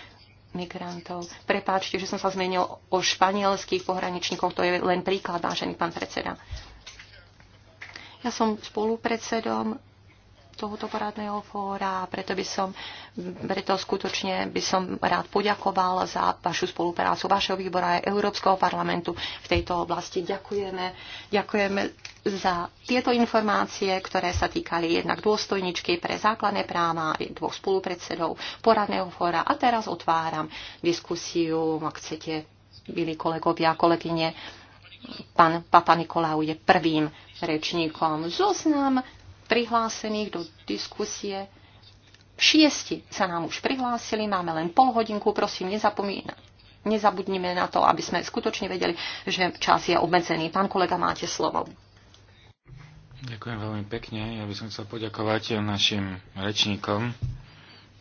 Speaker 3: migrantov. Prepáčte, že som sa zmenil o španielských pohraničníkoch, to je len príklad, vážený pán predseda. Ja som spolupredsedom tohoto poradného fóra a preto by som, preto skutočne by som rád poďakoval za vašu spoluprácu vašeho výbora aj Európskeho parlamentu v tejto oblasti. Ďakujeme, ďakujeme za tieto informácie, ktoré sa týkali jednak dôstojničky pre základné práva aj dvoch spolupredsedov poradného fóra. A teraz otváram diskusiu, ak chcete, milí kolegovia a kolegyne, pán Papa Nikolau je prvým rečníkom. Zoznam prihlásených do diskusie. Šiesti sa nám už prihlásili, máme len pol hodinku, prosím, nezapomína. nezabudnime na to, aby sme skutočne vedeli, že čas je obmedzený. Pán kolega, máte slovo.
Speaker 2: Ďakujem veľmi pekne. Ja by som chcel poďakovať našim rečníkom.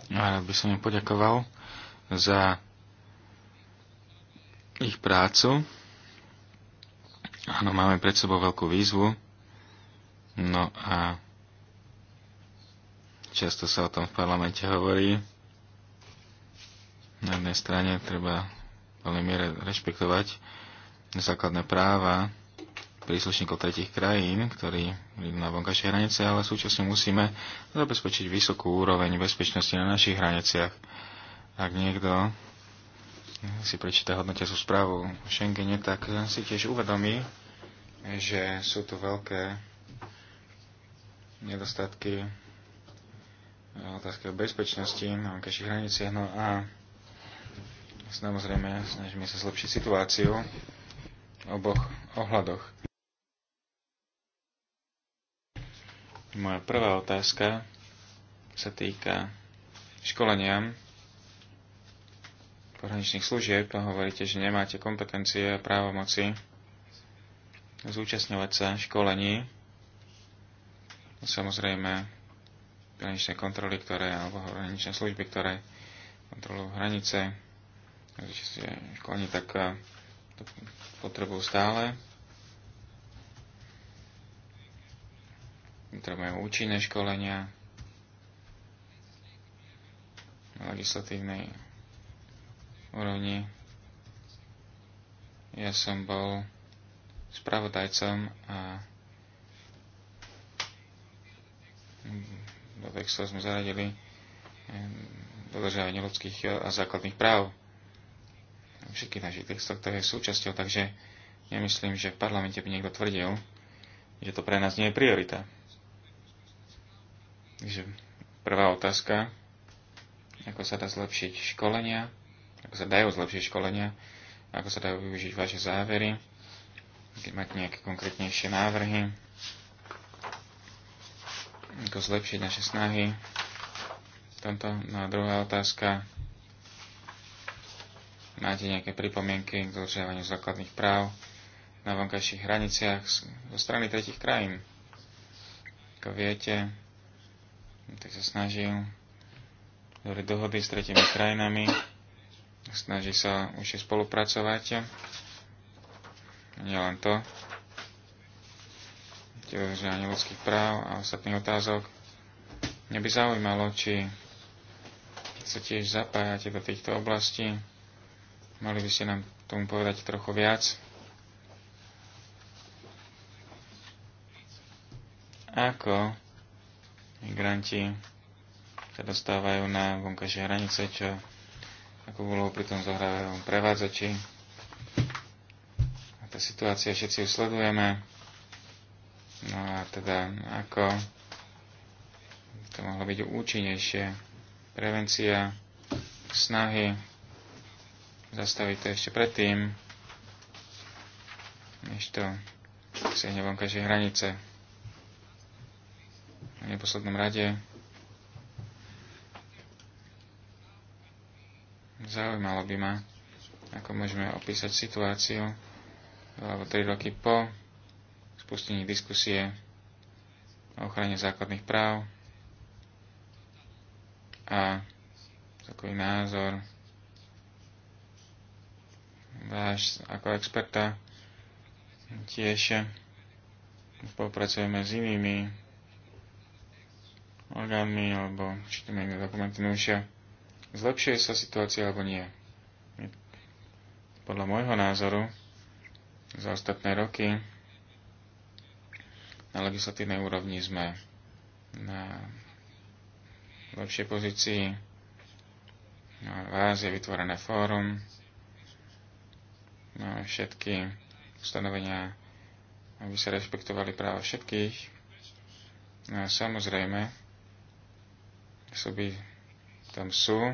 Speaker 2: Ja by som im poďakoval za ich prácu. Áno, máme pred sebou veľkú výzvu. No a Často sa o tom v parlamente hovorí. Na jednej strane treba veľmi miere rešpektovať základné práva príslušníkov tretich krajín, ktorí idú na vonkajšie hranice, ale súčasne musíme zabezpečiť vysokú úroveň bezpečnosti na našich hraniciach. Ak niekto si prečíta sú správu o Schengene, tak si tiež uvedomí, že sú tu veľké nedostatky otázke o bezpečnosti na vonkajších hraniciach. No a samozrejme snažíme sa zlepšiť situáciu v oboch ohľadoch. Moja prvá otázka sa týka školenia pohraničných služieb. Hovoríte, že nemáte kompetencie a právomoci zúčastňovať sa školení. Samozrejme, hraničné kontroly, ktoré, alebo hraničné služby, ktoré kontrolujú hranice, že si školní, tak eh, to potrebujú stále. Potrebujú účinné školenia, na legislatívnej úrovni. Ja som bol spravodajcom a do no, textu sme zaradili dodržiavanie ľudských e, a základných práv všetky našich textov, ktoré je súčasťou, takže nemyslím, že v parlamente by niekto tvrdil, že to pre nás nie je priorita. Takže prvá otázka, ako sa dá zlepšiť školenia, ako sa dajú zlepšiť školenia, ako sa dajú využiť vaše závery, keď máte nejaké konkrétnejšie návrhy, ako zlepšiť naše snahy. Tento, no a druhá otázka. Máte nejaké pripomienky k dodržiavaniu základných práv na vonkajších hraniciach zo strany tretich krajín? Ako viete, tak sa snažil dobre dohody s tretimi krajinami, snaží sa už spolupracovať. Nie len to, oblasť dodržiavania eh, ľudských práv a ostatných otázok. Mňa by zaujímalo, či sa tiež zapájate do týchto oblastí. Mali by ste nám tomu povedať trochu viac. Ako migranti sa dostávajú na vonkajšie hranice, čo ako pri pritom zohrávajú prevádzači. A tá situácia všetci ju sledujeme No a teda ako to mohlo byť účinnejšie. Prevencia, snahy zastaviť to ešte predtým, než to siahne vonkajšie hranice. V neposlednom rade zaujímalo by ma, ako môžeme opísať situáciu, alebo 3 roky po spustení diskusie o ochrane základných práv a takový názor váš ako experta tiež spolupracujeme s inými orgánmi alebo čítame iné dokumenty. No zlepšuje sa situácia alebo nie? Podľa môjho názoru za ostatné roky na legislatívnej úrovni sme na lepšej pozícii. Na no, vás je vytvorené fórum. Máme no, všetky ustanovenia, aby sa rešpektovali práva všetkých. No a samozrejme, súby tam sú.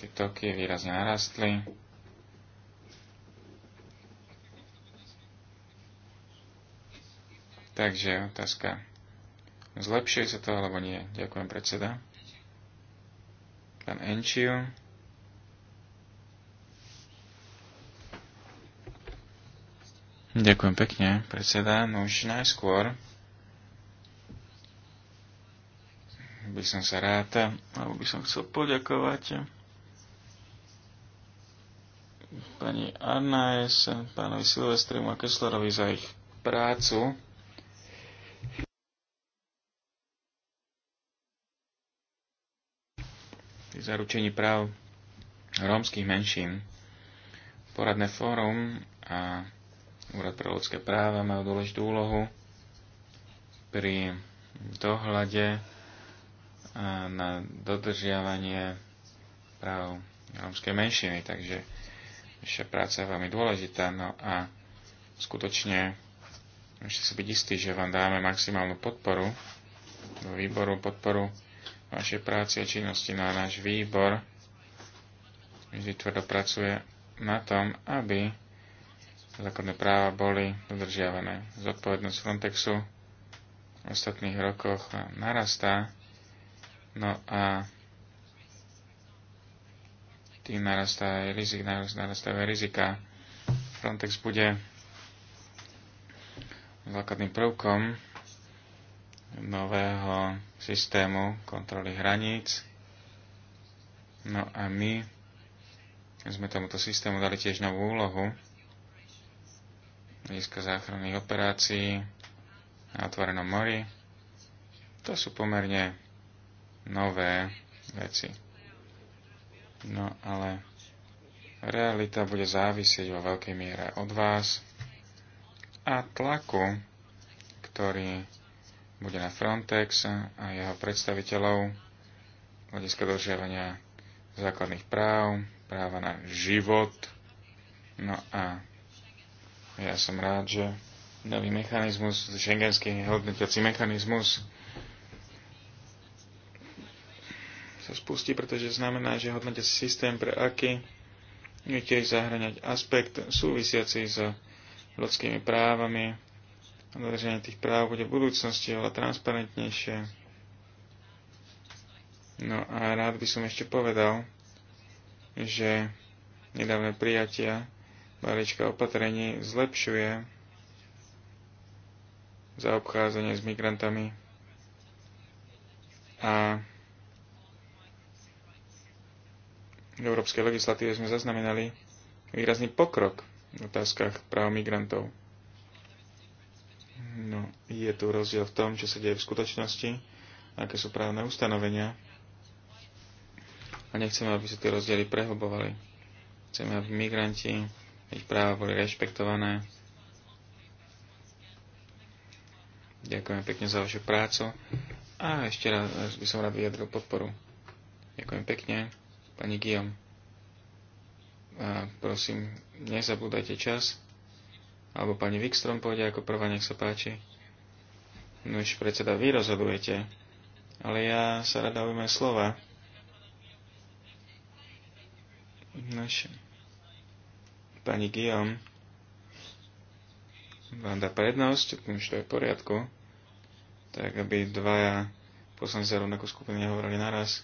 Speaker 2: Tie toky výrazne narastli. Takže otázka. Zlepšuje sa to alebo nie? Ďakujem predseda. Pán Enčiu. Ďakujem pekne, predseda. No už najskôr by som sa rád, alebo by som chcel poďakovať pani Arnaes, pánovi Silvestrimu a Kesslerovi za ich prácu. zaručení práv rómskych menšín. Poradné fórum a Úrad pre ľudské práva majú dôležitú úlohu pri dohľade na dodržiavanie práv rómskej menšiny, takže naša práca je veľmi dôležitá. No a skutočne môžete si byť istí, že vám dáme maximálnu podporu do výboru, podporu Vaše práce a činnosti na náš výbor. Vždy tvrdo pracuje na tom, aby základné práva boli dodržiavané. Zodpovednosť Frontexu v ostatných rokoch narastá, no a tým narastá aj rizik, narastá aj rizika. Frontex bude základným prvkom nového systému kontroly hraníc. No a my sme tomuto systému dali tiež novú úlohu hľadiska záchranných operácií na otvorenom mori. To sú pomerne nové veci. No ale realita bude závisieť vo veľkej miere od vás a tlaku, ktorý bude na Frontex a jeho predstaviteľov hľadiska dodržiavania základných práv, práva na život. No a ja som rád, že nový mechanizmus, šengenský hodnotiaci mechanizmus sa spustí, pretože znamená, že hodnotiaci systém pre aký je tiež zahraňať aspekt súvisiaci s ľudskými právami, dodržanie tých práv bude v budúcnosti oveľa transparentnejšie. No a rád by som ešte povedal, že nedávne prijatia balíčka opatrení zlepšuje zaobchádzanie s migrantami a v európskej legislatíve sme zaznamenali výrazný pokrok v otázkach práv migrantov. No, je tu rozdiel v tom, čo sa deje v skutočnosti, aké sú právne ustanovenia. A nechceme, aby sa tie rozdiely prehlbovali. Chceme, aby migranti, ich práva boli rešpektované. Ďakujem pekne za vašu prácu. A ešte raz by som rád vyjadril podporu. Ďakujem pekne, pani Guillaume. A prosím, nezabúdajte čas alebo pani Wikstrom pôjde ako prvá, nech sa páči. No už predseda, vy rozhodujete, ale ja sa rada ujme slova. No pani Guillaume vám dá prednosť, už to je v poriadku, tak aby dvaja poslanci za rovnakú skupinu nehovorili naraz.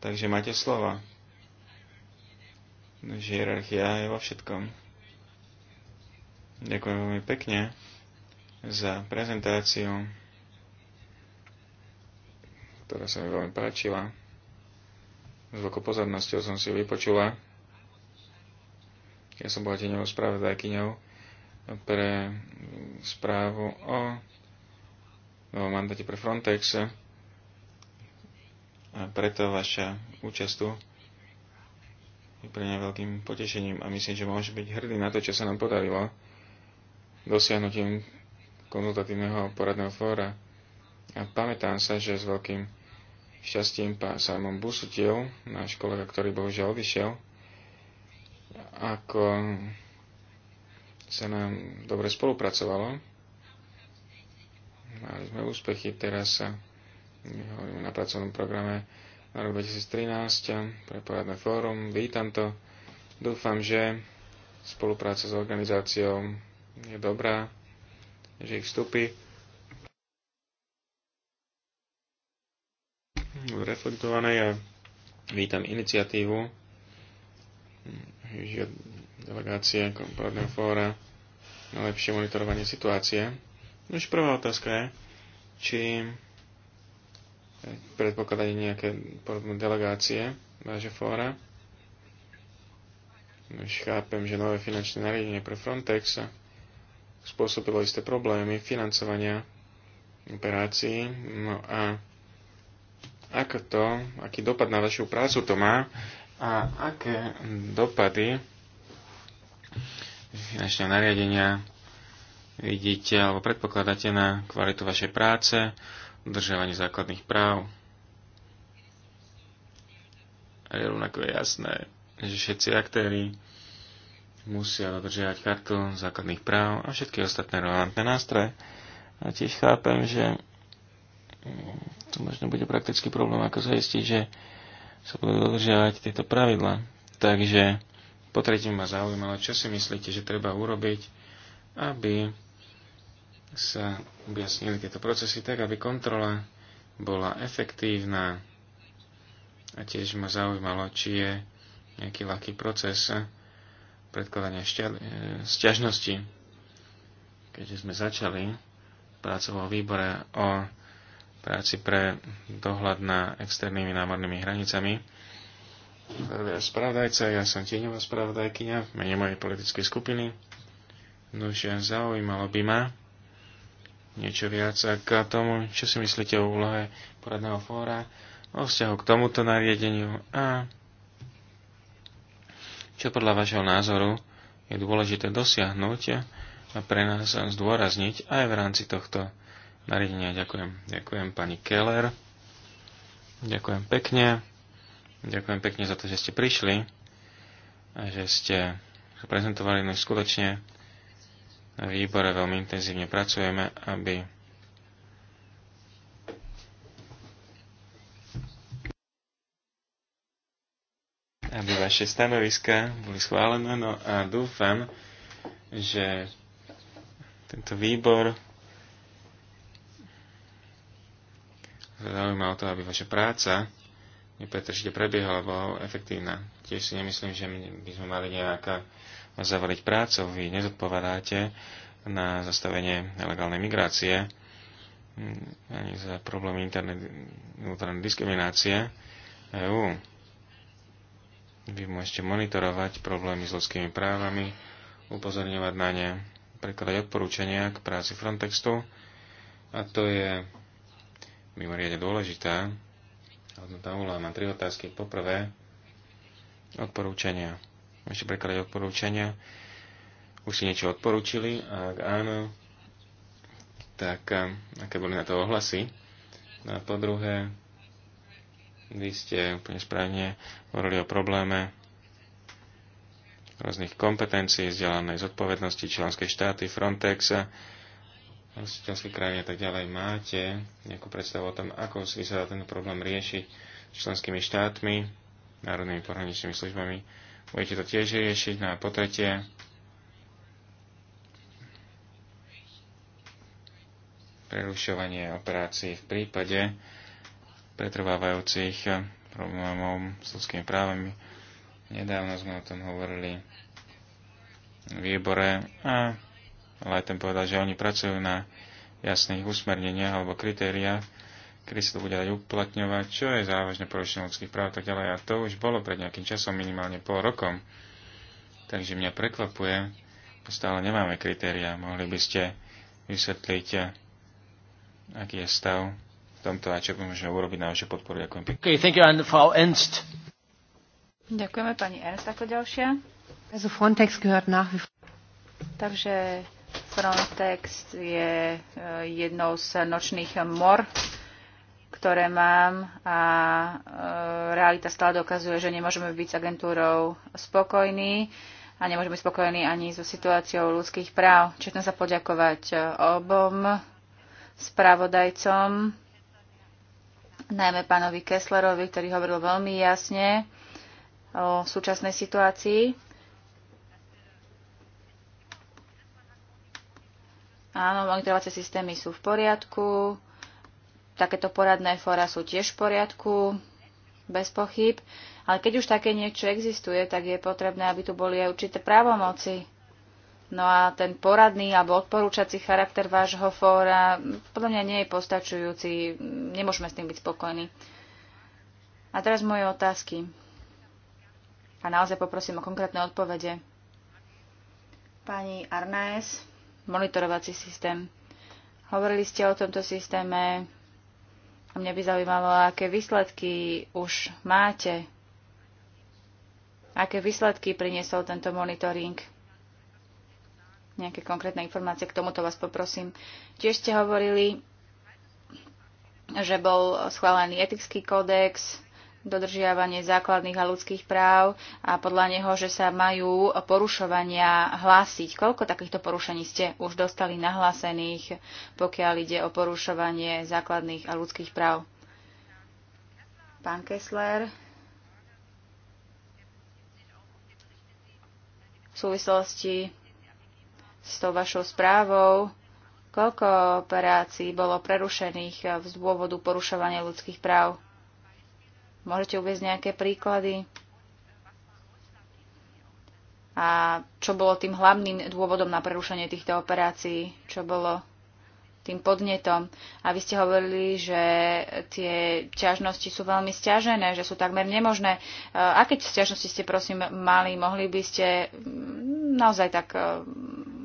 Speaker 2: Takže máte slova. No, hierarchia je vo všetkom. Ďakujem veľmi pekne za prezentáciu, ktorá sa mi veľmi páčila. S veľkou pozornosťou som si vypočula. Ja som bola teňou spravodajkyňou pre správu o novom mandáte pre Frontex a preto vaša účasť tu je pre mňa veľkým potešením a myslím, že môže byť hrdý na to, čo sa nám podarilo dosiahnutím konzultatívneho poradného fóra. A pamätám sa, že s veľkým šťastím pán Simon Busutil, náš kolega, ktorý bohužiaľ odišiel, ako sa nám dobre spolupracovalo. Mali sme úspechy, teraz sa hovoríme na pracovnom programe na rok 2013 pre poradné fórum. Vítam to. Dúfam, že spolupráca s organizáciou je dobrá, že ich vstupy budú reflektované. Ja vítam iniciatívu delegácie Komprodného fóra na lepšie monitorovanie situácie. Už prvá otázka je, či predpokladajú nejaké podobné delegácie vášho fóra. Už chápem, že nové finančné nariadenie pre Frontex spôsobilo isté problémy financovania operácií. No a ako to, aký dopad na vašu prácu to má a aké dopady finančného nariadenia vidíte alebo predpokladáte na kvalitu vašej práce, udržiavanie základných práv. A je rovnako jasné, že všetci aktéry musia dodržiavať kartu základných práv a všetky ostatné relevantné nástroje. A tiež chápem, že mm, to možno bude praktický problém, ako zaistiť, že sa budú dodržiavať tieto pravidla. Takže po tretím ma zaujímalo, čo si myslíte, že treba urobiť, aby sa objasnili tieto procesy tak, aby kontrola bola efektívna. A tiež ma zaujímalo, či je nejaký ľahký proces, predkladania e, sťažnosti. Keď sme začali pracovať vo výbore o práci pre dohľad na externými námornými hranicami, spravodajca, ja som tieňová spravodajkyňa v mene mojej politickej skupiny. Nože zaujímalo by ma niečo viac k tomu, čo si myslíte o úlohe poradného fóra, o vzťahu k tomuto nariadeniu a čo podľa vašeho názoru je dôležité dosiahnuť a pre nás zdôrazniť aj v rámci tohto nariadenia? Ďakujem. Ďakujem pani Keller. Ďakujem pekne. Ďakujem pekne za to, že ste prišli a že ste prezentovali, no skutočne na výbore veľmi intenzívne pracujeme, aby aby vaše stanoviska boli schválené. No a dúfam, že tento výbor zaujíma o to, aby vaša práca nepretržite prebiehala, bola efektívna. Tiež si nemyslím, že my by sme mali nejaká zavaliť prácu. Vy nezodpovedáte na zastavenie nelegálnej migrácie hm, ani za problémy internet, internet diskriminácie EÚ vy môžete monitorovať problémy s ľudskými právami, upozorňovať na ne, prekladať odporúčania k práci Frontextu. A to je mimoriadne dôležitá hodnota úloha. Mám tri otázky. Poprvé, odporúčania. Môžete prekladať odporúčania. Už si niečo odporúčili? A ak áno, tak eh, aké boli na to ohlasy? No a po druhé, vy ste úplne správne hovorili o probléme rôznych kompetencií, vzdelanej zodpovednosti členské štáty, Frontex, členské krajiny a tak ďalej. Máte nejakú predstavu o tom, ako si sa dá ten problém riešiť s členskými štátmi, národnými pohraničnými službami? Budete to tiež riešiť? No a po tretie, prerušovanie operácií v prípade, pretrvávajúcich eh, problémov s ľudskými právami. Nedávno sme o tom hovorili v výbore a ale ten povedal, že oni pracujú na jasných usmerneniach alebo kritériách, kedy sa to bude aj uplatňovať, čo je závažné porušenie ľudských práv tak ďalej. A to už bolo pred nejakým časom, minimálne pol rokom. Takže mňa prekvapuje, stále nemáme kritéria. Mohli by ste vysvetliť, eh, aký je stav tomto a čo by môžeme urobiť na vašu podporu. Ďakujem. pekne. Okay, thank you, and Frau Ernst.
Speaker 1: Ďakujeme pani Ernst ako ďalšia.
Speaker 3: Also Frontex gehört nach wie
Speaker 1: Takže Frontex je eh, jednou z nočných mor, ktoré mám a eh, realita stále dokazuje, že nemôžeme byť s agentúrou spokojní a nemôžeme byť spokojní ani so situáciou ľudských práv. Čiže chcem sa poďakovať eh, obom spravodajcom najmä pánovi Kesslerovi, ktorý hovoril veľmi jasne o súčasnej situácii. Áno, monitorovacie systémy sú v poriadku, takéto poradné fóra sú tiež v poriadku, bez pochyb, ale keď už také niečo existuje, tak je potrebné, aby tu boli aj určité právomoci No a ten poradný alebo odporúčací charakter vášho fóra podľa mňa nie je postačujúci. Nemôžeme s tým byť spokojní. A teraz moje otázky. A naozaj poprosím o konkrétne odpovede. Pani Arnaes, monitorovací systém. Hovorili ste o tomto systéme a mňa by zaujímalo, aké výsledky už máte. Aké výsledky priniesol tento monitoring? nejaké konkrétne informácie, k tomuto vás poprosím. Tiež ste hovorili, že bol schválený etický kódex, dodržiavanie základných a ľudských práv a podľa neho, že sa majú porušovania hlásiť. Koľko takýchto porušení ste už dostali nahlásených, pokiaľ ide o porušovanie základných a ľudských práv? Pán Kessler. V súvislosti s tou vašou správou, koľko operácií bolo prerušených eh, z dôvodu porušovania ľudských práv. Môžete uvieť nejaké príklady? A čo bolo tým hlavným dôvodom na prerušenie týchto operácií? Čo bolo tým podnetom. A vy ste hovorili, že tie ťažnosti sú veľmi stiažené, že sú takmer nemožné. Eh, Aké ťažnosti ste, prosím, mali? Mohli by ste mm, naozaj tak eh,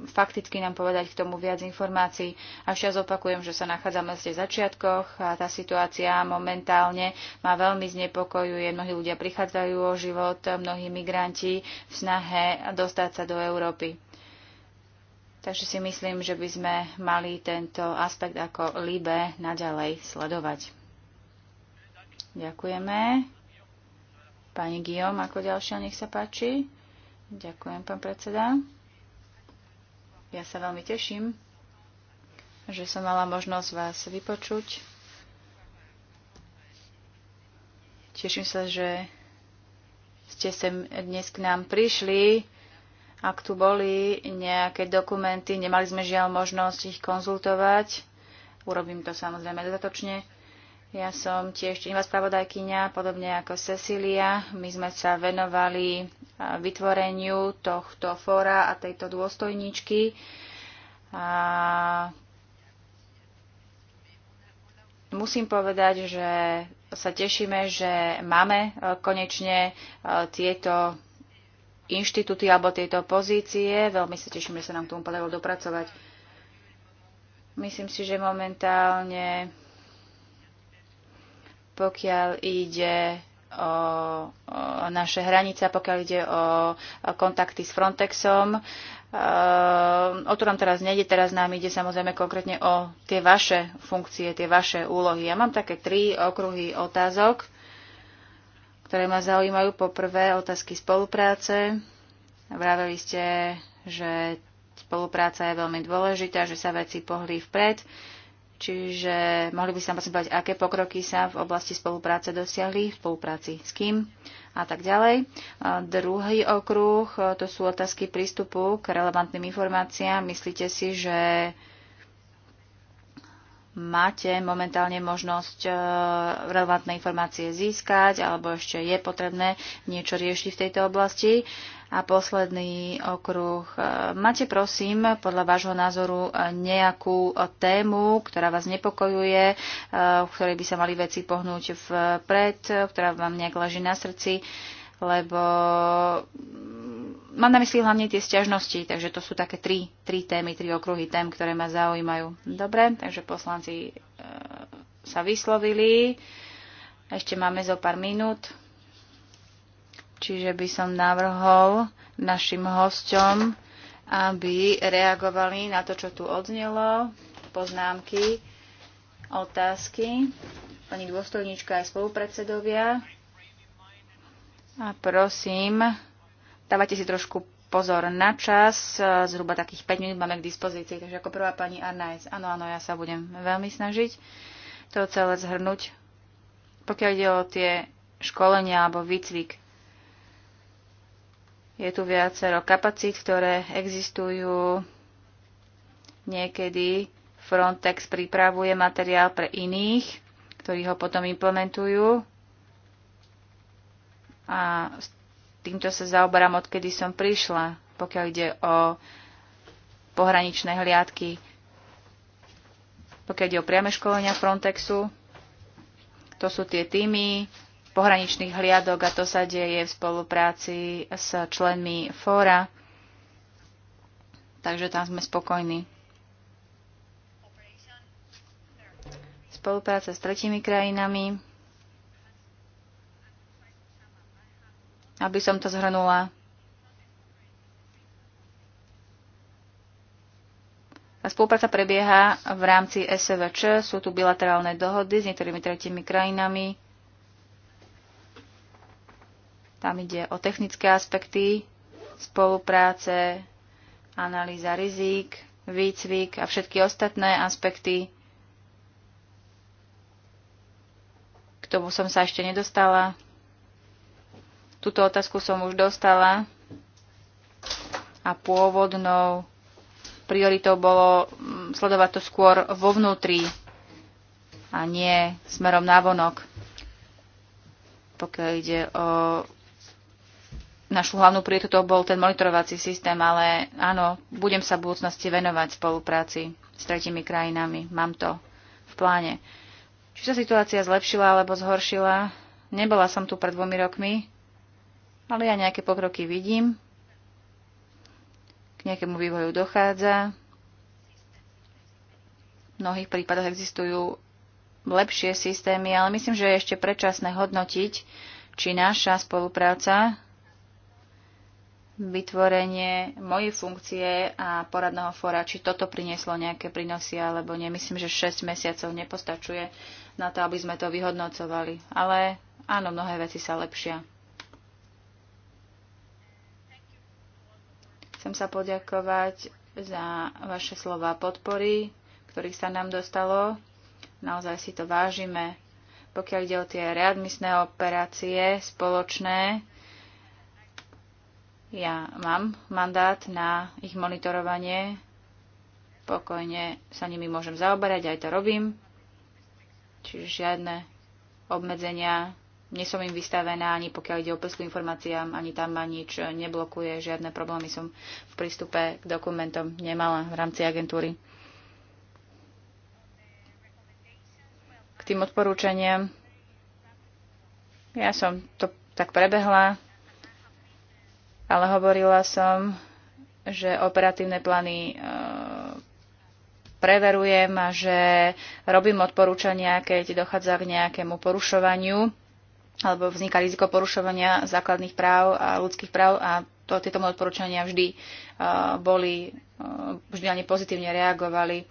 Speaker 1: fakticky nám povedať k tomu viac informácií. A ešte opakujem, že sa nachádzame v začiatkoch a tá situácia momentálne ma veľmi znepokojuje. Mnohí ľudia prichádzajú o život, mnohí migranti v snahe dostať sa do Európy. Takže si myslím, že by sme mali tento aspekt ako líbe naďalej sledovať. Ďakujeme. Pani Guillaume, ako ďalšia, nech sa páči. Ďakujem, pán predseda. Ja sa veľmi teším, že som mala možnosť vás vypočuť. Teším sa, že ste sem dnes k nám prišli. Ak tu boli nejaké dokumenty, nemali sme žiaľ možnosť ich konzultovať. Urobím to samozrejme dodatočne. Ja som tiež činná spravodajkyňa, podobne ako Cecília. My sme sa venovali vytvoreniu tohto fóra a tejto dôstojničky. A musím povedať, že sa tešíme, že máme e, konečne e, tieto inštitúty alebo tieto pozície. Veľmi sa teším, že sa nám k tomu podarilo dopracovať. Myslím si, že momentálne pokiaľ ide o, o naše hranice, pokiaľ ide o, o kontakty s Frontexom. E, o to nám teraz nejde, teraz nám ide samozrejme konkrétne o tie vaše funkcie, tie vaše úlohy. Ja mám také tri okruhy otázok, ktoré ma zaujímajú. Po prvé, otázky spolupráce. Vraveli ste, že spolupráca je veľmi dôležitá, že sa veci pohli vpred. Uh, Čiže mohli by sa prosím povedať, aké pokroky sa v oblasti spolupráce dosiahli, v spolupráci s kým a tak ďalej. A druhý okruh, e, to sú otázky prístupu k relevantným informáciám. Myslíte si, že máte momentálne možnosť e, relevantné informácie získať, alebo ešte je potrebné niečo riešiť v tejto oblasti? A posledný okruh. E, máte prosím, podľa vášho názoru, e, nejakú e, tému, ktorá vás nepokojuje, v ktorej by sa mali veci pohnúť vpred, ktorá vám nejak leží na srdci, lebo mm, mám na mysli hlavne tie stiažnosti, takže to sú také tri, tri témy, tri okruhy tém, ktoré ma zaujímajú. Dobre, takže poslanci sa vyslovili. Ešte máme zo pár minút. Čiže by som navrhol našim hosťom, aby reagovali na to, čo tu odznelo, poznámky, otázky. Pani dôstojnička aj spolupredsedovia. A prosím, dávajte si trošku pozor na čas. Zhruba takých 5 minút máme k dispozícii. Takže ako prvá pani Arnajs. Áno, áno, ja sa budem veľmi snažiť to celé zhrnúť. Pokiaľ ide o tie školenia alebo výcvik, je tu viacero kapacít, ktoré existujú. Niekedy Frontex pripravuje materiál pre iných, ktorí ho potom implementujú. A s týmto sa zaoberám, odkedy som prišla, pokiaľ ide o pohraničné hliadky. Pokiaľ ide o priame školenia Frontexu, to sú tie týmy, pohraničných hliadok a to sa deje v spolupráci s členmi fóra. Takže tam sme spokojní. Spolupráca s tretimi krajinami. Aby som to zhrnula. A spolupráca prebieha v rámci SVČ. Sú tu bilaterálne dohody s niektorými tretimi krajinami tam ide o technické aspekty spolupráce, analýza rizík, výcvik a všetky ostatné aspekty. K tomu som sa ešte nedostala. Tuto otázku som už dostala a pôvodnou prioritou bolo mm, sledovať to skôr vo vnútri a nie smerom vonok. pokiaľ ide o našu hlavnú prietu to bol ten monitorovací systém, ale áno, budem sa v budúcnosti venovať spolupráci s tretimi krajinami. Mám to v pláne. Či sa situácia zlepšila alebo zhoršila, nebola som tu pred dvomi rokmi, ale ja nejaké pokroky vidím, k nejakému vývoju dochádza. V mnohých prípadoch existujú lepšie systémy, ale myslím, že je ešte predčasné hodnotiť, či naša spolupráca vytvorenie mojej funkcie a poradného fóra, či toto prinieslo nejaké prínosy alebo nie. Myslím, že 6 mesiacov nepostačuje na to, aby sme to vyhodnocovali. Ale áno, mnohé veci sa lepšia. Chcem sa poďakovať za vaše slova podpory, ktorých sa nám dostalo. Naozaj si to vážime. Pokiaľ ide o tie readmisné operácie spoločné, ja mám mandát na ich monitorovanie. Pokojne sa nimi môžem zaoberať, aj to robím. Čiže žiadne obmedzenia. Nie som im vystavená, ani pokiaľ ide o prstu informáciám, ani tam ma nič neblokuje. Žiadne problémy som v prístupe k dokumentom nemala v rámci agentúry. K tým odporúčaniam. Ja som to tak prebehla ale hovorila som, že operatívne plány e, preverujem a že robím odporúčania, keď dochádza k nejakému porušovaniu alebo vzniká riziko porušovania základných práv a ľudských práv a to, tieto odporúčania vždy e, boli, e, vždy na ne pozitívne reagovali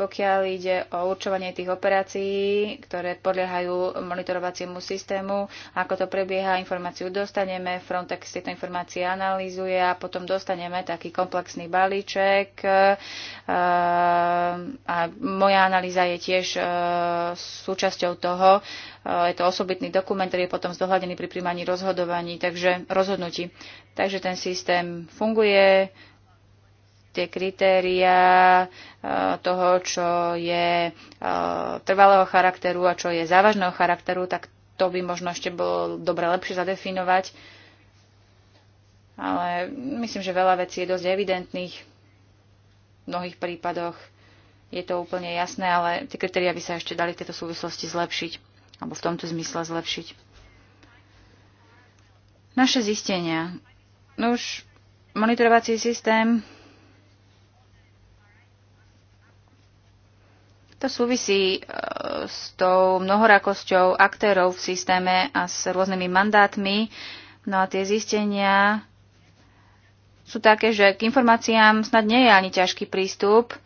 Speaker 1: pokiaľ ide o určovanie tých operácií, ktoré podliehajú monitorovaciemu systému, ako to prebieha, informáciu dostaneme, Frontex tieto informácie analýzuje a potom dostaneme taký komplexný balíček. E, a moja analýza je tiež e, súčasťou toho, e, je to osobitný dokument, ktorý je potom zdohľadený pri príjmaní rozhodovaní, takže rozhodnutí. Takže ten systém funguje, tie kritéria e, toho, čo je e, trvalého charakteru a čo je závažného charakteru, tak to by možno ešte bolo dobre lepšie zadefinovať. Ale myslím, že veľa vecí je dosť evidentných. V mnohých prípadoch je to úplne jasné, ale tie kritéria by sa ešte dali v tejto súvislosti zlepšiť, alebo v tomto zmysle zlepšiť. Naše zistenia. No už monitorovací systém To súvisí e, s tou mnohorakosťou aktérov v systéme a s rôznymi mandátmi. No a tie zistenia sú také, že k informáciám snad nie je ani ťažký prístup e,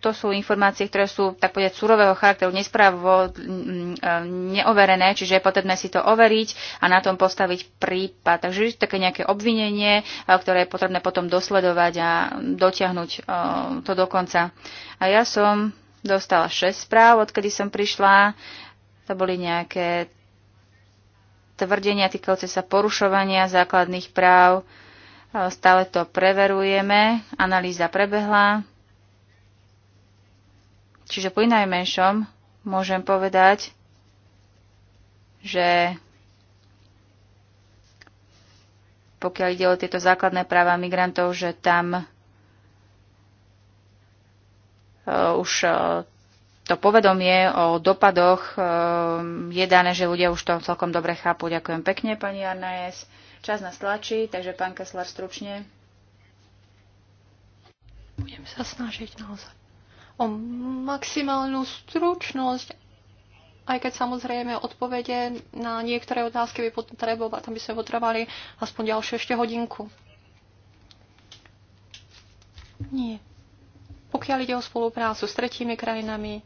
Speaker 1: to sú informácie, ktoré sú, tak povedať, surového charakteru, nespravo, mm, mm, neoverené, čiže je potrebné si to overiť a na tom postaviť prípad. Takže je také nejaké obvinenie, e, ktoré je potrebné potom dosledovať a dotiahnuť e, to do konca. A ja som dostala 6 správ, odkedy som prišla. To boli nejaké tvrdenia týkajúce sa porušovania základných práv. E, stále to preverujeme. Analýza prebehla Čiže pri najmenšom môžem povedať, že pokiaľ ide o tieto základné práva migrantov, že tam e, už e, to povedomie o dopadoch e, je dané, že ľudia už to celkom dobre chápu. Ďakujem pekne, pani Arnajes. Čas nás tlačí, takže pán Kessler stručne. Budem sa snažiť
Speaker 3: naozaj o maximálnu stručnosť, aj keď samozrejme odpovede na niektoré otázky by potrebovali, tam by sme potrebovali aspoň ďalšiu ešte hodinku. Nie. Pokiaľ ide o spoluprácu s tretími krajinami,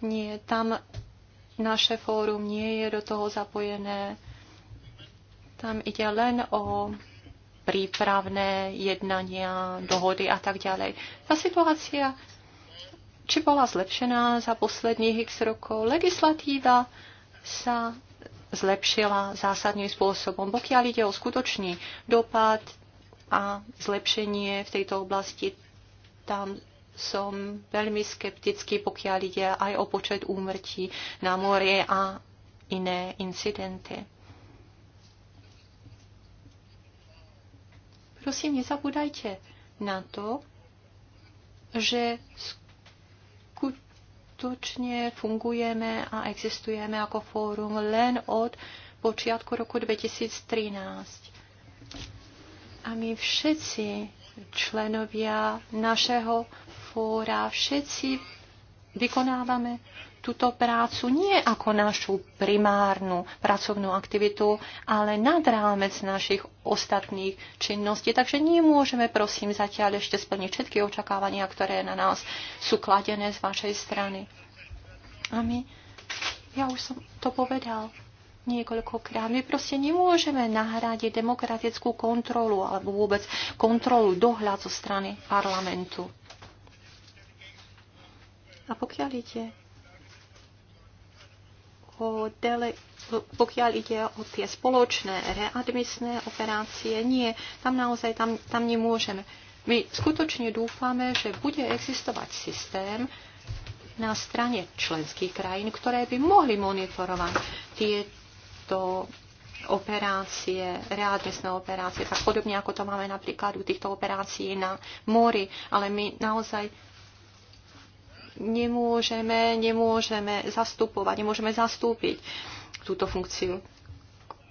Speaker 3: nie. Tam naše fórum nie je do toho zapojené. Tam ide len o prípravné jednania, dohody a tak ďalej. Tá situácia či bola zlepšená za posledných x rokov. Legislatíva sa zlepšila zásadným spôsobom. Pokiaľ ide o skutočný dopad a zlepšenie v tejto oblasti, tam som veľmi skeptický, pokiaľ ide aj o počet úmrtí na more a iné incidenty. Prosím, nezabúdajte na to, že skutočne fungujeme a existujeme ako fórum len od počiatku roku 2013. A my všetci členovia našeho fóra, všetci vykonávame túto prácu nie ako našu primárnu pracovnú aktivitu, ale nad rámec našich ostatných činností. Takže nemôžeme, prosím, zatiaľ ešte splniť všetky očakávania, ktoré na nás sú kladené z vašej strany. A my, ja už som to povedal niekoľkokrát. My proste nemôžeme nahradiť demokratickú kontrolu alebo vôbec kontrolu, dohľad zo strany parlamentu. A pokiaľ ide pokiaľ ide o tie spoločné readmisné operácie, nie, tam naozaj tam, tam nemôžeme. My skutočne dúfame, že bude existovať systém na strane členských krajín, ktoré by mohli monitorovať tieto operácie, readmisné operácie, tak podobne ako to máme napríklad u týchto operácií na mori, ale my naozaj nemôžeme, nemôžeme zastupovať, nemôžeme zastúpiť túto funkciu.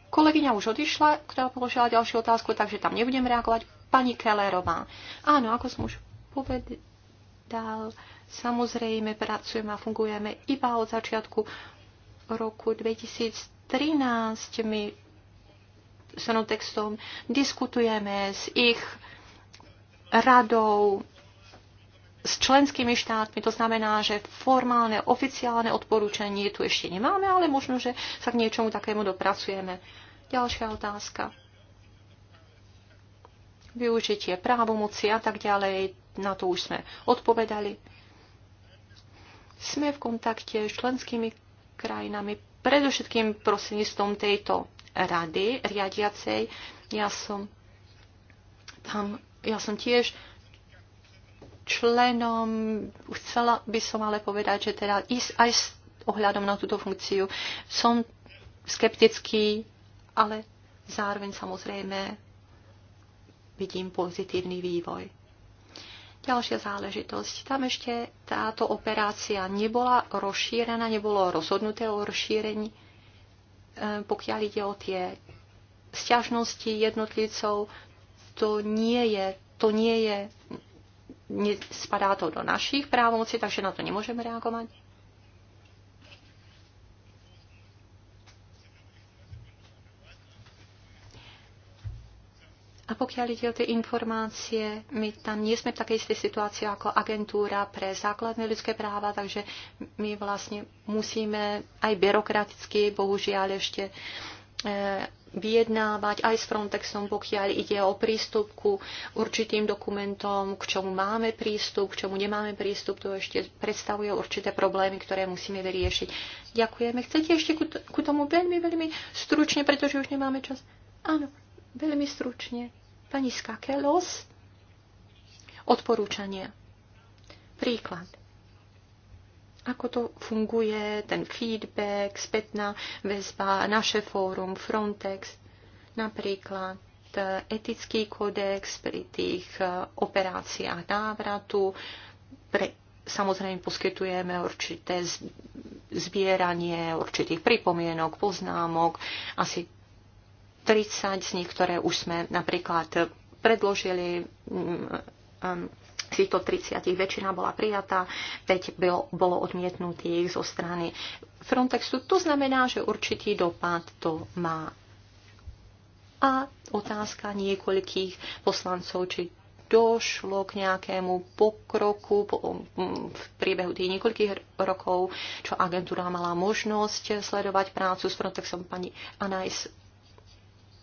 Speaker 3: Kolegyňa už odišla, ktorá položila ďalšiu otázku, takže tam nebudem reagovať. Pani Kellerová. Áno, ako som už povedal, samozrejme pracujeme a fungujeme iba od začiatku roku 2013. My s textom diskutujeme s ich radou, s členskými štátmi. To znamená, že formálne, oficiálne odporúčanie tu ešte nemáme, ale možno, že sa k niečomu takému dopracujeme. Ďalšia otázka. Využitie právomoci a tak ďalej, na to už sme odpovedali. Sme v kontakte s členskými krajinami, predovšetkým prostredníctvom tejto rady riadiacej. Ja som tam, ja som tiež členom. Chcela by som ale povedať, že teda aj s ohľadom na túto funkciu som skeptický, ale zároveň samozrejme vidím pozitívny vývoj. Ďalšia záležitosť. Tam ešte táto operácia nebola rozšírená, nebolo rozhodnuté o rozšírení, e, pokiaľ ide o tie sťažnosti jednotlivcov, to nie je, to nie je Spadá to do našich právomocí, takže na to nemůžeme reagovat. A pokiaľ ide o tie informácie, my tam nie sme v takej istej situácii ako agentúra pre základné ľudské práva, takže my vlastne musíme aj byrokraticky, bohužiaľ ešte eh, vyjednávať aj s Frontexom, pokiaľ ide o prístup ku určitým dokumentom, k čomu máme prístup, k čomu nemáme prístup. To ešte predstavuje určité problémy, ktoré musíme vyriešiť. Ďakujeme. Chcete ešte ku, ku tomu veľmi, veľmi stručne, pretože už nemáme čas? Áno, veľmi stručne. Pani Skakelos, odporúčania. Príklad ako to funguje, ten feedback, spätná väzba, naše fórum, Frontex, napríklad eh, etický kódex pri tých eh, operáciách návratu. Pre, samozrejme poskytujeme určité zbieranie určitých pripomienok, poznámok, asi 30 z nich, ktoré už sme napríklad eh, predložili mm, mm, týchto 30 väčšina bola prijatá, 5 bylo, bolo odmietnutých zo strany Frontexu. To znamená, že určitý dopad to má. A otázka niekoľkých poslancov, či došlo k nejakému pokroku v priebehu tých niekoľkých rokov, čo agentúra mala možnosť sledovať prácu s Frontexom pani Anais.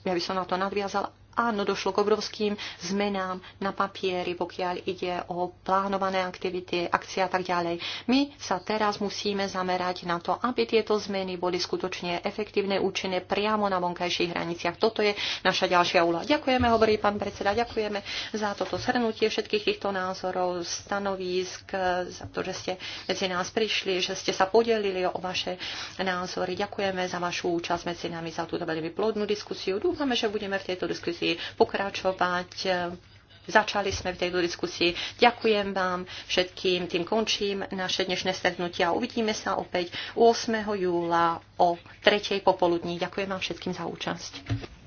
Speaker 3: Ja by som na to nadviazala Áno, došlo k obrovským zmenám na papieri, pokiaľ ide o plánované aktivity, akcie a tak ďalej. My sa teraz musíme zamerať na to, aby tieto zmeny boli skutočne efektívne, účinné priamo na vonkajších hraniciach. Toto je naša ďalšia úloha. Ďakujeme, hovorí pán predseda, ďakujeme za toto shrnutie všetkých týchto názorov, stanovísk, za to, že ste medzi nás prišli, že ste sa podelili o vaše názory. Ďakujeme za vašu účasť medzi nami, za túto veľmi plodnú diskusiu. Dúfame, že budeme v tejto diskusii diskusii pokračovať. Začali sme v tejto diskusii. Ďakujem vám všetkým, tým končím naše dnešné stretnutie a uvidíme sa opäť 8. júla o 3. popoludní. Ďakujem vám všetkým za účasť.